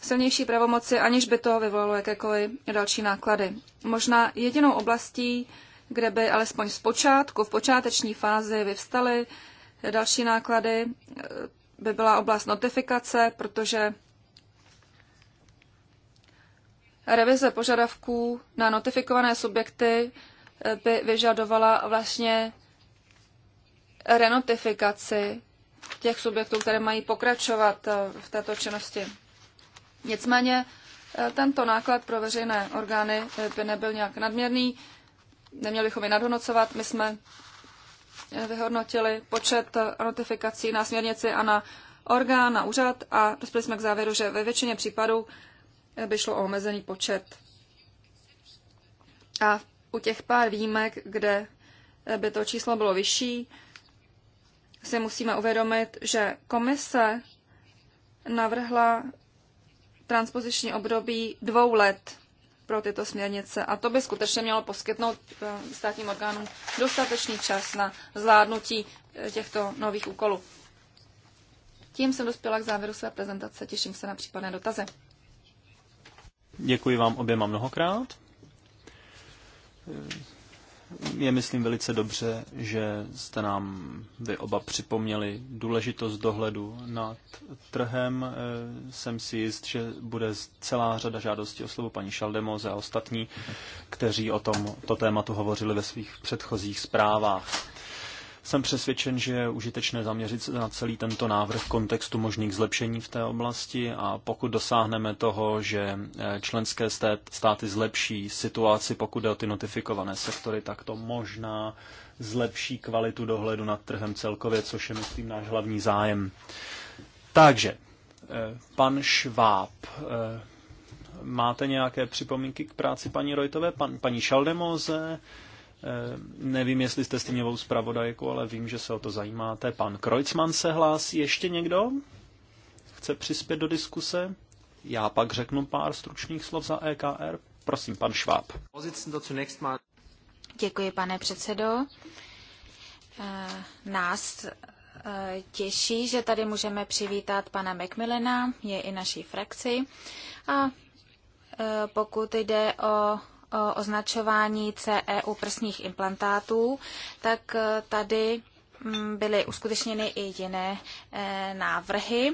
silnější pravomoci, aniž by to vyvolalo jakékoliv další náklady. Možná jedinou oblastí, kde by alespoň z počátku, v počáteční fázi vyvstaly další náklady, eh, by byla oblast notifikace, protože revize požadavků na notifikované subjekty by vyžadovala vlastně renotifikaci těch subjektů, které mají pokračovat eh, v této činnosti. Nicméně eh, tento náklad pro veřejné orgány eh, by nebyl nějak nadměrný, neměli bychom je nadhodnocovat. My jsme vyhodnotili počet notifikací na směrnici a na orgán, na úřad a dospěli jsme k závěru, že ve většině případů by šlo o omezený počet. A v u těch pár výjimek, kde by to číslo bylo vyšší, si musíme uvědomit, že komise navrhla transpoziční období dvou let pro tyto směrnice. A to by skutečně mělo poskytnout eh, státním orgánům dostatečný čas na zvládnutí eh, těchto nových úkolů. Tím jsem dospěla k závěru své prezentace. Těším se na případné dotazy. Děkuji vám oběma mnohokrát. Je, myslím, velice dobře, že jste nám vy oba připomněli důležitost dohledu nad trhem. E, jsem si jist, že bude celá řada žádostí o slovo paní Šaldemoze a ostatní, kteří o tom to tématu hovořili ve svých předchozích zprávách. Jsem přesvědčen, že je užitečné zaměřit se na celý tento návrh v kontextu možných zlepšení v té oblasti a pokud dosáhneme toho, že eh, členské státy zlepší situaci, pokud jde o ty notifikované sektory, tak to možná zlepší kvalitu dohledu nad trhem celkově, což je, myslím, náš hlavní zájem. Takže, eh, pan Šváb, eh, máte nějaké připomínky k práci paní Rojtové, pan, paní Šaldemoze, Eh, nevím, jestli jste stejněvou zpravodajku, ale vím, že se o to zajímáte. Pan Kreutzmann se hlásí. Ještě někdo? Chce přispět do diskuse? Já pak řeknu pár stručných slov za EKR. Prosím, pan Šváb. Děkuji, pane předsedo. Eh, nás eh, těší, že tady můžeme přivítat pana Macmillena, je i naší frakci. A pokud jde o označování CE u prsních implantátů, tak eh, tady mm, byly uskutečněny i jiné eh, návrhy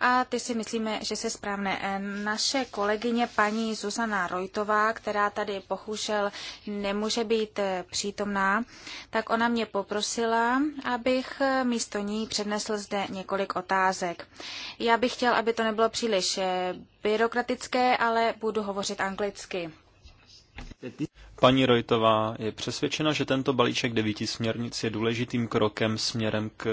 a ty si myslíme, že se správné. Eh, naše kolegyně paní Zuzana Rojtová, která tady bohužel nemůže být přítomná, tak ona mě poprosila, abych místo ní přednesl zde několik otázek. Já bych chtěl, aby to nebylo příliš byrokratické, ale budu hovořit anglicky. Paní Rojtová je přesvědčena, že tento balíček devíti směrnic je důležitým krokem směrem k e,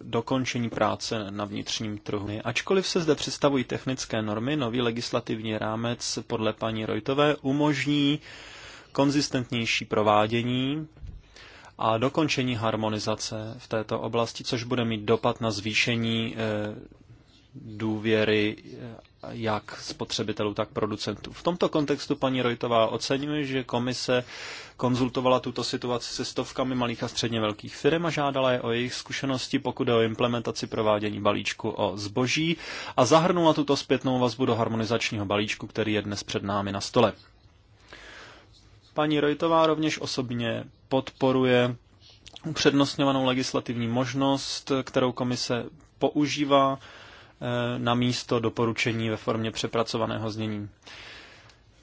dokončení práce na vnitřním trhu. Ačkoliv se zde představují technické normy, nový legislativní rámec podle paní Rojtové umožní konzistentnější provádění a dokončení harmonizace v této oblasti, což bude mít dopad na zvýšení e, důvěry e, jak spotřebitelů, tak producentů. V tomto kontextu paní Rojtová oceňuje, že komise konzultovala tuto situaci se stovkami malých a středně velkých firm a žádala je o jejich zkušenosti, pokud je o implementaci provádění balíčku o zboží a zahrnula tuto zpětnou vazbu do harmonizačního balíčku, který je dnes před námi na stole. Paní Rojtová rovněž osobně podporuje upřednostňovanou legislativní možnost, kterou komise používá Eh, na místo doporučení ve formě přepracovaného znění.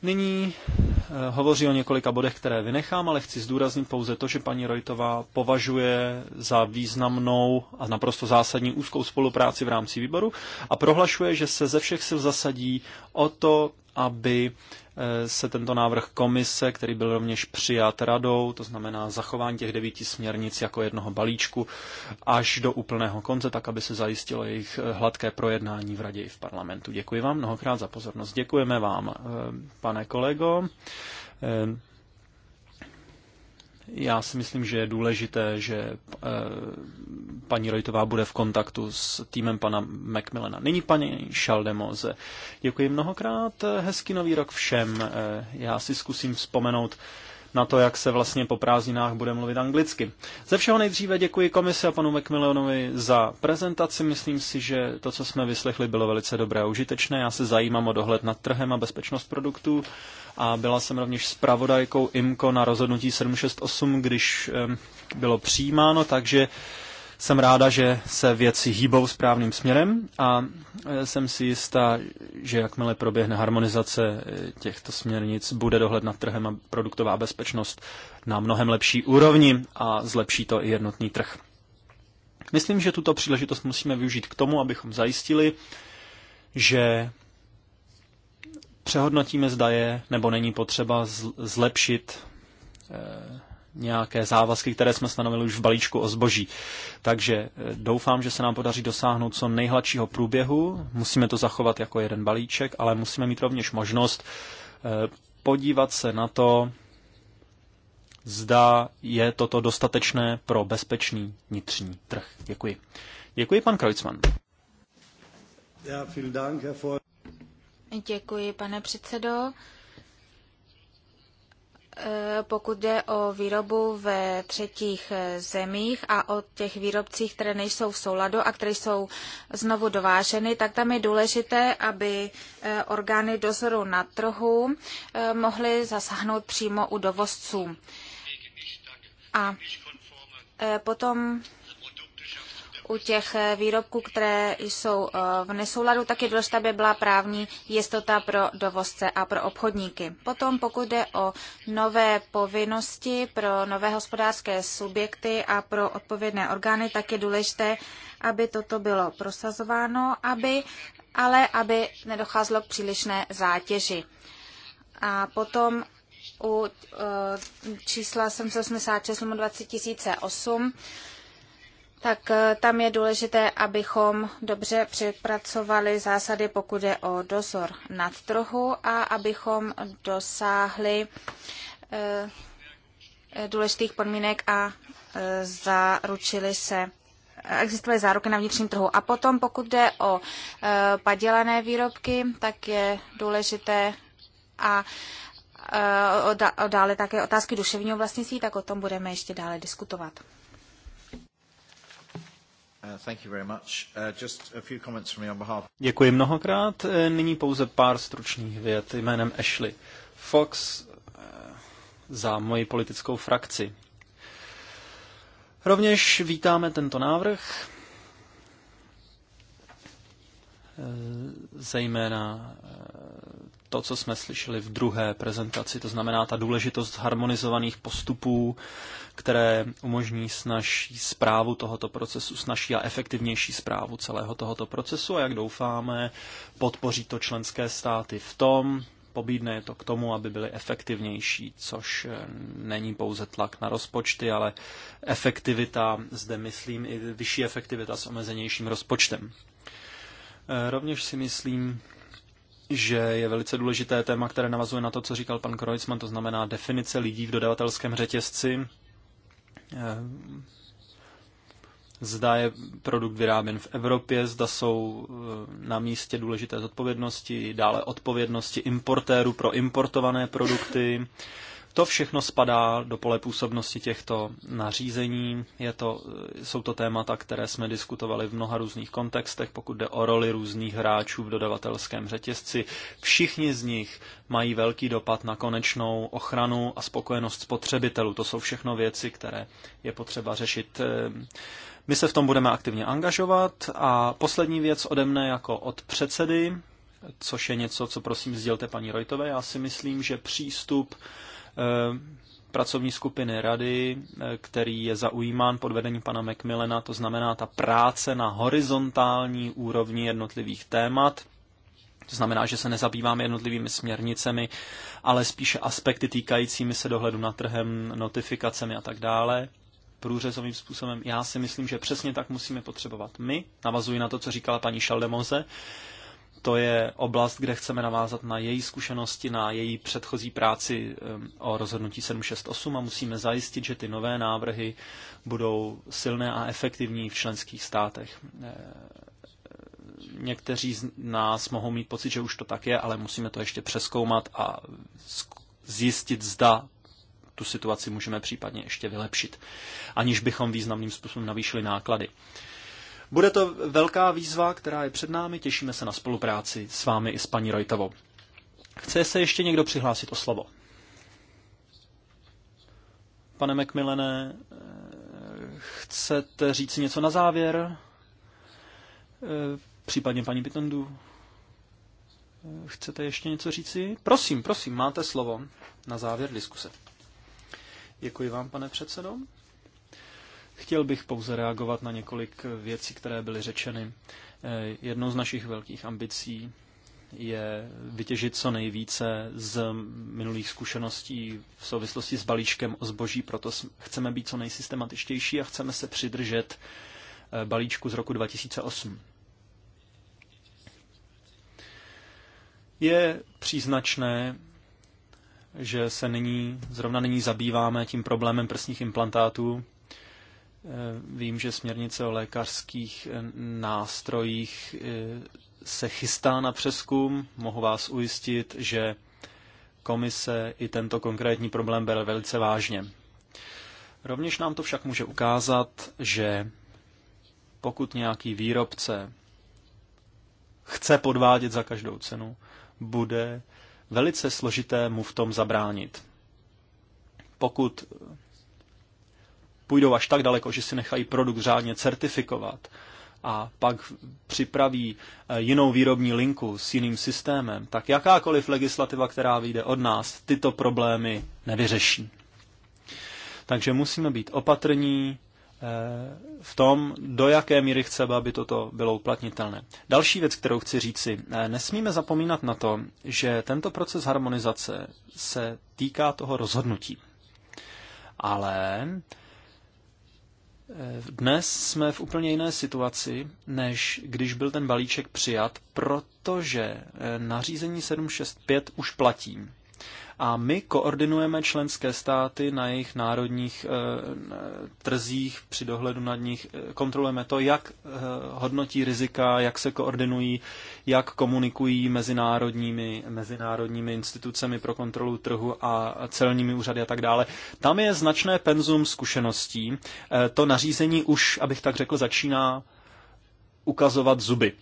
Nyní eh, hovoří o několika bodech, které vynechám, ale chci zdůraznit pouze to, že paní Rojtová považuje za významnou a naprosto zásadní úzkou spolupráci v rámci výboru a prohlašuje, že se ze všech sil zasadí o to, aby eh, se tento návrh komise, který byl rovněž přijat radou, to znamená zachování těch devíti směrnic jako jednoho balíčku až do úplného konce, tak aby se zajistilo jejich eh, hladké projednání v radě i v parlamentu. Děkuji vám mnohokrát za pozornost. Děkujeme vám, eh, pane kolego. Já si myslím, že je důležité, že eh, paní Rojtová bude v kontaktu s týmem pana Macmillana. Nyní paní Šaldemoze. Děkuji mnohokrát, hezký nový rok všem. Eh, já si zkusím vzpomenout na to, jak se vlastně po prázdninách bude mluvit anglicky. Ze všeho nejdříve děkuji komisi a panu Macmillanovi za prezentaci. Myslím si, že to, co jsme vyslechli, bylo velice dobré a užitečné. Já se zajímám o dohled nad trhem a bezpečnost produktů a byla jsem rovněž zpravodajkou IMCO na rozhodnutí 768, když bylo přijímáno, takže jsem ráda, že se věci hýbou správným směrem a e, jsem si jistá, že jakmile proběhne harmonizace e, těchto směrnic, bude dohled nad trhem a produktová bezpečnost na mnohem lepší úrovni a zlepší to i jednotný trh. Myslím, že tuto příležitost musíme využít k tomu, abychom zajistili, že přehodnotíme, zda je nebo není potřeba zlepšit eh, nějaké závazky, které jsme stanovili už v balíčku o zboží. Takže eh, doufám, že se nám podaří dosáhnout co nejhladšího průběhu. Musíme to zachovat jako jeden balíček, ale musíme mít rovněž možnost eh, podívat se na to, zda je toto dostatečné pro bezpečný vnitřní trh. Děkuji. Děkuji, pan Kreuzmann. Ja, vielen Dank, Herr Děkuji, pane předsedo. E, pokud jde o výrobu ve třetích e, zemích a o těch výrobcích, které nejsou v souladu a které jsou znovu dováženy, tak tam je důležité, aby e, orgány dozoru na trhu mohly zasáhnout přímo u dovozců. A potom u těch eh, výrobků, které jsou eh, v nesouladu, tak je důležité, aby byla právní jistota pro dovozce a pro obchodníky. Potom, pokud jde o nové povinnosti pro nové hospodářské subjekty a pro odpovědné orgány, tak je důležité, aby toto bylo prosazováno, aby, ale aby nedocházelo k přílišné zátěži. A potom u eh, čísla 786 20 008 tak eh, tam je důležité, abychom dobře přepracovali zásady, pokud je o dozor nad trhu a abychom dosáhli eh, důležitých podmínek a eh, zaručili se existovaly záruky na vnitřním trhu. A potom, pokud jde o padělané výrobky, tak je důležité a dále také otázky duševního vlastnictví, tak o tom budeme ještě dále diskutovat. Děkuji mnohokrát. Uh, nyní pouze pár stručných vět jménem Ashley Fox uh, za moji politickou frakci. Rovněž vítáme tento návrh, uh, zejména to, co jsme slyšeli v druhé prezentaci, to znamená ta důležitost harmonizovaných postupů, které umožní snažší zprávu tohoto procesu, snažší a efektivnější zprávu celého tohoto procesu a jak doufáme, podpoří to členské státy v tom, pobídne je to k tomu, aby byly efektivnější, což eh, není pouze tlak na rozpočty, ale efektivita, zde myslím i vyšší efektivita s omezenějším rozpočtem. Eh, rovněž si myslím, že je velice důležité téma, které navazuje na to, co říkal pan Kreuzmann, to znamená definice lidí v dodavatelském řetězci. Eh, zda je produkt vyráběn v Evropě, zda jsou eh, na místě důležité zodpovědnosti, dále odpovědnosti importéru pro importované produkty, to všechno spadá do pole působnosti těchto nařízení. Je to, jsou to témata, které jsme diskutovali v mnoha různých kontextech, pokud jde o roli různých hráčů v dodavatelském řetězci. Všichni z nich mají velký dopad na konečnou ochranu a spokojenost spotřebitelů. To jsou všechno věci, které je potřeba řešit. My se v tom budeme aktivně angažovat a poslední věc ode mne jako od předsedy, což je něco, co prosím sdělte paní Rojtové. Já si myslím, že přístup Eh, pracovní skupiny rady, eh, který je zaujímán pod vedením pana McMillena, to znamená ta práce na horizontální úrovni jednotlivých témat. To znamená, že se nezabýváme jednotlivými směrnicemi, ale spíše aspekty týkajícími se dohledu na trhem, notifikacemi a tak dále průřezovým způsobem. Já si myslím, že přesně tak musíme potřebovat my. Navazuji na to, co říkala paní Šaldemoze. Uh, to je oblast, kde chceme navázat na její zkušenosti, na její předchozí práci um, o rozhodnutí 768 a musíme zajistit, že ty nové návrhy budou silné a efektivní v členských státech. Eh, někteří z nás mohou mít pocit, že už to tak je, ale musíme to ještě přeskoumat a zjistit, zda tu situaci můžeme případně ještě vylepšit, aniž bychom významným způsobem navýšili náklady. Bude to velká výzva, která je před námi, těšíme se na spolupráci s vámi i s paní Rojtovou. Chce se ještě někdo přihlásit o slovo? Pane Macmillané, eh, chcete říct něco na závěr? Eh, případně paní Pitondu? Eh, chcete ještě něco říci? Prosím, prosím, máte slovo na závěr diskuse. Děkuji vám, pane předsedo. Chtěl bych pouze reagovat na několik věcí, které byly řečeny. Eh, jednou z našich velkých ambicí je vytěžit co nejvíce z minulých zkušeností v souvislosti s balíčkem o zboží, proto chceme být co nejsystematičtější a chceme se přidržet eh, balíčku z roku 2008. Je příznačné, že se nyní, zrovna nyní zabýváme tím problémem prsních implantátů Eh, vím, že směrnice o lékařských eh, nástrojích eh, se chystá na přeskum. Mohu vás ujistit, že komise i tento konkrétní problém bere velice vážně. Rovněž nám to však může ukázat, že pokud nějaký výrobce chce podvádět za každou cenu, bude velice složité mu v tom zabránit. Pokud půjdou až tak daleko, že si nechají produkt řádně certifikovat a pak připraví eh, jinou výrobní linku s jiným systémem, tak jakákoliv legislativa, která vyjde od nás, tyto problémy nevyřeší. Takže musíme být opatrní eh, v tom, do jaké míry chceme, aby toto bylo uplatnitelné. Další věc, kterou chci říci, eh, nesmíme zapomínat na to, že tento proces harmonizace se týká toho rozhodnutí. Ale dnes jsme v úplně jiné situaci, než když byl ten balíček přijat, protože eh, nařízení 765 už platí. A my koordinujeme členské státy na jejich národních eh, trzích, při dohledu nad nich eh, kontrolujeme to, jak eh, hodnotí rizika, jak se koordinují, jak komunikují mezinárodními, mezinárodními institucemi pro kontrolu trhu a celními úřady a tak dále. Tam je značné penzum zkušeností. To nařízení už, abych tak řekl, začíná ukazovat zuby.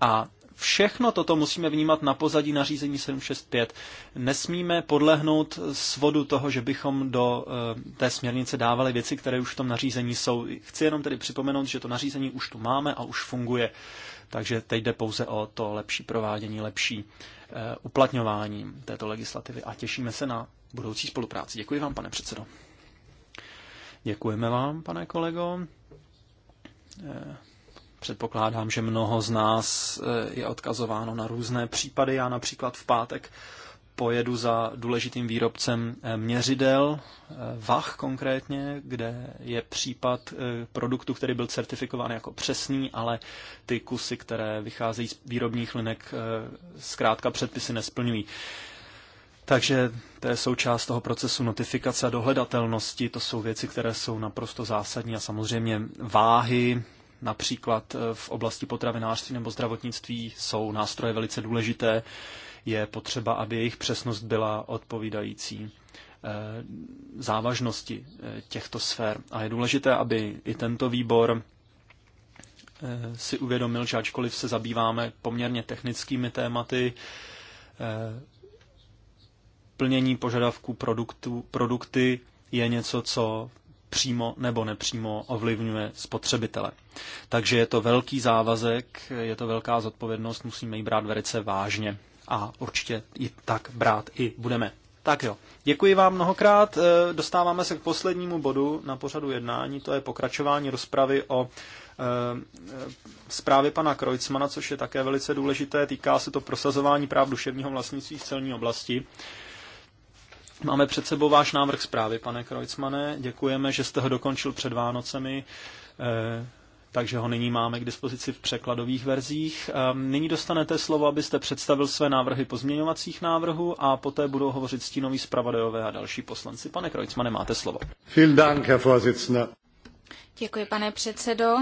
A Všechno toto musíme vnímat na pozadí nařízení 765. Nesmíme podlehnout svodu toho, že bychom do eh, té směrnice dávali věci, které už v tom nařízení jsou. Chci jenom tedy připomenout, že to nařízení už tu máme a už funguje. Takže teď jde pouze o to lepší provádění, lepší eh, uplatňování této legislativy a těšíme se na budoucí spolupráci. Děkuji vám, pane předsedo. Děkujeme vám, pane kolego. Eh, Předpokládám, že mnoho z nás eh, je odkazováno na různé případy. Já například v pátek pojedu za důležitým výrobcem eh, měřidel, eh, VAH konkrétně, kde je případ produktu, který byl certifikován jako přesný, ale ty kusy, které vycházejí z výrobních linek, zkrátka předpisy nesplňují. Takže to je součást toho procesu notifikace a dohledatelnosti. To jsou věci, které jsou naprosto zásadní a samozřejmě váhy Například eh, v oblasti potravinářství nebo zdravotnictví jsou nástroje velice důležité. Je potřeba, aby jejich přesnost byla odpovídající eh, závažnosti eh, těchto sfér. A je důležité, aby i tento výbor si uvědomil, že ačkoliv se zabýváme poměrně technickými tématy, plnění požadavků produktu, produkty je něco, co přímo nebo nepřímo ovlivňuje spotřebitele. Takže je to velký závazek, je to velká zodpovědnost, musíme ji brát velice vážně a určitě ji tak brát i budeme. Tak jo, děkuji vám mnohokrát. Eh, dostáváme se k poslednímu bodu na pořadu jednání, to je pokračování rozpravy o eh, zprávě pana Krojcmana, což je také velice důležité. Týká se to prosazování práv duševního vlastnictví v celní oblasti. Máme před sebou váš návrh zprávy, pane Krojcmane. Děkujeme, že jste ho dokončil před Vánocemi, eh, takže ho nyní máme k dispozici v překladových verzích. Eh, nyní dostanete slovo, abyste představil své návrhy pozměňovacích návrhů a poté budou hovořit stínoví zpravodajové a další poslanci. Pane Krojcmane, máte slovo. Vielen Dank, Herr Vorsitzender. Děkuji, pane předsedo.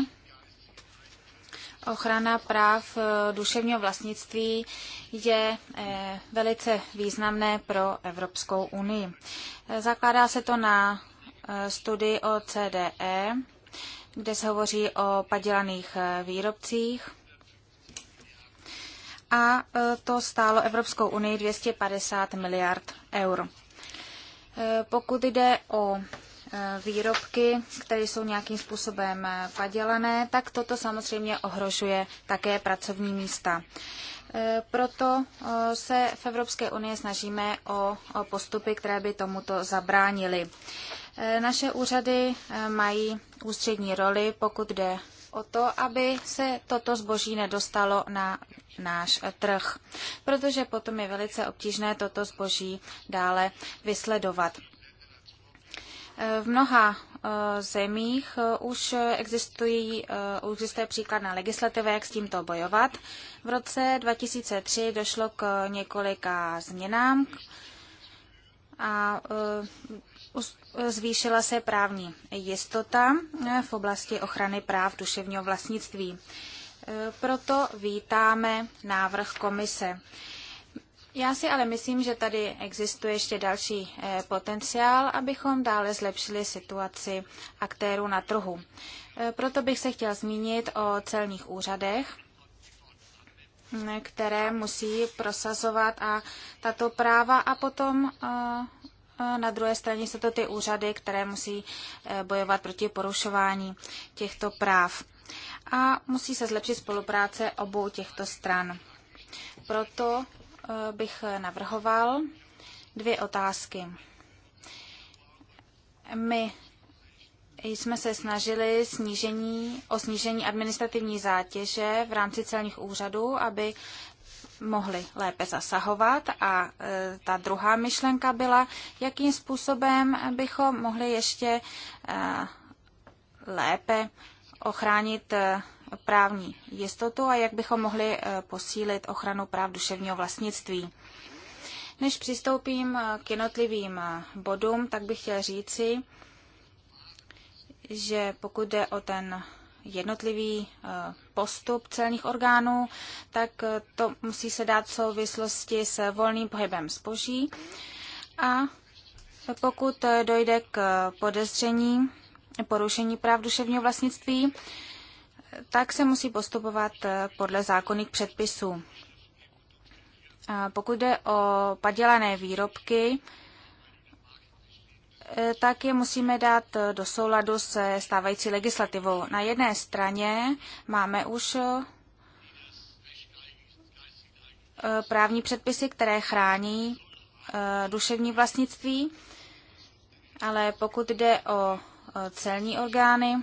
Ochrana práv eh, duševního vlastnictví je eh, velice významné pro Evropskou unii. Eh, zakládá se to na studii o CDE, kde se hovoří o padělaných výrobcích a to stálo Evropskou unii 250 miliard eur. Pokud jde o Eh, výrobky, které jsou nějakým způsobem eh, padělané, tak toto samozřejmě ohrožuje také pracovní místa. Eh, proto se v Evropské unii snažíme o postupy, které by tomuto zabránily. Naše úřady mají ústřední roli, pokud jde o to, aby se toto zboží nedostalo na náš trh, protože potom je velice obtížné toto zboží dále vysledovat. V mnoha eh, zemích eh, už existují, eh, existuje příkladná legislativa, jak s tímto bojovat. V roce 2003 došlo k několika změnám a zvýšila se právní jistota v oblasti ochrany práv duševního vlastnictví. Proto vítáme návrh komise. Já si ale myslím, že tady existuje ještě další eh, potenciál, abychom dále zlepšili situaci aktérů na trhu. Eh, proto bych se chtěl zmínit o celních úřadech, které musí prosazovat a tato práva a potom eh, na druhé straně jsou to ty úřady, které musí bojovat proti porušování těchto práv. A musí se zlepšit spolupráce obou těchto stran. Proto Eh, bych navrhoval dvě otázky. My jsme se snažili snížení, o snížení administrativní zátěže v rámci celních úřadů, aby mohli lépe zasahovat. A eh, ta druhá myšlenka byla, jakým způsobem bychom mohli ještě eh, lépe ochránit právní jistotu a jak bychom mohli eh, posílit ochranu práv duševního vlastnictví. Než přistoupím eh, k jednotlivým eh, bodům, tak bych chtěl říci, že pokud jde o ten jednotlivý postup celních orgánů, tak to musí se dát v souvislosti s volným pohybem zboží. A pokud dojde k podezření porušení práv duševního vlastnictví, tak se musí postupovat eh, podle zákonných předpisů. Pokud jde o padělané výrobky, eh, tak je musíme dát eh, do souladu se stávající legislativou. Na jedné straně máme už právní předpisy, které chrání duševní vlastnictví, ale pokud jde o celní orgány,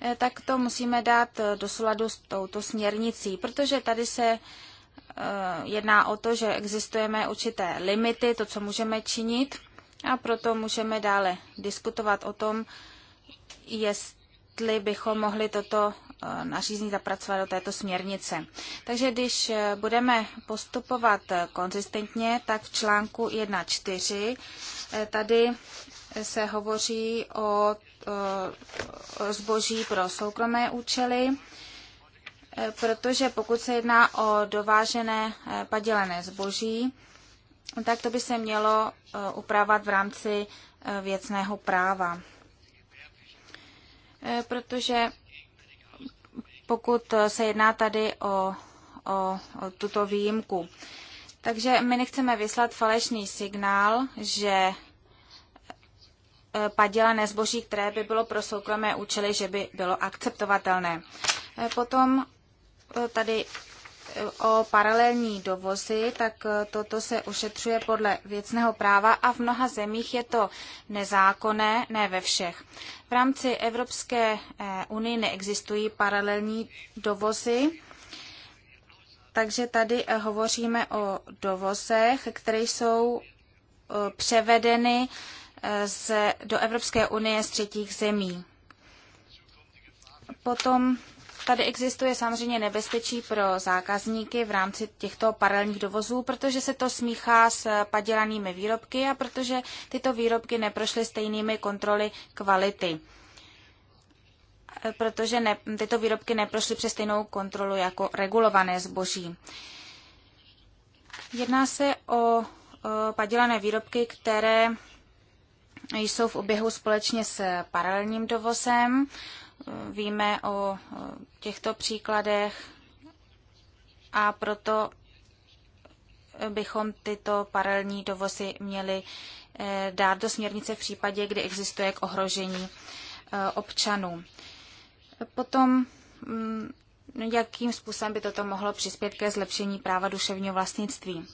Eh, tak to musíme dát eh, do souladu s touto směrnicí, protože tady se eh, jedná o to, že existujeme určité limity, to, co můžeme činit, a proto můžeme dále diskutovat o tom, jestli bychom mohli toto nařízení zapracovat do této směrnice. Takže když budeme postupovat konzistentně, tak v článku 1.4 tady se hovoří o Eh, zboží pro soukromé účely, eh, protože pokud se jedná o dovážené eh, padělené zboží, tak to by se mělo upravovat v rámci věcného práva. Protože pokud se jedná tady o, o, o tuto výjimku. Takže my nechceme vyslat falešný signál, že Eh, padělané zboží, které by bylo pro soukromé účely, že by bylo akceptovatelné. Eh, potom eh, tady o paralelní dovozy, tak toto se ošetřuje podle věcného práva a v mnoha zemích je to nezákonné, ne ve všech. V rámci Evropské unie neexistují paralelní dovozy, takže tady hovoříme o dovozech, které jsou převedeny z, do Evropské unie z třetích zemí. Potom tady existuje samozřejmě nebezpečí pro zákazníky v rámci těchto paralelních dovozů, protože se to smíchá s padělanými výrobky a protože tyto výrobky neprošly stejnými kontroly kvality protože ne, tyto výrobky neprošly přes stejnou kontrolu jako regulované zboží. Jedná se o, o padělané výrobky, které jsou v oběhu společně s paralelním dovozem. Víme o těchto příkladech a proto bychom tyto paralelní dovozy měli eh, dát do směrnice v případě, kdy existuje k ohrožení eh, občanů. Potom, mm, jakým způsobem by toto mohlo přispět ke zlepšení práva duševního vlastnictví?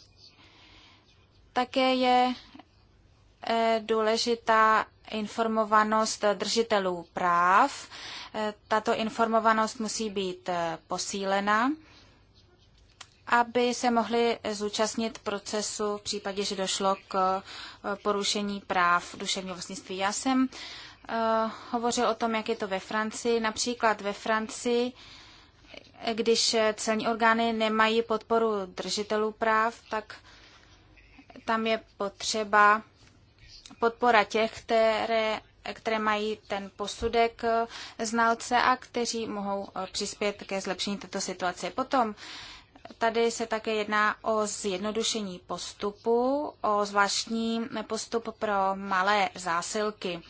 Také je Eh, důležitá informovanost držitelů práv. Eh, tato informovanost musí být eh, posílena, aby se mohli zúčastnit procesu v případě, že došlo k porušení práv duševního vlastnictví. Já jsem hovořil o tom, jak je to ve Francii. Například ve Francii, když celní orgány nemají podporu držitelů práv, tak tam je potřeba podpora těch, které, které mají ten posudek eh, znalce a kteří mohou eh, přispět ke zlepšení této situace. Potom Tady se také jedná o zjednodušení postupu, o zvláštní postup pro malé zásilky.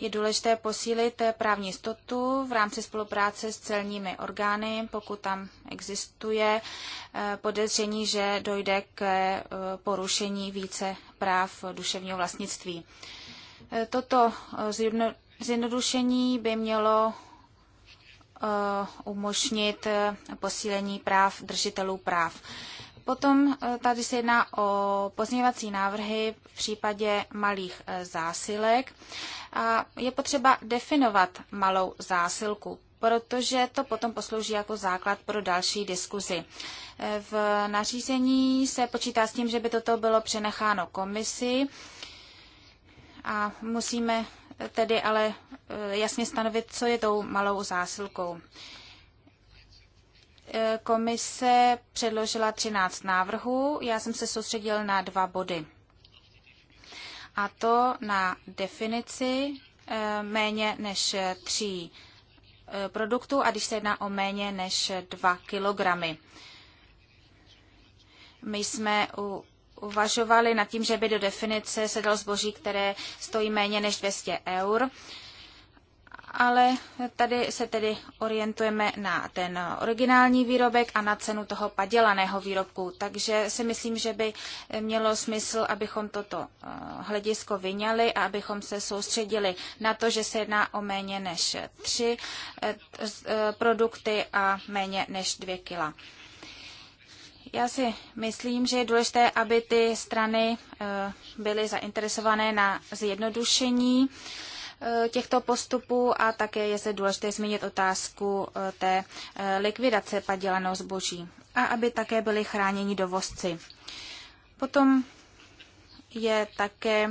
Je důležité posílit právní jistotu v rámci spolupráce s celními orgány, pokud tam existuje eh, podezření, že dojde k eh, porušení více práv duševního vlastnictví. Eh, toto zjednodušení by mělo umožnit posílení práv držitelů práv. Potom eh, tady se jedná o pozměňovací návrhy v případě malých eh, zásilek. A je potřeba definovat malou zásilku, protože to potom poslouží jako základ pro další diskuzi. Eh, v nařízení se počítá s tím, že by toto bylo přenecháno komisi a musíme tedy ale jasně stanovit, co je tou malou zásilkou. Komise předložila 13 návrhů, já jsem se soustředil na dva body. A to na definici eh, méně než tří eh, produktů a když se jedná o méně než 2 kilogramy. My jsme u uvažovali nad tím, že by do definice se dal zboží, které stojí méně než 200 eur ale tady se tedy orientujeme na ten originální výrobek a na cenu toho padělaného výrobku. Takže si myslím, že by mělo smysl, abychom toto eh, hledisko vyňali a abychom se soustředili na to, že se jedná o méně než tři eh, eh, produkty a méně než dvě kila. Já si myslím, že je důležité, aby ty strany byly zainteresované na zjednodušení Eh, těchto postupů a také je se důležité zmínit otázku eh, té eh, likvidace padělaného zboží a aby také byly chráněni dovozci. Potom je také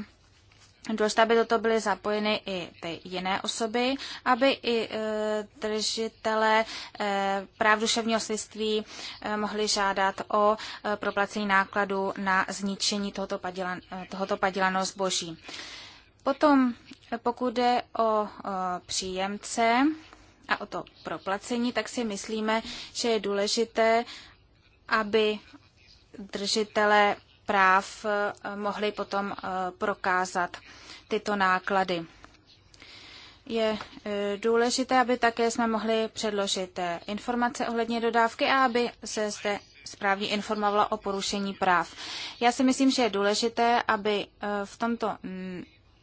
důležité, aby do toho byly zapojeny i ty jiné osoby, aby i držitele práv duševního svědství mohli žádat o proplacení nákladu na zničení tohoto padělaného zboží. Potom pokud jde o příjemce a o to proplacení, tak si myslíme, že je důležité, aby držitele práv e, mohli potom e, prokázat tyto náklady. Je e, důležité, aby také jsme mohli předložit informace ohledně dodávky a aby se zde správně informovala o porušení práv. Já si myslím, že je důležité, aby v tomto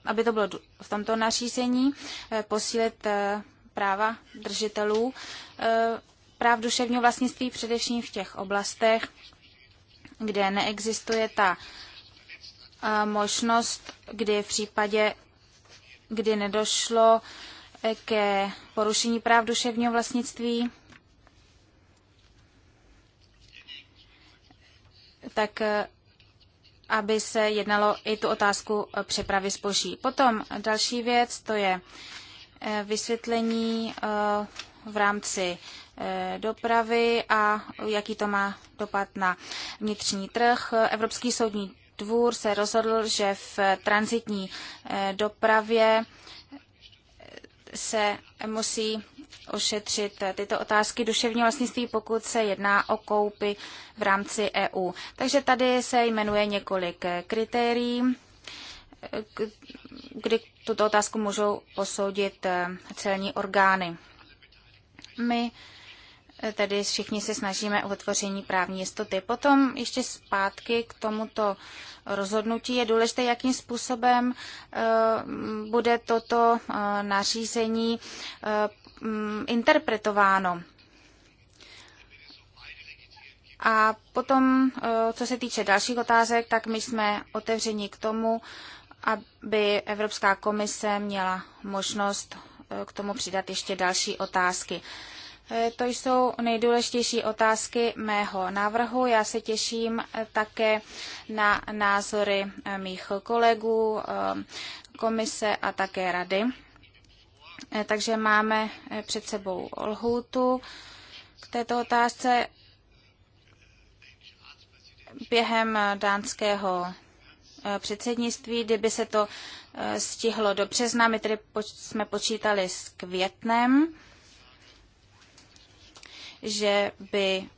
aby to bylo v tomto nařízení, eh, posílit eh, práva držitelů eh, práv duševního vlastnictví především v těch oblastech, kde neexistuje ta možnost, kdy v případě, kdy nedošlo ke porušení práv duševního vlastnictví, tak aby se jednalo i tu otázku přepravy zboží. Potom další věc, to je eh, vysvětlení eh, v rámci eh, dopravy a jaký to má dopad na vnitřní trh. Evropský soudní dvůr se rozhodl, že v transitní dopravě se musí ošetřit tyto otázky duševního vlastnictví, pokud se jedná o koupy v rámci EU. Takže tady se jmenuje několik kritérií, kdy tuto otázku můžou posoudit eh, celní orgány. My eh, tedy všichni se snažíme o vytvoření právní jistoty. Potom ještě zpátky k tomuto rozhodnutí je důležité, jakým způsobem eh, bude toto nařízení Mm, interpretováno. A potom, e, co se týče dalších otázek, tak my jsme otevřeni k tomu, aby Evropská komise měla možnost e, k tomu přidat ještě další otázky. E, to jsou nejdůležitější otázky mého návrhu. Já se těším také na názory mých kolegů, komise a také rady. Eh, takže máme eh, před sebou lhůtu k této otázce během eh, dánského předsednictví, kdyby se to stihlo do března, my tedy jsme počítali s květnem, že by,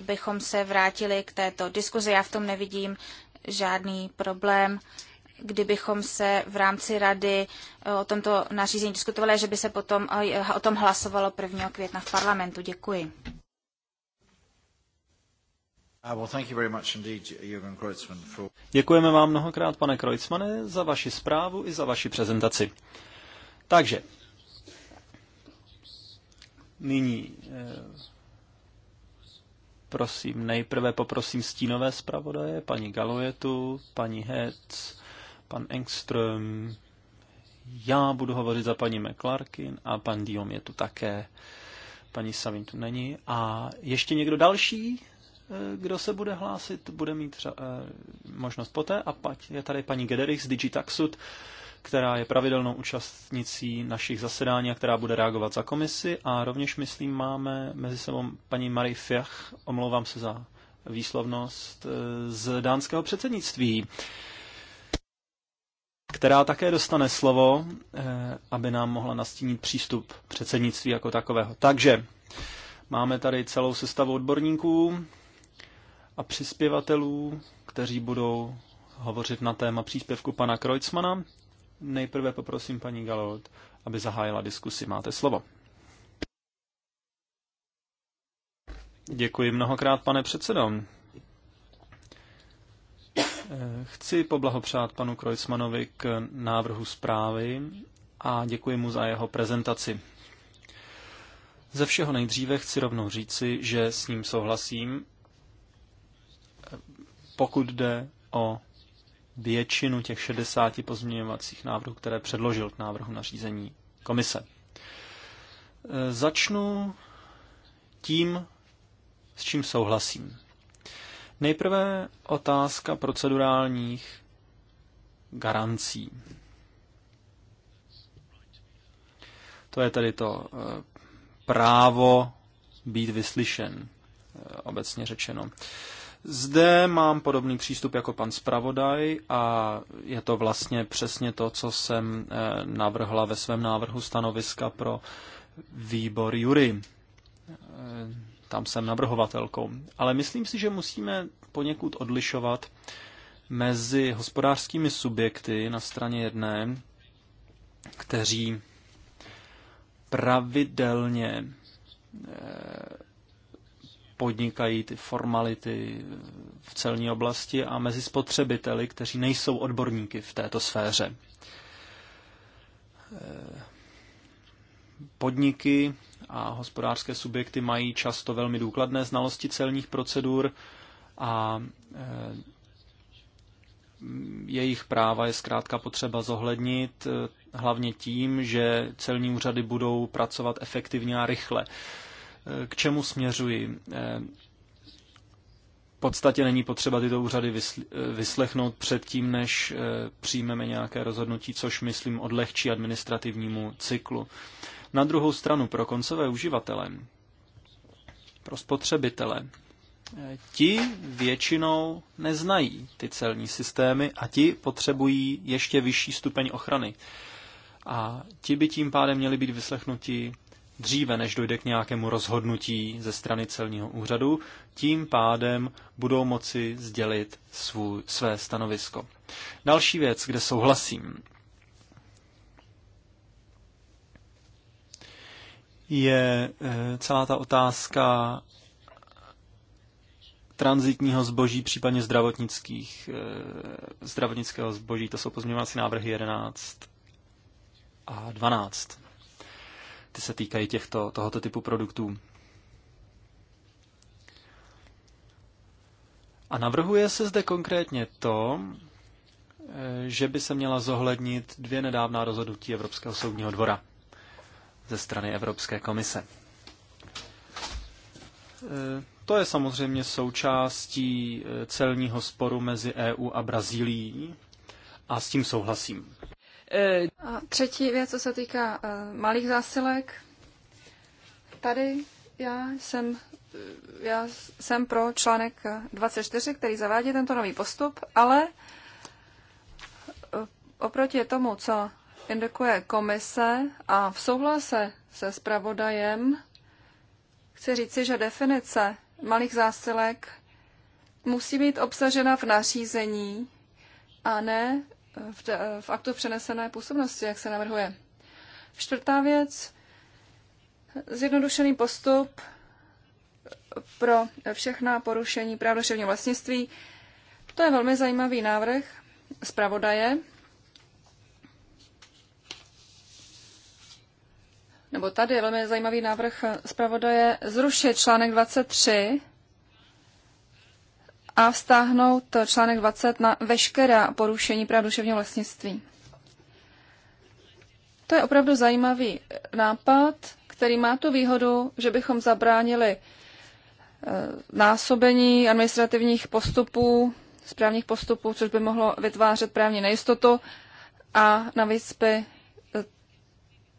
bychom se vrátili k této diskuzi. Já v tom nevidím žádný problém kdybychom se v rámci rady eh, o tomto nařízení diskutovali, že by se potom eh, eh, o tom hlasovalo 1. května v parlamentu. Děkuji. Ah, Děkujeme vám mnohokrát, pane Kreutzmane, za vaši zprávu i za vaši prezentaci. Takže, nyní prosím, nejprve poprosím stínové zpravodaje, paní Galojetu, paní Hec, pan Engström, já budu hovořit za paní McClarkin a pan Dion je tu také. Paní Savin tu není. A ještě někdo další, eh, kdo se bude hlásit, bude mít třeba, eh, možnost poté. A pak je tady paní Gederich z Digitaxud, která je pravidelnou účastnicí našich zasedání a která bude reagovat za komisi. A rovněž, myslím, máme mezi sebou paní Marie Fiach, omlouvám se za výslovnost, eh, z dánského předsednictví která také dostane slovo, eh, aby nám mohla nastínit přístup předsednictví jako takového. Takže máme tady celou sestavu odborníků a přispěvatelů, kteří budou hovořit na téma příspěvku pana Kreutzmana. Nejprve poprosím paní Galot, aby zahájila diskusi. Máte slovo. Děkuji mnohokrát, pane předsedo. Chci poblahopřát panu Krojcmanovi k návrhu zprávy a děkuji mu za jeho prezentaci. Ze všeho nejdříve chci rovnou říci, že s ním souhlasím, pokud jde o většinu těch 60 pozměňovacích návrhů, které předložil k návrhu řízení komise. Začnu tím, s čím souhlasím. Nejprve otázka procedurálních garancí. To je tedy to eh, právo být vyslyšen, eh, obecně řečeno. Zde mám podobný přístup jako pan zpravodaj a je to vlastně přesně to, co jsem eh, navrhla ve svém návrhu stanoviska pro výbor jury tam jsem navrhovatelkou. Ale myslím si, že musíme poněkud odlišovat mezi hospodářskými subjekty na straně jedné, kteří pravidelně eh, podnikají ty formality v celní oblasti a mezi spotřebiteli, kteří nejsou odborníky v této sféře. Eh, podniky a hospodářské subjekty mají často velmi důkladné znalosti celních procedur a eh, jejich práva je zkrátka potřeba zohlednit, eh, hlavně tím, že celní úřady budou pracovat efektivně a rychle. Eh, k čemu směřuji? V podstatě není potřeba tyto úřady vyslechnout předtím, než přijmeme nějaké rozhodnutí, což myslím odlehčí administrativnímu cyklu. Na druhou stranu pro koncové uživatele, pro spotřebitele, eh, ti většinou neznají ty celní systémy a ti potřebují ještě vyšší stupeň ochrany. A ti by tím pádem měli být vyslechnuti dříve, než dojde k nějakému rozhodnutí ze strany celního úřadu, tím pádem budou moci sdělit svůj, své stanovisko. Další věc, kde souhlasím, je eh, celá ta otázka transitního zboží, případně zdravotnických, eh, zdravotnického zboží. To jsou pozměňovací návrhy 11 a 12. Ty se týkají těchto, tohoto typu produktů. A navrhuje se zde konkrétně to, eh, že by se měla zohlednit dvě nedávná rozhodnutí Evropského soudního dvora ze strany Evropské komise. E, to je samozřejmě součástí e, celního sporu mezi EU a Brazílií a s tím souhlasím. E, a třetí věc, co se týká malých zásilek. Tady já jsem, já jsem pro článek 24, který zavádí tento nový postup, ale oproti tomu, co indikuje komise a v souhlase se zpravodajem chci říci, že definice malých zásilek musí být obsažena v nařízení a ne v, v aktu přenesené působnosti, jak se navrhuje. Čtvrtá věc, zjednodušený postup pro všechna porušení práv duševního vlastnictví. To je velmi zajímavý návrh zpravodaje. nebo tady je velmi zajímavý návrh zpravodaje zrušit článek 23 a vztáhnout článek 20 na veškerá porušení práv duševního vlastnictví. To je opravdu zajímavý nápad, který má tu výhodu, že bychom zabránili eh, násobení administrativních postupů, správních postupů, což by mohlo vytvářet právní nejistotu a navíc by, eh,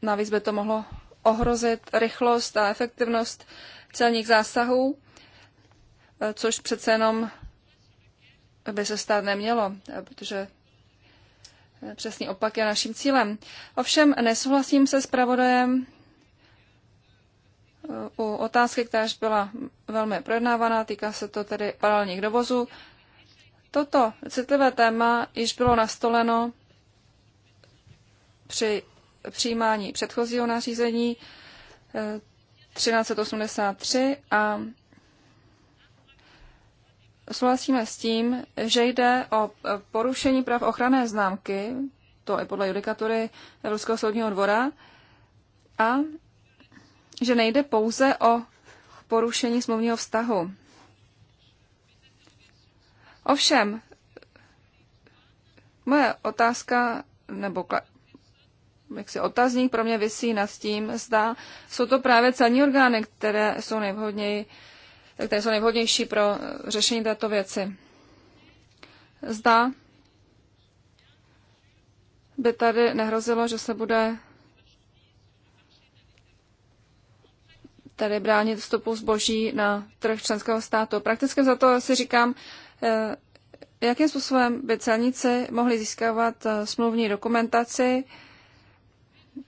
navíc by to mohlo ohrozit rychlost a efektivnost celních zásahů, eh, což přece jenom by se stát nemělo, eh, protože eh, přesný opak je naším cílem. Ovšem nesouhlasím se pravodajem u otázky, která byla velmi projednávaná, týká se to tedy paralelních dovozů. Toto citlivé téma již bylo nastoleno při přijímání předchozího nařízení 1383 eh, a souhlasíme s tím, že jde o eh, porušení práv ochranné známky, to je podle judikatury Evropského soudního dvora, a že nejde pouze o porušení smluvního vztahu. Ovšem, moje otázka nebo jaksi otazník pro mě vysí nad tím, zda jsou to právě celní orgány, které jsou, nejvhodněji, které jsou nejvhodnější pro eh, řešení této věci. Zda by tady nehrozilo, že se bude tady bránit vstupu zboží na trh členského státu. Prakticky za to si říkám, eh, jakým způsobem by celníci mohli získávat eh, smluvní dokumentaci,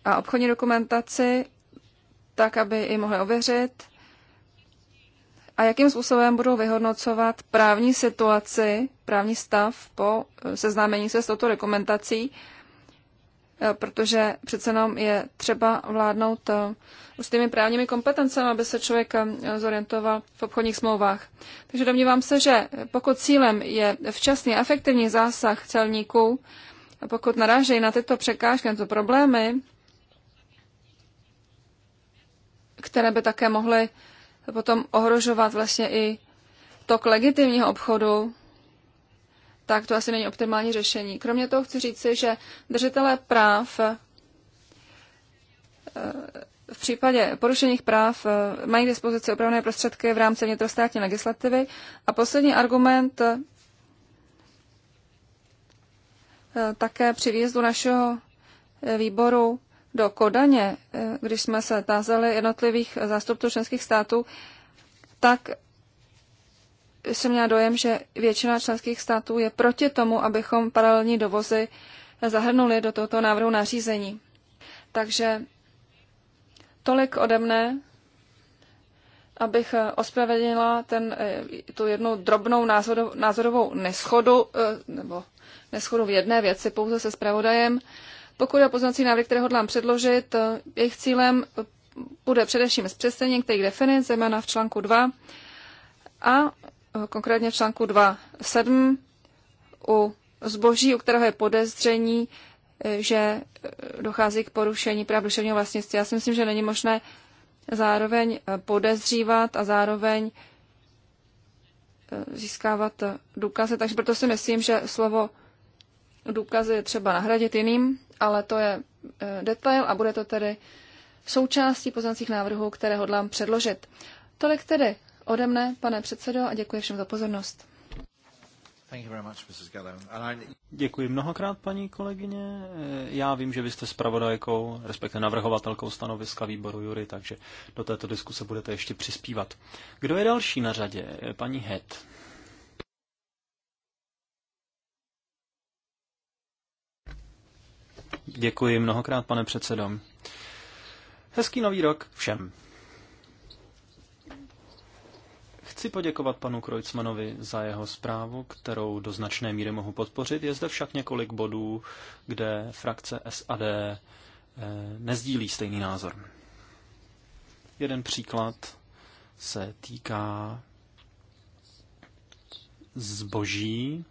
a obchodní dokumentaci, tak aby ji mohli ověřit, a jakým způsobem budou vyhodnocovat právní situaci, právní stav po eh, seznámení se s touto dokumentací, eh, protože přece jenom je třeba vládnout eh, s těmi právními kompetencemi, aby se člověk zorientoval v obchodních smlouvách. Takže domnívám se, že pokud cílem je včasný efektivní zásah celníků, a pokud narážejí na tyto překážky, na tyto problémy, které by také mohly potom ohrožovat vlastně i tok legitimního obchodu, tak to asi není optimální řešení. Kromě toho chci říci, že držitelé práv eh, v případě porušených práv eh, mají k dispozici opravné prostředky v rámci vnitrostátní legislativy. A poslední argument eh, také při výjezdu našeho výboru do Kodaně, eh, když jsme se tázali jednotlivých zástupců členských států, tak jsem měla dojem, že většina členských států je proti tomu, abychom paralelní dovozy zahrnuli do tohoto návrhu nařízení. Takže tolik ode mne, abych ospravedlnila ten, eh, tu jednu drobnou názorovou neschodu, eh, nebo neschodu v jedné věci pouze se zpravodajem. Pokud o poznací návrh, které hodlám předložit, eh, jejich cílem eh, bude především zpřesnění některých definic, zejména v článku 2 a eh, konkrétně v článku 2.7 u zboží, u kterého je podezření, že dochází k porušení práv duševního vlastnictví. Já si myslím, že není možné zároveň podezřívat a zároveň získávat důkazy, takže proto si myslím, že slovo důkazy je třeba nahradit jiným ale to je eh, detail a bude to tedy součástí poznacích návrhů, které hodlám předložit. Tolik tedy ode mne, pane předsedo, a děkuji všem za pozornost. Děkuji mnohokrát, paní kolegyně. Eh, já vím, že vy jste spravodajkou, respektive navrhovatelkou stanoviska výboru Jury, takže do této diskuse budete ještě přispívat. Kdo je další na řadě? Eh, paní Het. Děkuji mnohokrát, pane předsedo. Hezký nový rok všem. Chci poděkovat panu Krojcmanovi za jeho zprávu, kterou do značné míry mohu podpořit. Je zde však několik bodů, kde frakce SAD eh, nezdílí stejný názor. Jeden příklad se týká zboží,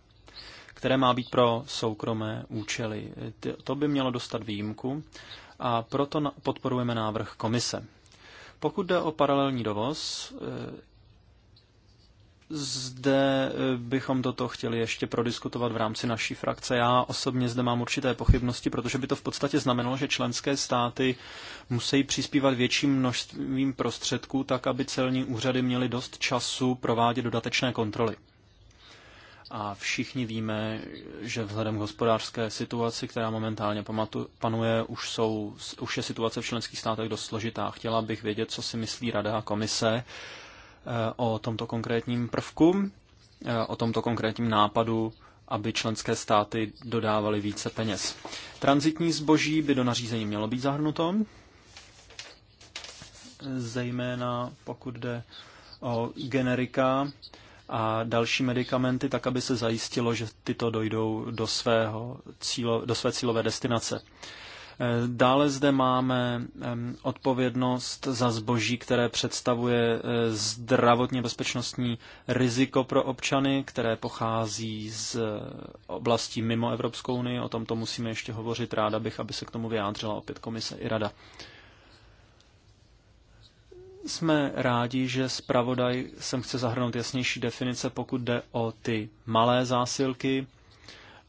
které má být pro soukromé účely. To by mělo dostat výjimku a proto podporujeme návrh komise. Pokud jde o paralelní dovoz, eh, zde eh, bychom toto chtěli ještě prodiskutovat v rámci naší frakce. Já osobně zde mám určité pochybnosti, protože by to v podstatě znamenalo, že členské státy musí přispívat větším množstvím prostředků, tak aby celní úřady měly dost času provádět dodatečné kontroly a všichni víme, že vzhledem k hospodářské situaci, která momentálně pamatu, panuje, už, jsou, už je situace v členských státech dost složitá. Chtěla bych vědět, co si myslí Rada a komise eh, o tomto konkrétním prvku, eh, o tomto konkrétním nápadu, aby členské státy dodávaly více peněz. Transitní zboží by do nařízení mělo být zahrnuto, zejména pokud jde o generika, a další medicamenty, tak aby se zajistilo, že tyto dojdou do, svého cílo, do své cílové destinace. E, dále zde máme odpovědnost za zboží, které představuje e, zdravotně bezpečnostní riziko pro občany, které pochází z e, oblastí mimo Evropskou unii. O tomto musíme ještě hovořit. Ráda bych, aby se k tomu vyjádřila opět komise i rada. Jsme rádi, že zpravodaj sem chce zahrnout jasnější definice, pokud jde o ty malé zásilky,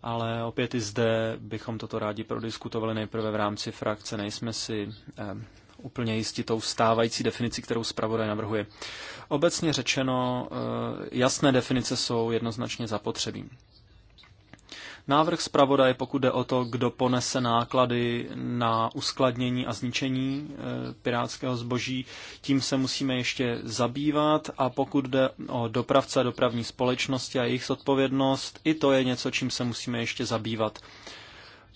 ale opět i zde bychom toto rádi prodiskutovali nejprve v rámci frakce. Nejsme si eh, úplně jistí tou stávající definici, kterou zpravodaj navrhuje. Obecně řečeno, eh, jasné definice jsou jednoznačně zapotřebí. Návrh zpravodaje, pokud jde o to, kdo ponese náklady na uskladnění a zničení eh, pirátského zboží, tím se musíme ještě zabývat a pokud jde o dopravce a dopravní společnosti a jejich zodpovědnost, i to je něco, čím se musíme ještě zabývat.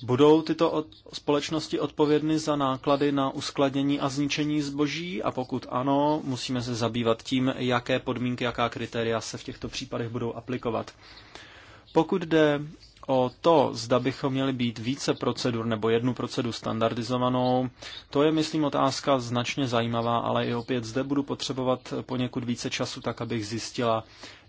Budou tyto od, společnosti odpovědny za náklady na uskladnění a zničení zboží? A pokud ano, musíme se zabývat tím, jaké podmínky, jaká kritéria se v těchto případech budou aplikovat. Pokud jde o to, zda bychom měli být více procedur nebo jednu proceduru standardizovanou, to je, myslím, otázka značně zajímavá, ale i opět zde budu potřebovat poněkud více času, tak abych zjistila,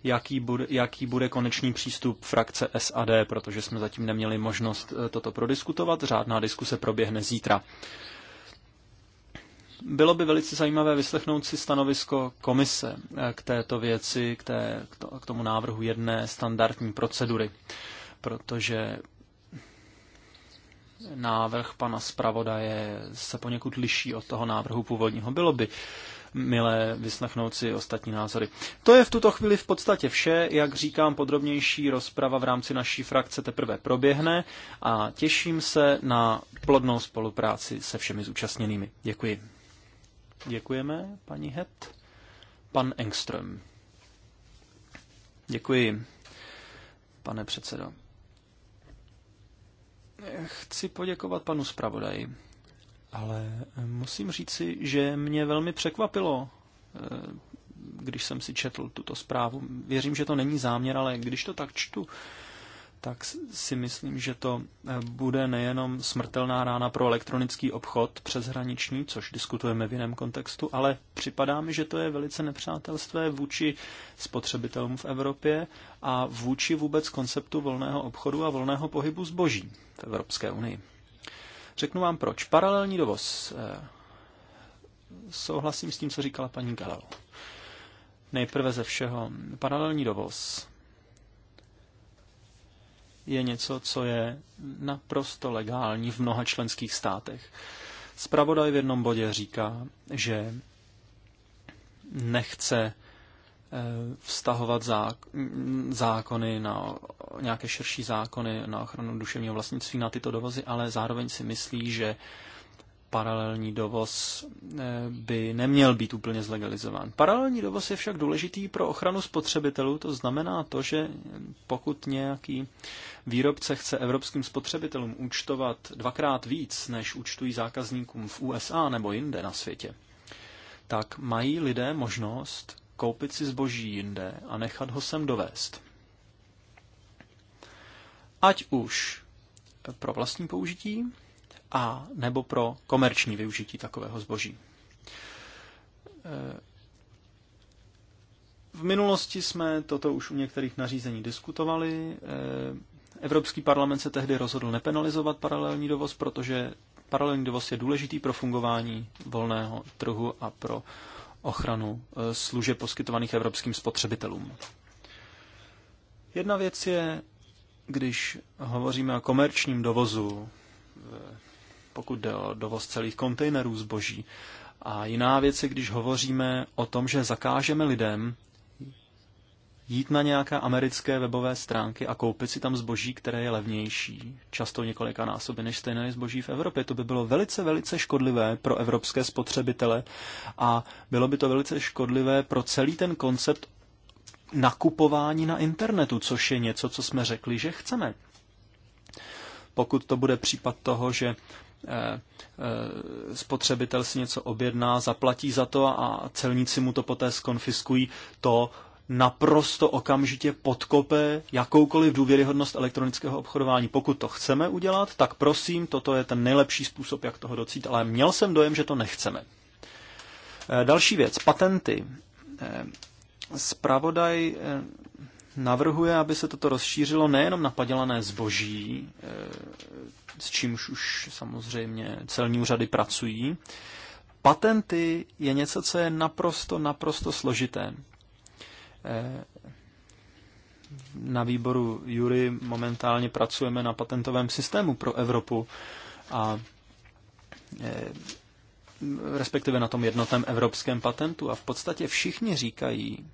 jaký bude, jaký bude konečný přístup frakce SAD, protože jsme zatím neměli možnost eh, toto prodiskutovat. Řádná diskuse proběhne zítra. Bylo by velice zajímavé vyslechnout si stanovisko komise eh, k této věci, k, té, k tomu návrhu jedné standardní procedury protože návrh pana zpravodaje se poněkud liší od toho návrhu původního. Bylo by milé vyslechnout si ostatní názory. To je v tuto chvíli v podstatě vše. Jak říkám, podrobnější rozprava v rámci naší frakce teprve proběhne a těším se na plodnou spolupráci se všemi zúčastněnými. Děkuji. Děkujeme, paní Het. Pan Engström. Děkuji, pane předsedo. Chci poděkovat panu zpravodaji, ale eh, musím říci, že mě velmi překvapilo, eh, když jsem si četl tuto zprávu. Věřím, že to není záměr, ale když to tak čtu, tak si myslím, že to eh, bude nejenom smrtelná rána pro elektronický obchod přeshraniční, což diskutujeme v jiném kontextu, ale připadá mi, že to je velice nepřátelstvé vůči spotřebitelům v Evropě a vůči vůbec konceptu volného obchodu a volného pohybu zboží v Evropské unii. Řeknu vám proč. Paralelní dovoz. Eh, souhlasím s tím, co říkala paní Galo. Nejprve ze všeho. Paralelní dovoz je něco, co je naprosto legální v mnoha členských státech. Spravodaj v jednom bodě říká, že nechce eh, vztahovat zákony na nějaké širší zákony na ochranu duševního vlastnictví na tyto dovozy, ale zároveň si myslí, že paralelní dovoz eh, by neměl být úplně zlegalizován. Paralelní dovoz je však důležitý pro ochranu spotřebitelů, to znamená to, že pokud nějaký výrobce chce evropským spotřebitelům účtovat dvakrát víc, než účtují zákazníkům v USA nebo jinde na světě, tak mají lidé možnost koupit si zboží jinde a nechat ho sem dovést. Ať už pro vlastní použití, a nebo pro komerční využití takového zboží. Eh, v minulosti jsme toto už u některých nařízení diskutovali. Eh, Evropský parlament se tehdy rozhodl nepenalizovat paralelní dovoz, protože paralelní dovoz je důležitý pro fungování volného trhu a pro ochranu eh, služeb poskytovaných evropským spotřebitelům. Jedna věc je, když hovoříme o komerčním dovozu pokud jde o dovoz celých kontejnerů zboží. A jiná věc je, když hovoříme o tom, že zakážeme lidem jít na nějaké americké webové stránky a koupit si tam zboží, které je levnější, často několika násoby než stejné zboží v Evropě. To by bylo velice, velice škodlivé pro evropské spotřebitele a bylo by to velice škodlivé pro celý ten koncept nakupování na internetu, což je něco, co jsme řekli, že chceme. Pokud to bude případ toho, že Eh, eh, spotřebitel si něco objedná, zaplatí za to a celníci mu to poté skonfiskují, to naprosto okamžitě podkope jakoukoliv důvěryhodnost elektronického obchodování. Pokud to chceme udělat, tak prosím, toto je ten nejlepší způsob, jak toho docít, ale měl jsem dojem, že to nechceme. Eh, další věc, patenty. Spravodaj navrhuje, aby se toto rozšířilo nejenom na padělané zboží, eh, s čímž už samozřejmě celní úřady pracují. Patenty je něco, co je naprosto, naprosto složité. Eh, na výboru Jury momentálně pracujeme na patentovém systému pro Evropu a eh, respektive na tom jednotném evropském patentu a v podstatě všichni říkají,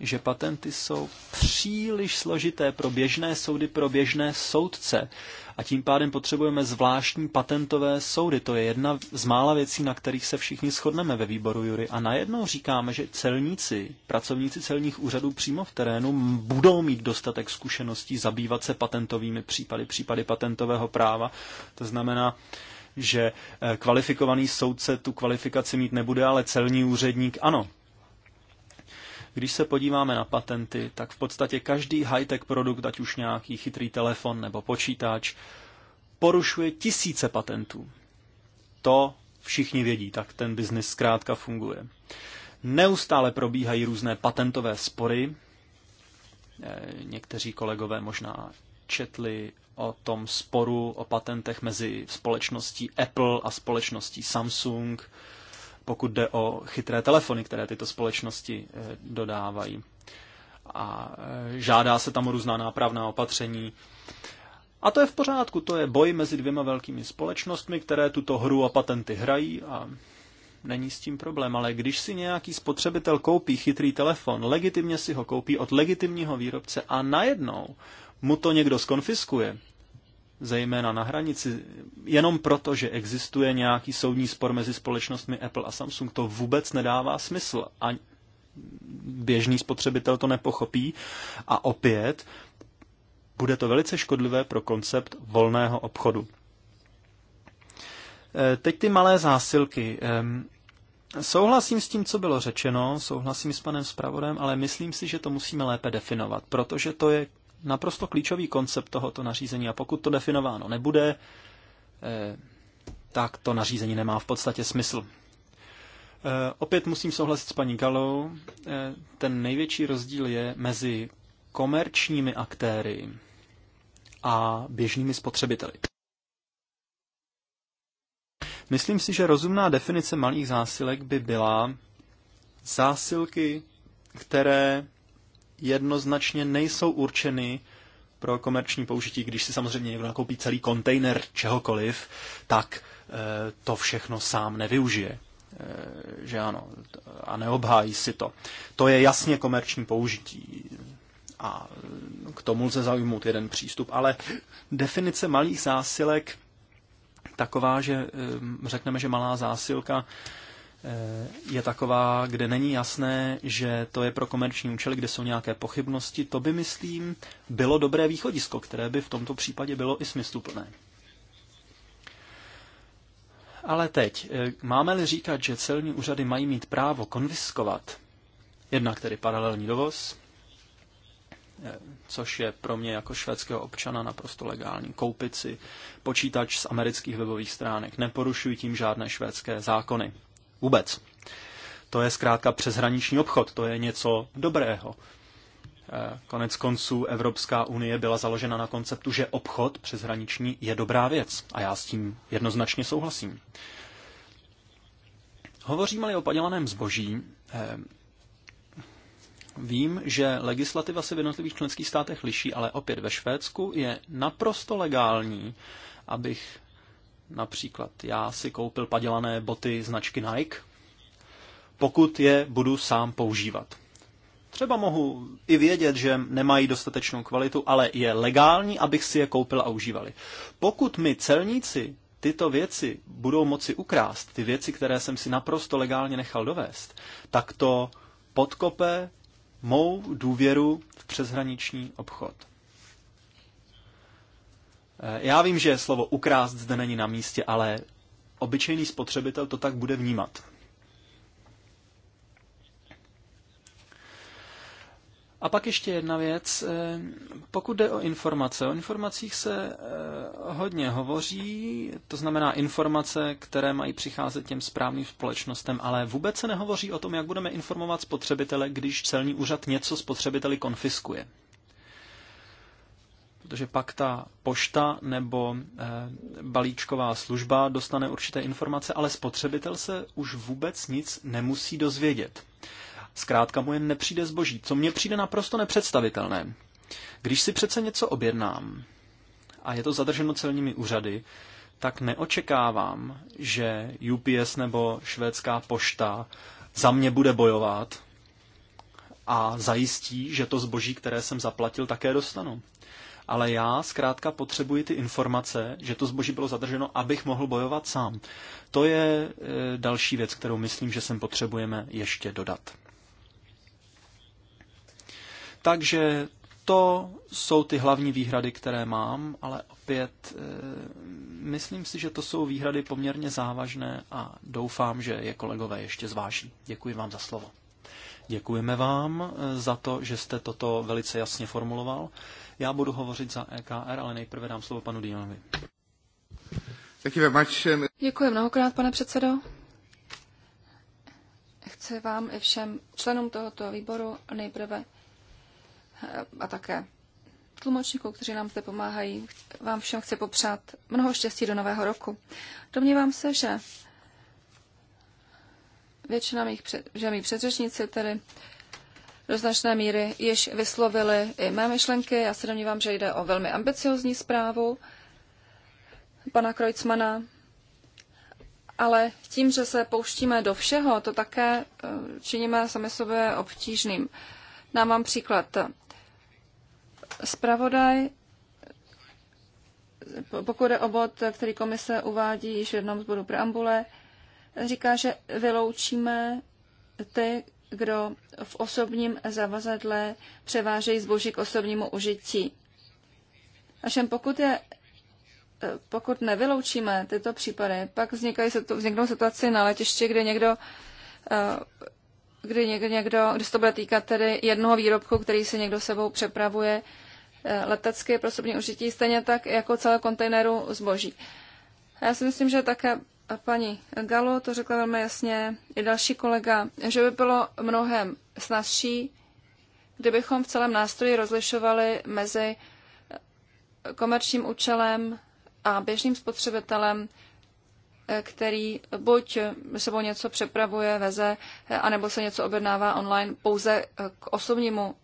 že patenty jsou příliš složité pro běžné soudy, pro běžné soudce. A tím pádem potřebujeme zvláštní patentové soudy. To je jedna z mála věcí, na kterých se všichni shodneme ve výboru Jury. A najednou říkáme, že celníci, pracovníci celních úřadů přímo v terénu budou mít dostatek zkušeností zabývat se patentovými případy, případy patentového práva. To znamená, že eh, kvalifikovaný soudce tu kvalifikaci mít nebude, ale celní úředník ano. Když se podíváme na patenty, tak v podstatě každý high-tech produkt, ať už nějaký chytrý telefon nebo počítač, porušuje tisíce patentů. To všichni vědí, tak ten biznis zkrátka funguje. Neustále probíhají různé patentové spory. E, někteří kolegové možná četli o tom sporu o patentech mezi společností Apple a společností Samsung pokud jde o chytré telefony, které tyto společnosti eh, dodávají. A eh, žádá se tam různá nápravná opatření. A to je v pořádku, to je boj mezi dvěma velkými společnostmi, které tuto hru a patenty hrají a není s tím problém, ale když si nějaký spotřebitel koupí chytrý telefon, legitimně si ho koupí od legitimního výrobce a najednou mu to někdo skonfiskuje, zejména na hranici, jenom proto, že existuje nějaký soudní spor mezi společnostmi Apple a Samsung, to vůbec nedává smysl a běžný spotřebitel to nepochopí a opět bude to velice škodlivé pro koncept volného obchodu. E, teď ty malé zásilky. E, souhlasím s tím, co bylo řečeno, souhlasím s panem Spravodem, ale myslím si, že to musíme lépe definovat, protože to je naprosto klíčový koncept tohoto nařízení a pokud to definováno nebude, eh, tak to nařízení nemá v podstatě smysl. Eh, opět musím souhlasit s paní Galou. Eh, ten největší rozdíl je mezi komerčními aktéry a běžnými spotřebiteli. Myslím si, že rozumná definice malých zásilek by byla zásilky, které jednoznačně nejsou určeny pro komerční použití. Když si samozřejmě někdo nakoupí celý kontejner čehokoliv, tak eh, to všechno sám nevyužije. Eh, že ano, a neobhájí si to. To je jasně komerční použití. A no, k tomu lze zaujmout jeden přístup. Ale definice malých zásilek taková, že eh, řekneme, že malá zásilka je taková, kde není jasné, že to je pro komerční účely, kde jsou nějaké pochybnosti, to by, myslím, bylo dobré východisko, které by v tomto případě bylo i smysluplné. Ale teď, eh, máme-li říkat, že celní úřady mají mít právo konviskovat jednak tedy paralelní dovoz, eh, což je pro mě jako švédského občana naprosto legální. Koupit si počítač z amerických webových stránek, neporušují tím žádné švédské zákony vůbec. To je zkrátka přeshraniční obchod, to je něco dobrého. E, konec konců Evropská unie byla založena na konceptu, že obchod přeshraniční je dobrá věc. A já s tím jednoznačně souhlasím. Hovoříme-li o padělaném zboží, e, Vím, že legislativa se v jednotlivých členských státech liší, ale opět ve Švédsku je naprosto legální, abych Například já si koupil padělané boty značky Nike, pokud je budu sám používat. Třeba mohu i vědět, že nemají dostatečnou kvalitu, ale je legální, abych si je koupil a užívali. Pokud mi celníci tyto věci budou moci ukrást, ty věci, které jsem si naprosto legálně nechal dovést, tak to podkope mou důvěru v přeshraniční obchod. Eh, já vím, že slovo ukrást zde není na místě, ale obyčejný spotřebitel to tak bude vnímat. A pak ještě jedna věc. Eh, pokud jde o informace, o informacích se eh, hodně hovoří, to znamená informace, které mají přicházet těm správným společnostem, ale vůbec se nehovoří o tom, jak budeme informovat spotřebitele, když celní úřad něco spotřebiteli konfiskuje protože pak ta pošta nebo eh, balíčková služba dostane určité informace, ale spotřebitel se už vůbec nic nemusí dozvědět. Zkrátka mu jen nepřijde zboží, co mně přijde naprosto nepředstavitelné. Když si přece něco objednám a je to zadrženo celními úřady, tak neočekávám, že UPS nebo švédská pošta za mě bude bojovat a zajistí, že to zboží, které jsem zaplatil, také dostanu ale já zkrátka potřebuji ty informace, že to zboží bylo zadrženo, abych mohl bojovat sám. To je e, další věc, kterou myslím, že sem potřebujeme ještě dodat. Takže to jsou ty hlavní výhrady, které mám, ale opět e, myslím si, že to jsou výhrady poměrně závažné a doufám, že je kolegové ještě zváží. Děkuji vám za slovo. Děkujeme vám e, za to, že jste toto velice jasně formuloval. Já budu hovořit za EKR, ale nejprve dám slovo panu Dionovi. Um, Děkuji mnohokrát, pane předsedo. Chci vám i všem členům tohoto výboru nejprve eh, a také tlumočníků, kteří nám zde pomáhají, vám všem chci popřát mnoho štěstí do nového roku. Domnívám se, že většina mých, před, že mý předřečníci tedy do značné míry již vyslovili i mé myšlenky. Já se domnívám, že jde o velmi ambiciozní zprávu pana Krojcmana, ale tím, že se pouštíme do všeho, to také eh, činíme sami sobě obtížným. Nám mám příklad. Spravodaj, pokud je obod, který komise uvádí již v jednom z bodů preambule, říká, že vyloučíme ty kdo v osobním zavazadle převážejí zboží k osobnímu užití. Ašem pokud je eh, pokud nevyloučíme tyto případy, pak vznikají, vzniknou situace na letišti, kde někdo, kdy někdo, eh, kdy se to bude týkat tedy jednoho výrobku, který se někdo sebou přepravuje eh, letecky pro osobní užití, stejně tak jako celé kontejneru zboží. A já si myslím, že také paní Galo to řekla velmi jasně, i další kolega, že by bylo mnohem snazší, kdybychom v celém nástroji rozlišovali mezi komerčním účelem a běžným spotřebitelem, který buď sebou něco přepravuje, veze, anebo se něco objednává online pouze k osobnímu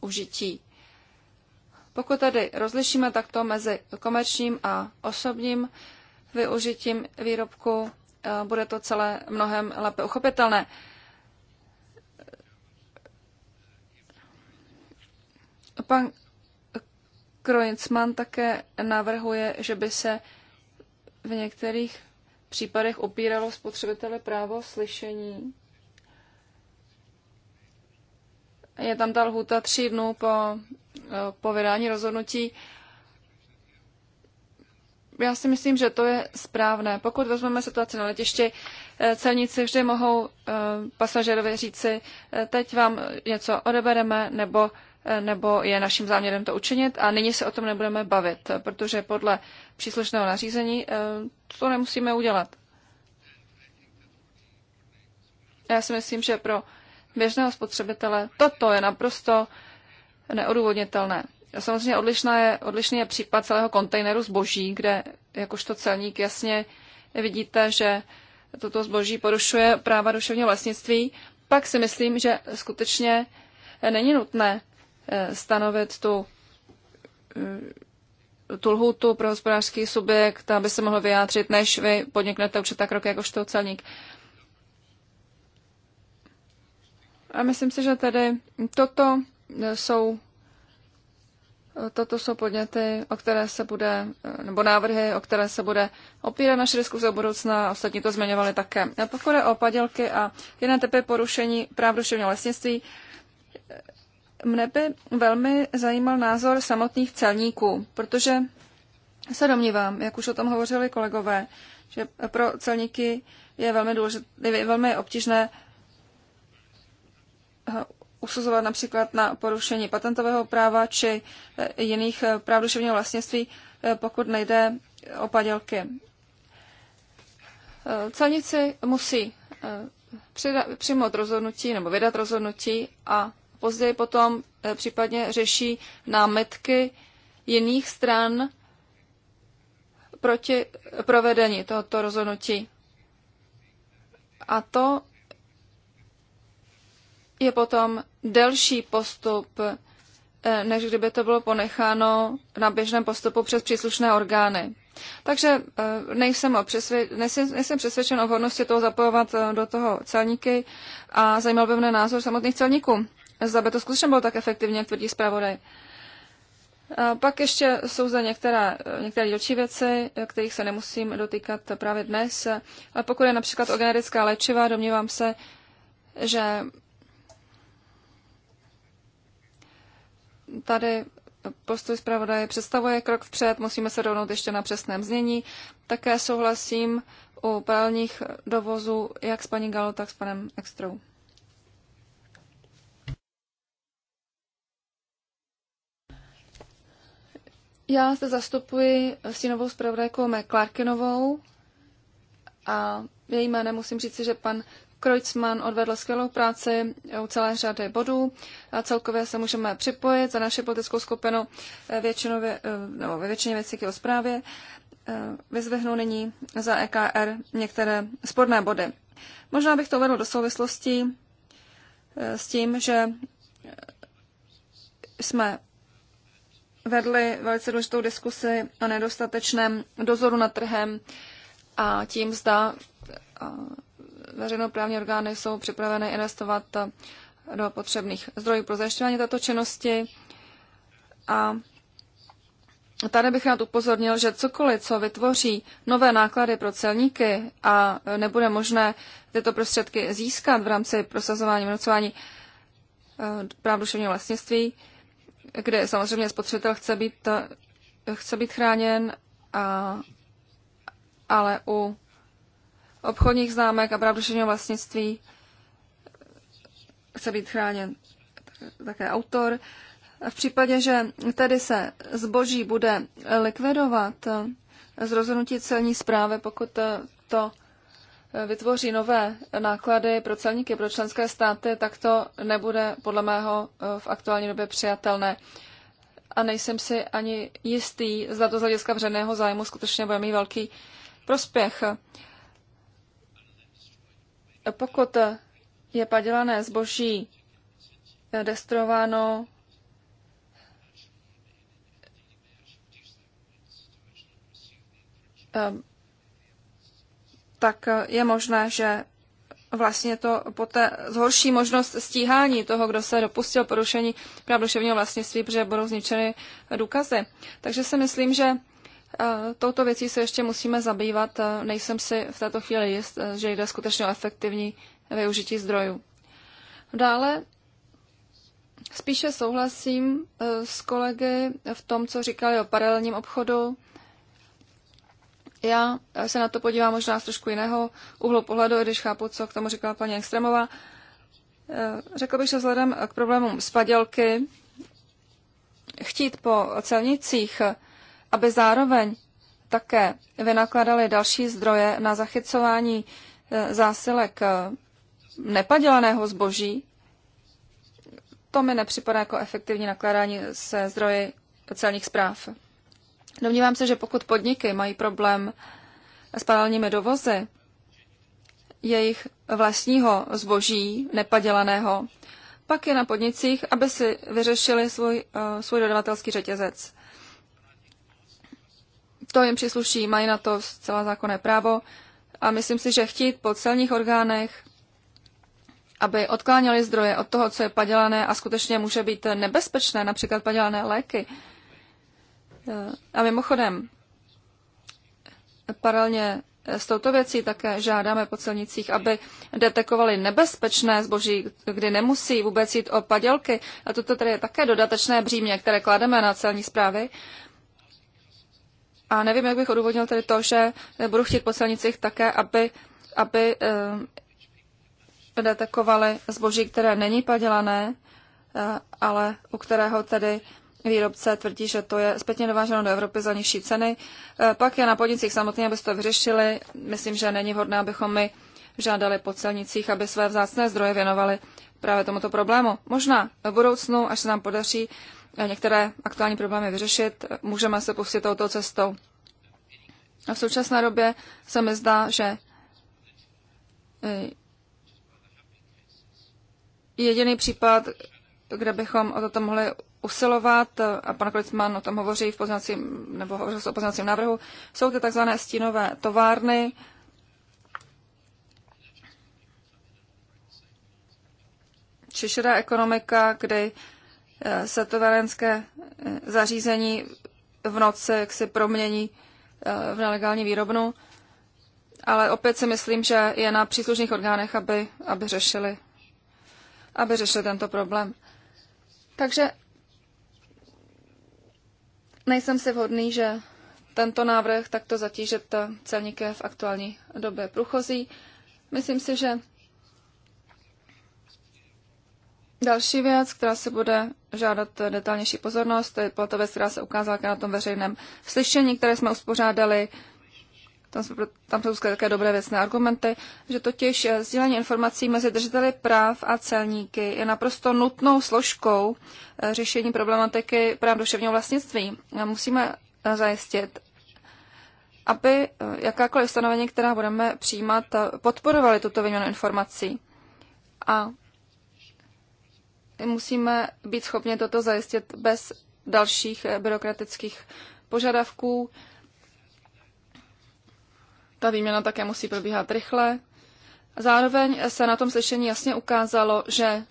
užití. Pokud tedy rozlišíme takto mezi komerčním a osobním využitím výrobku eh, bude to celé mnohem lépe uchopitelné. Pan Kroincman také navrhuje, že by se v některých případech opíralo spotřebitele právo slyšení. Je tam ta lhůta tři dnů po, eh, po vydání rozhodnutí já si myslím, že to je správné. Pokud vezmeme situaci na letišti, eh, celníci vždy mohou eh, pasažerovi říci, eh, teď vám něco odebereme, nebo, nebo je naším záměrem to učinit a nyní se o tom nebudeme bavit, protože podle příslušného nařízení to nemusíme udělat. Já si myslím, že pro běžného spotřebitele toto je naprosto neodůvodnitelné. Samozřejmě odlišná je, odlišný je případ celého kontejneru zboží, kde jakožto celník jasně vidíte, že toto zboží porušuje práva duševního vlastnictví, pak si myslím, že skutečně eh, není nutné eh, stanovit tu, eh, tu lhůtu pro hospodářský subjekt, aby se mohl vyjádřit, než vy podniknete určitá kroky jakožto celník. A myslím si, že tedy toto jsou Toto jsou podněty, o které se bude, nebo návrhy, o které se bude opírat naše diskuze o budoucna, ostatní to zmiňovali také. A pokud je o padělky a jiné typy porušení práv duševního lesnictví, mne by velmi zajímal názor samotných celníků, protože se domnívám, jak už o tom hovořili kolegové, že pro celníky je velmi, důležité, je velmi obtížné usuzovat například na porušení patentového práva či eh, jiných eh, práv duševního vlastnictví, eh, pokud nejde o padělky. Celníci musí přijmout rozhodnutí nebo vydat rozhodnutí a později potom případně řeší námetky jiných stran proti provedení tohoto rozhodnutí. A to je potom delší postup, eh, než kdyby to bylo ponecháno na běžném postupu přes příslušné orgány. Takže eh, nejsem, přesvědčen, nejsem, přesvědčen o vhodnosti toho zapojovat eh, do toho celníky a zajímal by mne názor samotných celníků. Zda by to skutečně bylo tak efektivně, jak tvrdí zpravodaj. A pak ještě jsou zde některé, některé dílčí věci, kterých se nemusím dotýkat právě dnes. Ale pokud je například o generická léčiva, domnívám se, že tady postoj zpravodaje představuje krok vpřed, musíme se rovnout ještě na přesném znění. Také souhlasím u pálních dovozů jak s paní Galo, tak s panem Extrou. Já se zastupuji stínovou zpravodajku Mé Clarkinovou a její jméne musím říci, že pan Kreutzmann odvedl skvělou práci u celé řady bodů a celkově se můžeme připojit za naši politickou skupinu eh, většinově, eh, nebo ve většině věcí k jeho zprávě. Eh, vyzvihnu nyní za EKR některé sporné body. Možná bych to uvedl do souvislostí s tím, že jsme vedli velice důležitou diskusi o nedostatečném dozoru nad trhem a tím zda veřejnoprávní orgány jsou připraveny investovat do potřebných zdrojů pro zajišťování této činnosti. A tady bych rád upozornil, že cokoliv, co vytvoří nové náklady pro celníky a nebude možné tyto prostředky získat v rámci prosazování vnocování eh, práv duševního vlastnictví, kde samozřejmě spotřebitel chce být, eh, chce být chráněn, a, ale u obchodních známek a práv duševního vlastnictví. Chce být chráněn také autor. V případě, že tedy se zboží bude likvidovat z rozhodnutí celní zprávy, pokud to vytvoří nové náklady pro celníky, pro členské státy, tak to nebude podle mého v aktuální době přijatelné. A nejsem si ani jistý, zda to z hlediska vřeného zájmu skutečně bude mít velký prospěch. Pokud je padělané zboží eh, destruováno eh, tak je možné, že vlastně to poté zhorší možnost stíhání toho, kdo se dopustil porušení práv duševního vlastnictví, protože budou zničeny důkazy. Takže si myslím, že Eh, touto věcí se ještě musíme zabývat. Eh, nejsem si v této chvíli jist, eh, že jde skutečně o efektivní využití zdrojů. Dále spíše souhlasím s kolegy v tom, co říkali o paralelním obchodu. Já se na to podívám možná z trošku jiného úhlu pohledu, když chápu, co k tomu říkala paní Extremová. Řekl bych, že vzhledem k problémům spadělky, chtít po celnicích aby zároveň také vynakladali další zdroje na zachycování eh, zásilek eh, nepadělaného zboží, to mi nepřipadá jako efektivní nakládání se zdroji celních zpráv. Domnívám se, že pokud podniky mají problém s paralelními dovozy jejich vlastního zboží nepadělaného, pak je na podnicích, aby si vyřešili svůj, eh, svůj dodavatelský řetězec. To jim přísluší, mají na to zcela zákonné právo a myslím si, že chtít po celních orgánech, aby odkláněli zdroje od toho, co je padělané a skutečně může být nebezpečné, například padělané léky. A mimochodem, paralelně s touto věcí také žádáme po celnicích, aby detekovali nebezpečné zboží, kdy nemusí vůbec jít o padělky. A toto tedy je také dodatečné břímě, které klademe na celní zprávy. A nevím, jak bych odůvodnil tedy to, že budu chtít po silnicích také, aby, aby eh, detekovali zboží, které není padělané, eh, ale u kterého tedy výrobce tvrdí, že to je zpětně dováženo do Evropy za nižší ceny. Eh, pak je na podnicích samotně, aby to vyřešili. Myslím, že není vhodné, abychom my žádali po celnicích, aby své vzácné zdroje věnovali právě tomuto problému. Možná v budoucnu, až se nám podaří Eh, některé aktuální problémy vyřešit, můžeme se pustit touto cestou. A v současné době se mi zdá, že eh, jediný případ, kde bychom o toto mohli usilovat, eh, a pan Klicman o tom hovoří v poznacím, nebo hovoří o poznacím návrhu, jsou ty tzv. stínové továrny, či šedá ekonomika, kdy Eh, setoverenské eh, zařízení v noci jak si promění eh, v nelegální výrobnu. Ale opět si myslím, že je na příslušných orgánech, aby, aby, řešili, aby řešili tento problém. Takže nejsem si vhodný, že tento návrh takto zatížit celníky v aktuální době průchozí. Myslím si, že další věc, která se bude žádat detailnější pozornost. To je platové, která se ukázala na tom veřejném slyšení, které jsme uspořádali. Tam, jsme, tam jsou také dobré věcné argumenty, že totiž eh, sdílení informací mezi držiteli práv a celníky je naprosto nutnou složkou eh, řešení problematiky práv duševního vlastnictví. A musíme eh, zajistit, aby jakákoliv stanovení, která budeme přijímat, podporovaly tuto výměnu informací. A musíme být schopni toto zajistit bez dalších eh, byrokratických požadavků. Ta výměna také musí probíhat rychle. Zároveň se na tom slyšení jasně ukázalo, že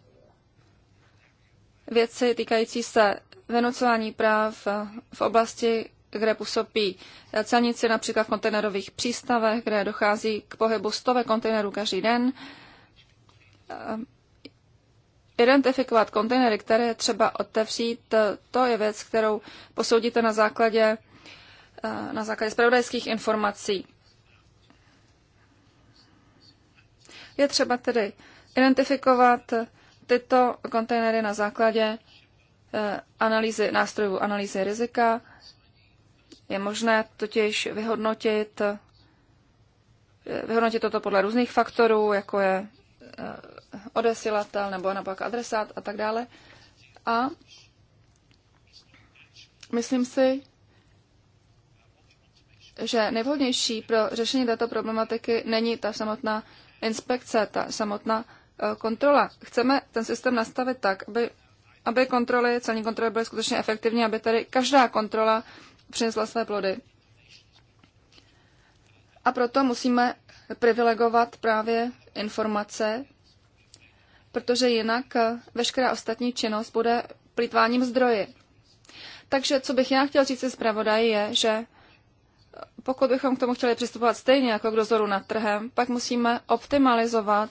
věci týkající se vynucování práv eh, v oblasti, kde působí eh, celnici, například v kontejnerových přístavech, kde dochází k pohybu stovek kontejnerů každý den, identifikovat kontejnery, které je třeba otevřít, to je věc, kterou posoudíte na základě, eh, na základě spravodajských informací. Je třeba tedy identifikovat tyto kontejnery na základě eh, analýzy nástrojů analýzy rizika. Je možné totiž vyhodnotit, eh, vyhodnotit toto podle různých faktorů, jako je odesilatel nebo naopak adresát a tak dále. A myslím si, že nejvhodnější pro řešení této problematiky není ta samotná inspekce, ta samotná eh, kontrola. Chceme ten systém nastavit tak, aby, aby kontroly, celní kontroly byly skutečně efektivní, aby tady každá kontrola přinesla své plody. A proto musíme privilegovat právě informace, protože jinak eh, veškerá ostatní činnost bude plýtváním zdroji. Takže co bych já chtěl říct si zpravodaj je, že eh, pokud bychom k tomu chtěli přistupovat stejně jako k dozoru nad trhem, pak musíme optimalizovat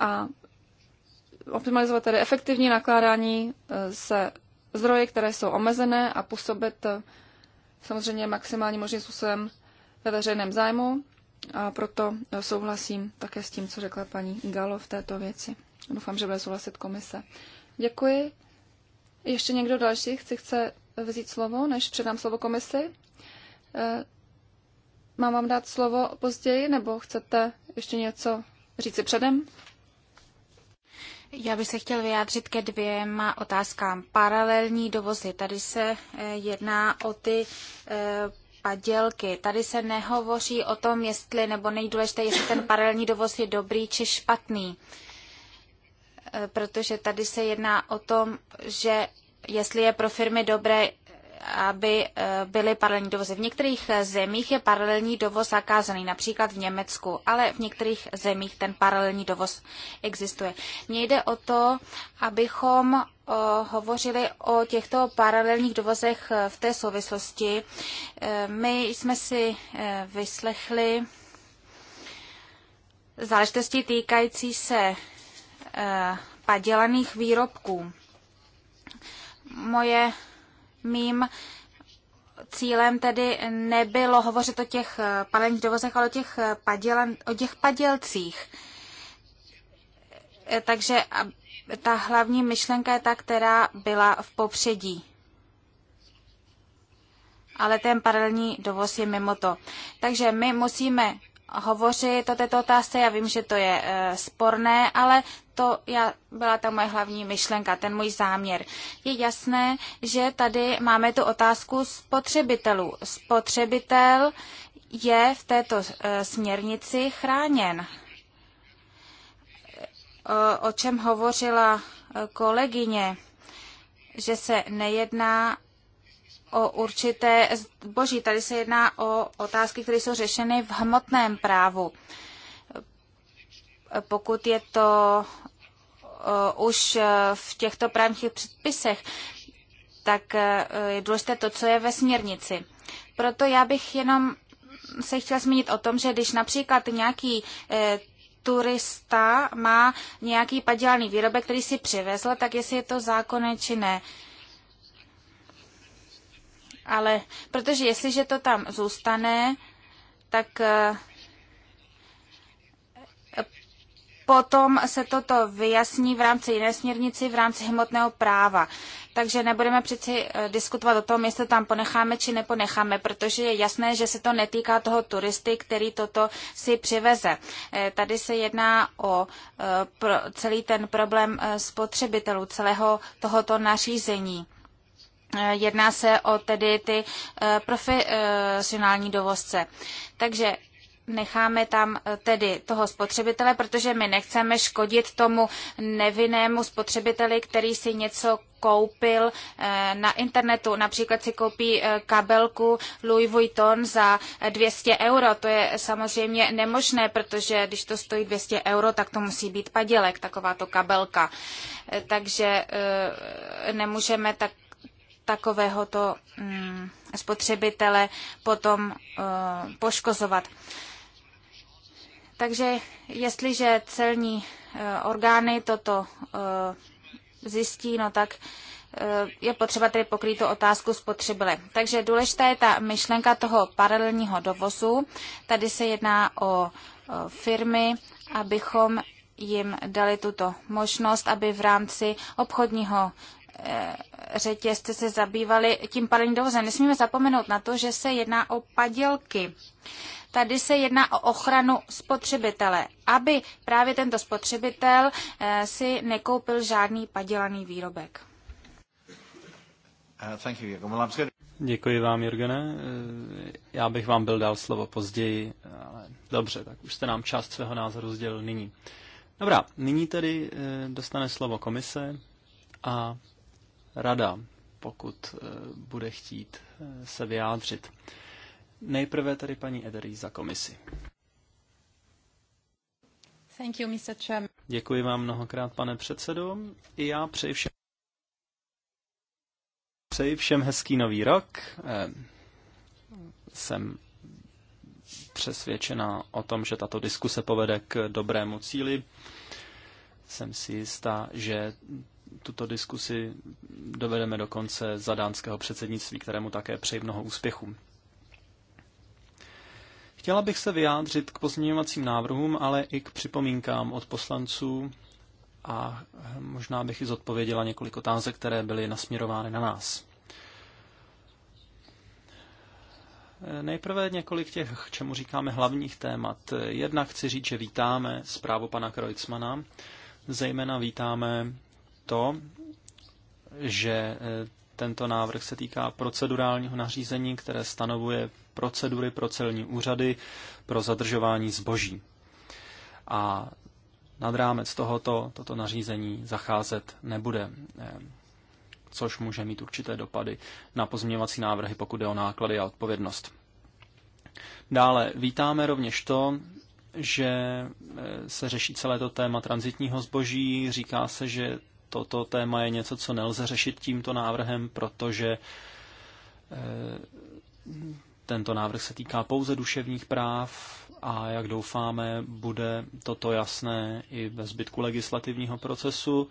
a optimalizovat tedy efektivní nakládání eh, se zdroje, které jsou omezené a působit samozřejmě maximálním možným způsobem ve veřejném zájmu. A proto souhlasím také s tím, co řekla paní Galo v této věci. Doufám, že bude souhlasit komise. Děkuji. Ještě někdo další chci, chce vzít slovo, než předám slovo komisi? Eh, mám vám dát slovo později, nebo chcete ještě něco říci předem? Já bych se chtěl vyjádřit ke dvěma otázkám. Paralelní dovozy. Tady se eh, jedná o ty eh, padělky. Tady se nehovoří o tom, jestli nebo nejdůležité, jestli ten paralelní dovoz je dobrý či špatný. E, protože tady se jedná o tom, že jestli je pro firmy dobré aby eh, byly paralelní dovozy. V některých eh, zemích je paralelní dovoz zakázaný, například v Německu, ale v některých zemích ten paralelní dovoz existuje. Mně jde o to, abychom eh, hovořili o těchto paralelních dovozech v té souvislosti. My jsme si vyslechli záležitosti týkající se padělaných výrobků. Moje mým cílem tedy nebylo hovořit o těch eh, palených dovozech, ale o těch, eh, paděle, o těch padělcích. Eh, takže ta hlavní myšlenka je ta, která byla v popředí. Ale ten paralelní dovoz je mimo to. Takže my musíme hovořit o této otázce. Já vím, že to je eh, sporné, ale to já, byla ta moje hlavní myšlenka, ten můj záměr. Je jasné, že tady máme tu otázku spotřebitelů. Spotřebitel je v této eh, směrnici chráněn. Eh, o čem hovořila kolegyně, že se nejedná o určité zboží. Tady se jedná o otázky, které jsou řešeny v hmotném právu. Pokud je to eh, už eh, v těchto právních předpisech, tak eh, je důležité to, co je ve směrnici. Proto já bych jenom se chtěla zmínit o tom, že když například nějaký turista má nějaký padělaný výrobek, který si přivezl, tak jestli je to zákonné či ne ale protože jestliže to tam zůstane, tak eh, potom se toto vyjasní v rámci jiné směrnici, v rámci hmotného práva. Takže nebudeme přeci eh, diskutovat o tom, jestli tam ponecháme či neponecháme, protože je jasné, že se to netýká toho turisty, který toto si přiveze. Eh, tady se jedná o celý ten problém spotřebitelů, celého tohoto nařízení. Eh, jedná se o tedy ty eh, profesionální dovozce. Takže necháme tam eh, tedy toho spotřebitele, protože my nechceme škodit tomu nevinnému spotřebiteli, který si něco koupil na internetu. Například si koupí kabelku Louis Vuitton za 200 euro. To je samozřejmě nemožné, protože když to stojí 200 euro, tak to musí být padělek, takováto kabelka. Takže nemůžeme tak takovéhoto mm, spotřebitele potom eh, poškozovat. Takže jestliže celní eh, orgány toto uh, zjistí, no tak je potřeba tedy pokrýt tu otázku spotřebile. Takže důležitá je ta myšlenka toho paralelního dovozu. Tady se jedná o firmy, abychom jim dali tuto možnost, aby v rámci obchodního Eh, řetězce se zabývali tím palením dovozem. Nesmíme zapomenout na to, že se jedná o padělky. Tady se jedná o ochranu spotřebitele, aby právě tento spotřebitel eh, si nekoupil žádný padělaný výrobek. Eh, Děkuji vám, Jurgene. Já bych vám byl dal slovo později, ale dobře, tak už jste nám část svého názoru sdělil nyní. Dobrá, nyní tedy dostane slovo komise a rada, pokud eh, bude chtít eh, se vyjádřit. Nejprve tady paní Edery za komisi. Thank you, Mr. Děkuji vám mnohokrát, pane předsedo. I já přeji všem, přeji všem hezký nový rok. Eh, jsem přesvědčena o tom, že tato diskuse povede k dobrému cíli. Jsem si jistá, že tuto diskusi dovedeme do konce za dánského předsednictví, kterému také přeji mnoho úspěchů. Chtěla bych se vyjádřit k pozměňovacím návrhům, ale i k připomínkám od poslanců a možná bych i zodpověděla několik otázek, které byly nasměrovány na nás. Nejprve několik těch, čemu říkáme hlavních témat. Jednak chci říct, že vítáme zprávu pana Krojcmana, zejména vítáme to, že e, tento návrh se týká procedurálního nařízení, které stanovuje procedury pro celní úřady pro zadržování zboží. A nad rámec tohoto toto nařízení zacházet nebude, e, což může mít určité dopady na pozměňovací návrhy, pokud jde o náklady a odpovědnost. Dále vítáme rovněž to, že e, se řeší celé to téma transitního zboží. Říká se, že toto téma je něco, co nelze řešit tímto návrhem, protože eh, tento návrh se týká pouze duševních práv a jak doufáme, bude toto jasné i ve zbytku legislativního procesu,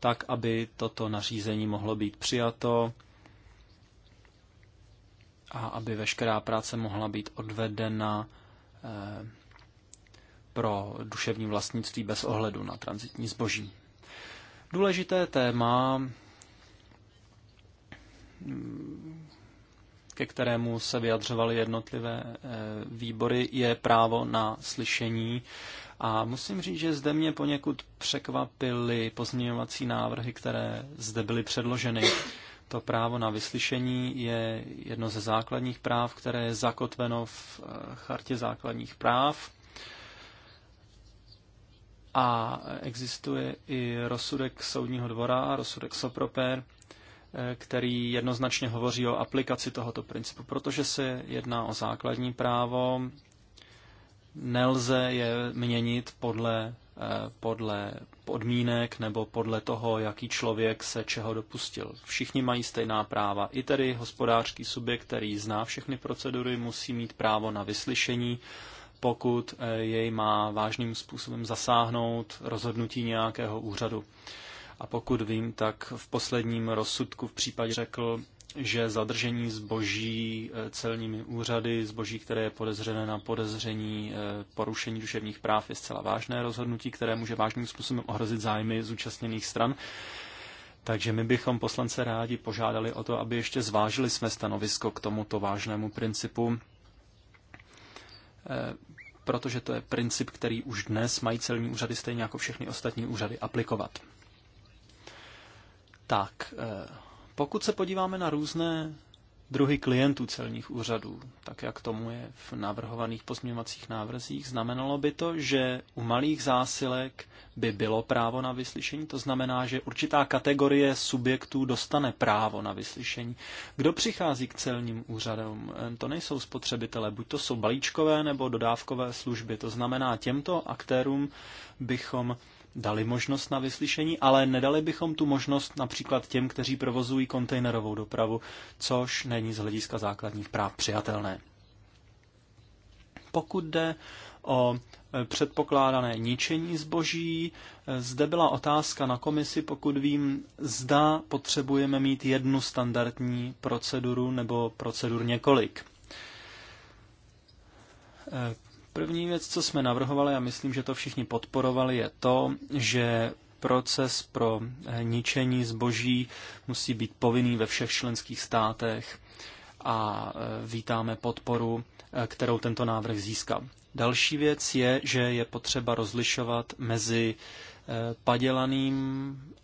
tak aby toto nařízení mohlo být přijato a aby veškerá práce mohla být odvedena eh, pro duševní vlastnictví bez ohledu na transitní zboží. Důležité téma, ke kterému se vyjadřovaly jednotlivé eh, výbory, je právo na slyšení. A musím říct, že zde mě poněkud překvapily pozměňovací návrhy, které zde byly předloženy. To právo na vyslyšení je jedno ze základních práv, které je zakotveno v eh, Chartě základních práv a existuje i rozsudek soudního dvora, rozsudek sopropér, eh, který jednoznačně hovoří o aplikaci tohoto principu, protože se jedná o základní právo, nelze je měnit podle, eh, podle podmínek nebo podle toho, jaký člověk se čeho dopustil. Všichni mají stejná práva. I tedy hospodářský subjekt, který zná všechny procedury, musí mít právo na vyslyšení pokud eh, jej má vážným způsobem zasáhnout rozhodnutí nějakého úřadu. A pokud vím, tak v posledním rozsudku v případě řekl, že zadržení zboží eh, celními úřady, zboží, které je podezřené na podezření eh, porušení duševních práv, je zcela vážné rozhodnutí, které může vážným způsobem ohrozit zájmy zúčastněných stran. Takže my bychom poslance rádi požádali o to, aby ještě zvážili své stanovisko k tomuto vážnému principu protože to je princip, který už dnes mají celní úřady stejně jako všechny ostatní úřady aplikovat. Tak, eh, pokud se podíváme na různé druhy klientů celních úřadů, tak jak tomu je v navrhovaných pozměňovacích návrzích, znamenalo by to, že u malých zásilek by bylo právo na vyslyšení, to znamená, že určitá kategorie subjektů dostane právo na vyslyšení. Kdo přichází k celním úřadům? To nejsou spotřebitele, buď to jsou balíčkové nebo dodávkové služby. To znamená, těmto aktérům bychom dali možnost na vyslyšení, ale nedali bychom tu možnost například těm, kteří provozují kontejnerovou dopravu, což není z hlediska základních práv přijatelné. Pokud jde o e, předpokládané ničení zboží. E, zde byla otázka na komisi, pokud vím, zda potřebujeme mít jednu standardní proceduru nebo procedur několik. E, První věc, co jsme navrhovali, a myslím, že to všichni podporovali, je to, že proces pro eh, ničení zboží musí být povinný ve všech členských státech a eh, vítáme podporu, eh, kterou tento návrh získá. Další věc je, že je potřeba rozlišovat mezi padělaným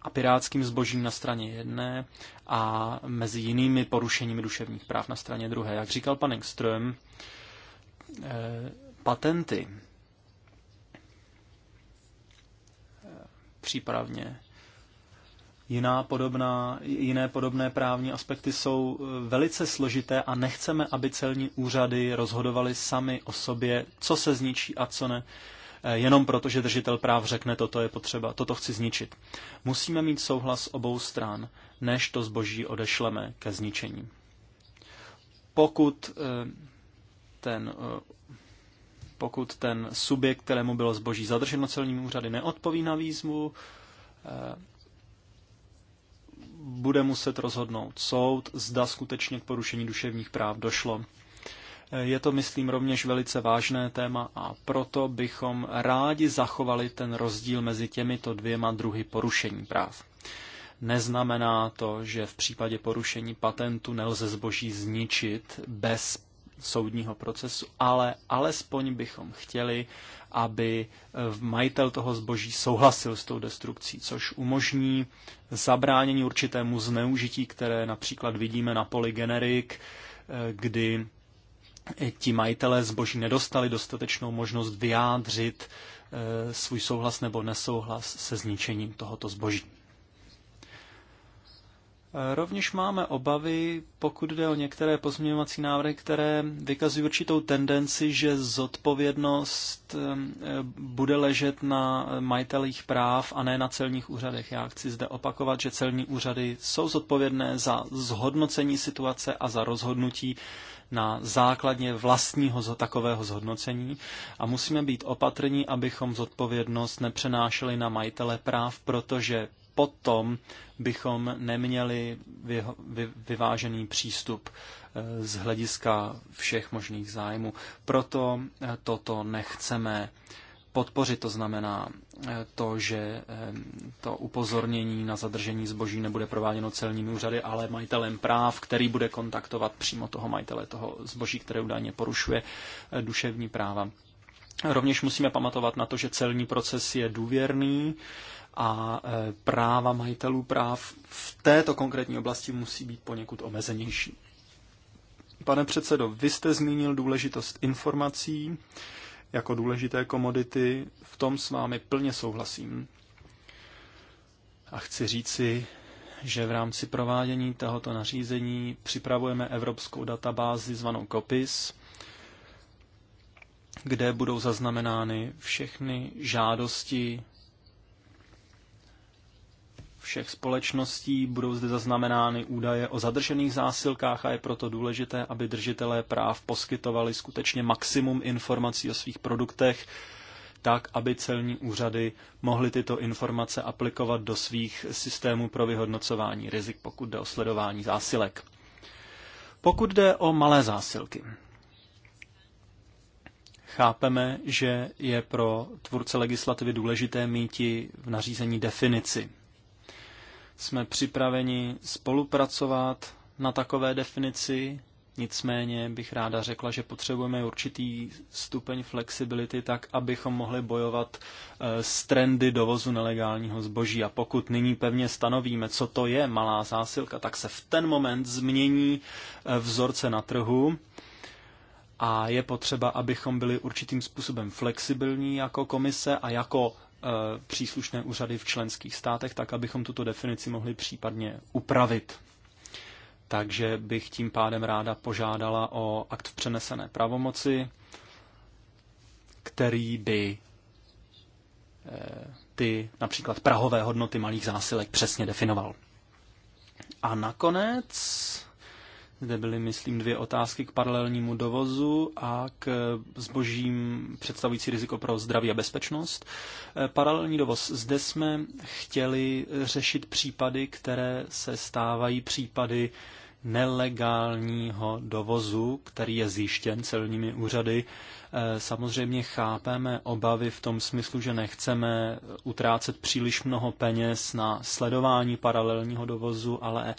a pirátským zbožím na straně jedné a mezi jinými porušeními duševních práv na straně druhé. Jak říkal pan Engström, patenty. Přípravně jiná podobná, jiné podobné právní aspekty jsou eh, velice složité a nechceme, aby celní úřady rozhodovaly sami o sobě, co se zničí a co ne, eh, jenom proto, že držitel práv řekne, toto je potřeba, toto chci zničit. Musíme mít souhlas obou stran, než to zboží odešleme ke zničení. Pokud eh, ten pokud ten subjekt, kterému bylo zboží zadrženo celním úřady, neodpoví na výzvu, eh, bude muset rozhodnout soud, zda skutečně k porušení duševních práv došlo. Eh, je to, myslím, rovněž velice vážné téma a proto bychom rádi zachovali ten rozdíl mezi těmito dvěma druhy porušení práv. Neznamená to, že v případě porušení patentu nelze zboží zničit bez soudního procesu, ale alespoň bychom chtěli, aby eh, majitel toho zboží souhlasil s tou destrukcí, což umožní zabránění určitému zneužití, které například vidíme na poli generik, eh, kdy ti majitelé zboží nedostali dostatečnou možnost vyjádřit eh, svůj souhlas nebo nesouhlas se zničením tohoto zboží. Rovněž máme obavy, pokud jde o některé pozměňovací návrhy, které vykazují určitou tendenci, že zodpovědnost bude ležet na majitelích práv a ne na celních úřadech. Já chci zde opakovat, že celní úřady jsou zodpovědné za zhodnocení situace a za rozhodnutí na základně vlastního takového zhodnocení a musíme být opatrní, abychom zodpovědnost nepřenášeli na majitele práv, protože potom bychom neměli vyvážený přístup eh, z hlediska všech možných zájmů. Proto eh, toto nechceme podpořit, to znamená eh, to, že to upozornění na zadržení zboží nebude prováděno celními úřady, ale majitelem práv, který bude kontaktovat přímo toho majitele toho zboží, které údajně porušuje duševní práva. Rovněž musíme pamatovat na to, že celní proces je důvěrný a e, práva majitelů práv v této konkrétní oblasti musí být poněkud omezenější. Pane předsedo, vy jste zmínil důležitost informací jako důležité komodity, v tom s vámi plně souhlasím. A chci říci, že v rámci provádění tohoto nařízení připravujeme evropskou databázi zvanou COPIS, kde budou zaznamenány všechny žádosti všech společností, budou zde zaznamenány údaje o zadržených zásilkách a je proto důležité, aby držitelé práv poskytovali skutečně maximum informací o svých produktech, tak, aby celní úřady mohly tyto informace aplikovat do svých systémů pro vyhodnocování rizik, pokud jde o sledování zásilek. Pokud jde o malé zásilky, chápeme, že je pro tvůrce legislativy důležité míti v nařízení definici jsme připraveni spolupracovat na takové definici, nicméně bych ráda řekla, že potřebujeme určitý stupeň flexibility tak, abychom mohli bojovat eh, s trendy dovozu nelegálního zboží. A pokud nyní pevně stanovíme, co to je malá zásilka, tak se v ten moment změní eh, vzorce na trhu a je potřeba, abychom byli určitým způsobem flexibilní jako komise a jako Eh, příslušné úřady v členských státech, tak abychom tuto definici mohli případně upravit. Takže bych tím pádem ráda požádala o akt v přenesené pravomoci, který by eh, ty například prahové hodnoty malých zásilek přesně definoval. A nakonec kde byly, myslím, dvě otázky k paralelnímu dovozu a k zbožím představující riziko pro zdraví a bezpečnost. Eh, paralelní dovoz. Zde jsme chtěli řešit případy, které se stávají případy nelegálního dovozu, který je zjištěn celními úřady. E, samozřejmě chápeme obavy v tom smyslu, že nechceme utrácet příliš mnoho peněz na sledování paralelního dovozu, ale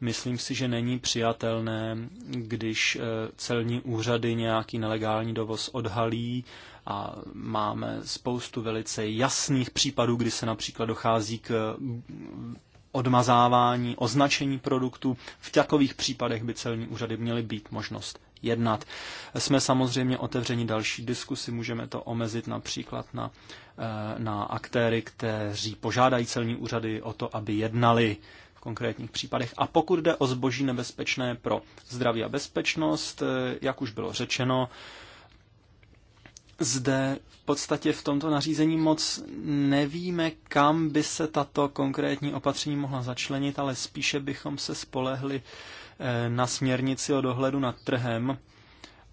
myslím si, že není přijatelné, když e, celní úřady nějaký nelegální dovoz odhalí a máme spoustu velice jasných případů, kdy se například dochází k odmazávání, označení produktů. V takových případech by celní úřady měly být možnost jednat. Jsme samozřejmě otevřeni další diskusi, můžeme to omezit například na, eh, na aktéry, kteří požádají celní úřady o to, aby jednali v konkrétních případech. A pokud jde o zboží nebezpečné pro zdraví a bezpečnost, eh, jak už bylo řečeno, zde v podstatě v tomto nařízení moc nevíme, kam by se tato konkrétní opatření mohla začlenit, ale spíše bychom se spolehli eh, na směrnici o dohledu nad trhem,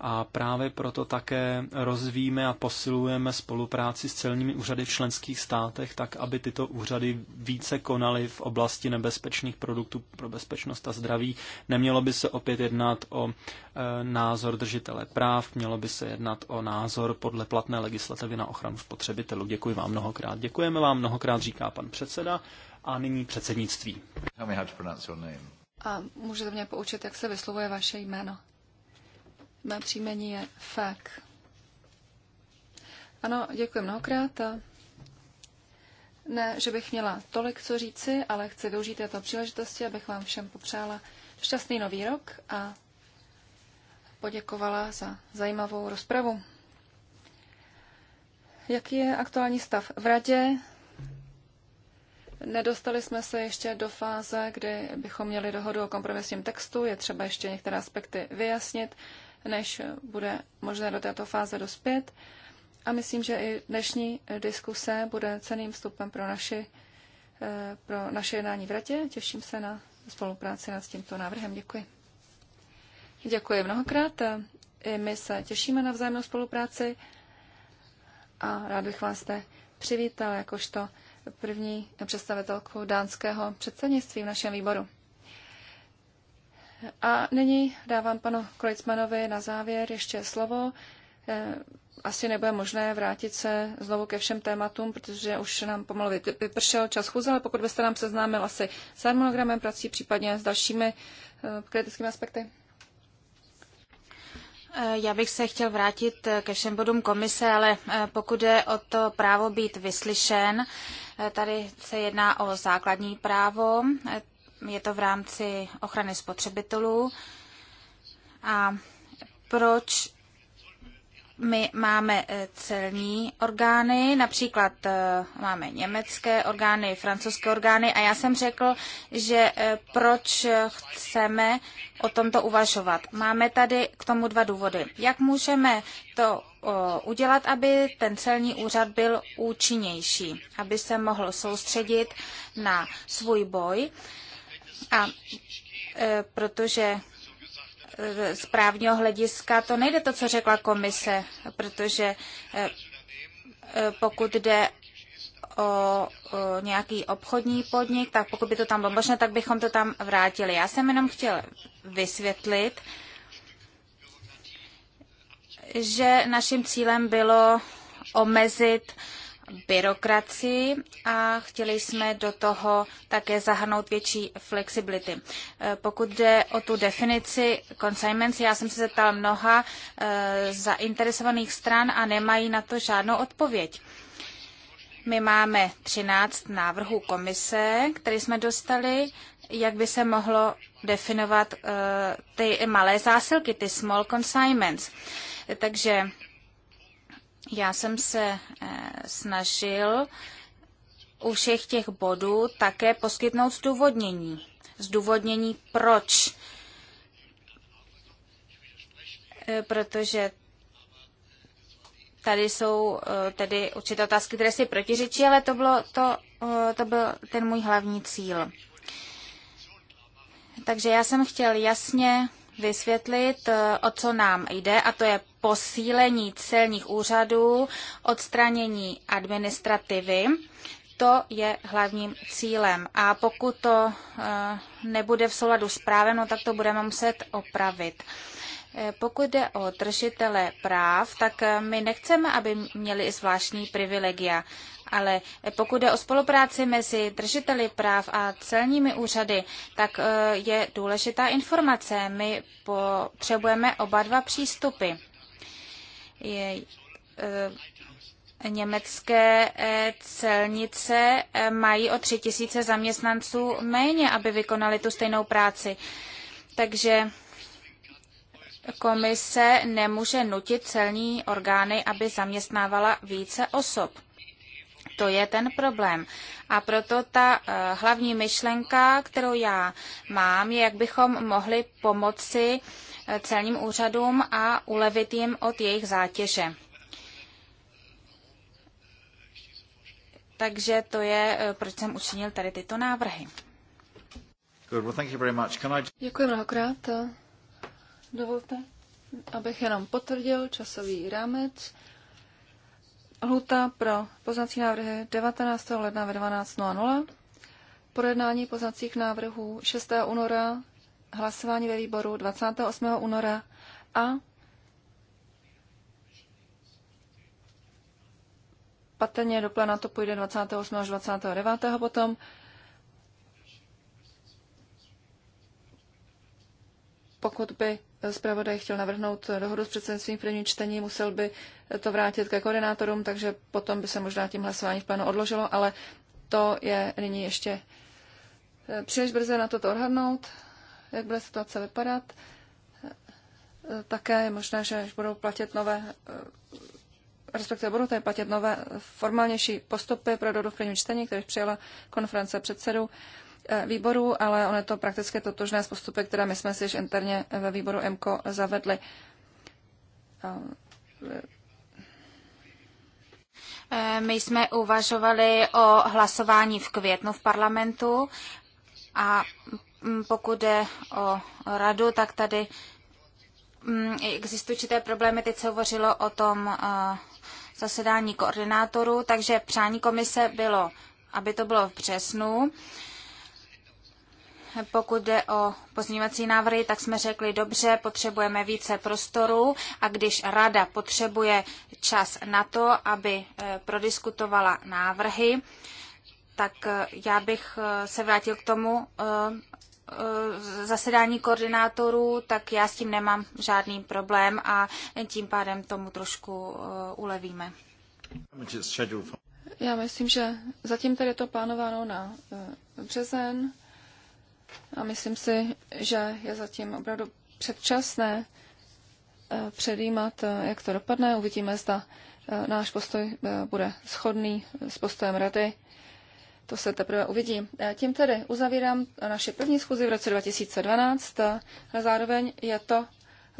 a právě proto také rozvíjíme a posilujeme spolupráci s celními úřady v členských státech, tak aby tyto úřady více konaly v oblasti nebezpečných produktů pro bezpečnost a zdraví. Nemělo by se opět jednat o e, názor držitele práv, mělo by se jednat o názor podle platné legislativy na ochranu spotřebitelů. Děkuji vám mnohokrát. Děkujeme vám mnohokrát, říká pan předseda. A nyní předsednictví. A můžete mě poučit, jak se vyslovuje vaše jméno? Mé příjmení je Fak. Ano, děkuji mnohokrát. ne, že bych měla tolik co říci, ale chci využít této příležitosti, abych vám všem popřála šťastný nový rok a poděkovala za zajímavou rozpravu. Jaký je aktuální stav v radě? Nedostali jsme se ještě do fáze, kdy bychom měli dohodu o kompromisním textu. Je třeba ještě některé aspekty vyjasnit než bude možné do této fáze dospět. A myslím, že i dnešní diskuse bude ceným vstupem pro, naši, eh, pro naše jednání v Radě. Těším se na spolupráci nad tímto návrhem. Děkuji. Děkuji mnohokrát. I my se těšíme na vzájemnou spolupráci a rád bych vás zde přivítal jakožto první představitelku dánského předsednictví v našem výboru. A nyní dávám panu Kreutzmanovi na závěr ještě slovo. Eh, asi nebude možné vrátit se znovu ke všem tématům, protože už nám pomalu vypršel čas chůze, ale pokud byste nám seznámil asi s harmonogramem prací, případně s dalšími eh, kritickými aspekty. Eh, já bych se chtěl vrátit ke všem bodům komise, ale pokud je o to právo být vyslyšen, tady se jedná o základní právo, je to v rámci ochrany spotřebitelů. A proč my máme e, celní orgány, například e, máme německé orgány, francouzské orgány a já jsem řekl, že e, proč chceme o tomto uvažovat. Máme tady k tomu dva důvody. Jak můžeme to udělat, aby ten celní úřad byl účinnější, aby se mohl soustředit na svůj boj a e, protože e, z právního hlediska to nejde to, co řekla komise, protože e, pokud jde o, o nějaký obchodní podnik, tak pokud by to tam bylo možné, tak bychom to tam vrátili. Já jsem jenom chtěl vysvětlit, že naším cílem bylo omezit uh, byrokracii a chtěli jsme do toho také zahrnout větší flexibility. Eh, pokud jde o tu definici consignments, já jsem se zeptal mnoha eh, zainteresovaných stran a nemají na to žádnou odpověď. My máme 13 návrhů komise, které jsme dostali, jak by se mohlo definovat eh, ty malé zásilky, ty small consignments. Takže já jsem se eh, snažil u všech těch bodů také poskytnout zdůvodnění. Zdůvodnění proč. Eh, protože tady jsou eh, tedy určité otázky, které si protiřečí, ale to, bylo to, to byl ten můj hlavní cíl. Takže já jsem chtěl jasně vysvětlit, eh, o co nám jde, a to je posílení celních úřadů, odstranění administrativy. To je hlavním cílem. A pokud to eh, nebude v souladu s právem, no, tak to budeme muset opravit. Eh, pokud jde o držitele práv, tak eh, my nechceme, aby měli zvláštní privilegia. Ale eh, pokud jde o spolupráci mezi držiteli práv a celními úřady, tak je důležitá informace. My potřebujeme oba dva přístupy. Je, Německé celnice mají o tři tisíce zaměstnanců méně, aby vykonali tu stejnou práci. Takže komise nemůže nutit celní orgány, aby zaměstnávala více osob. To je ten problém. A proto ta eh, hlavní myšlenka, kterou já mám, je, jak bychom mohli pomoci eh, celním úřadům a ulevit jim od jejich zátěže. Takže to je, eh, proč jsem učinil tady tyto návrhy. Děkuji mnohokrát. Dovolte, abych jenom potvrdil časový rámec. Lhuta pro poznací návrhy 19. ledna ve 12.00. Projednání poznacích návrhů 6. února, hlasování ve výboru 28. února a 15. do plena to půjde 28. až 29. potom pokud by zpravodaj chtěl navrhnout dohodu s předsednictvím v prvním čtení, musel by to vrátit ke koordinátorům, takže potom by se možná tím hlasování v plánu odložilo, ale to je nyní ještě eh, příliš brzy na toto odhadnout, jak bude situace vypadat. Eh, také je možné, že budou platit nové, eh, respektive budou tady platit nové formálnější postupy pro dohodu v prvním čtení, které přijala konference předsedů. E, výborů, ale ono je to prakticky totožné s postupy, které my jsme si již interně ve výboru MKO zavedli. E, my jsme uvažovali o hlasování v květnu v parlamentu a pokud jde o radu, tak tady existují určité problémy. Teď se hovořilo o tom e, zasedání koordinátorů, takže přání komise bylo, aby to bylo v přesnu pokud jde o pozměňovací návrhy, tak jsme řekli, dobře, potřebujeme více prostoru a když rada potřebuje čas na to, aby eh, prodiskutovala návrhy, tak eh, já bych eh, se vrátil k tomu zasedání koordinátorů, tak já s tím nemám žádný problém a tím pádem tomu trošku ulevíme. Já myslím, že zatím tady je to plánováno na březen a myslím si, že je zatím opravdu předčasné eh, předjímat, eh, jak to dopadne. Uvidíme, zda eh, náš postoj bude shodný s postojem rady. To se teprve uvidí. Tím tedy uzavírám naše první schůzi v roce 2012, A zároveň je to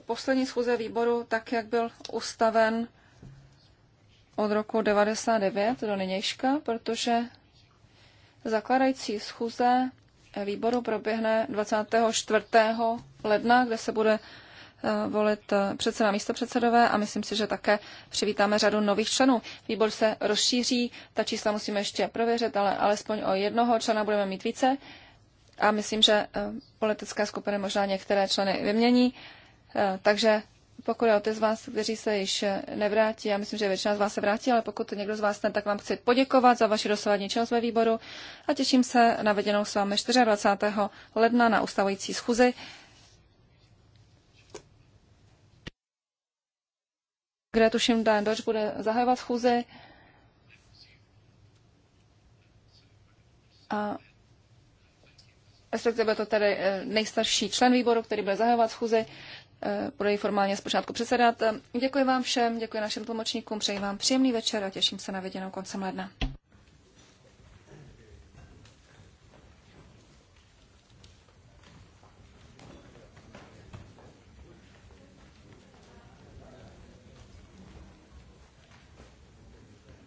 poslední schůze výboru, tak jak byl ustaven od roku 1999 do nynějška, protože zakladající schůze výboru proběhne 24. ledna, kde se bude eh, volit eh, předseda místo předsedové a myslím si, že také přivítáme řadu nových členů. Výbor se rozšíří, ta čísla musíme ještě prověřit, ale alespoň o jednoho člena budeme mít více a myslím, že eh, politické skupiny možná některé členy vymění. Takže pokud je o ty z vás, kteří se již nevrátí, já myslím, že většina z vás se vrátí, ale pokud někdo z vás ten, tak vám chci poděkovat za vaši dosavadní činnost ve výboru a těším se na viděnou s vámi 24. ledna na ustavující schůzi. kde tuším Dan Dodge bude zahajovat schůzi. A respektive to tedy eh, nejstarší člen výboru, který bude zahajovat schůzi. Eh, bude ji formálně zpočátku předsedat. Děkuji vám všem, děkuji našim tlumočníkům, přeji vám příjemný večer a těším se na viděnou koncem ledna.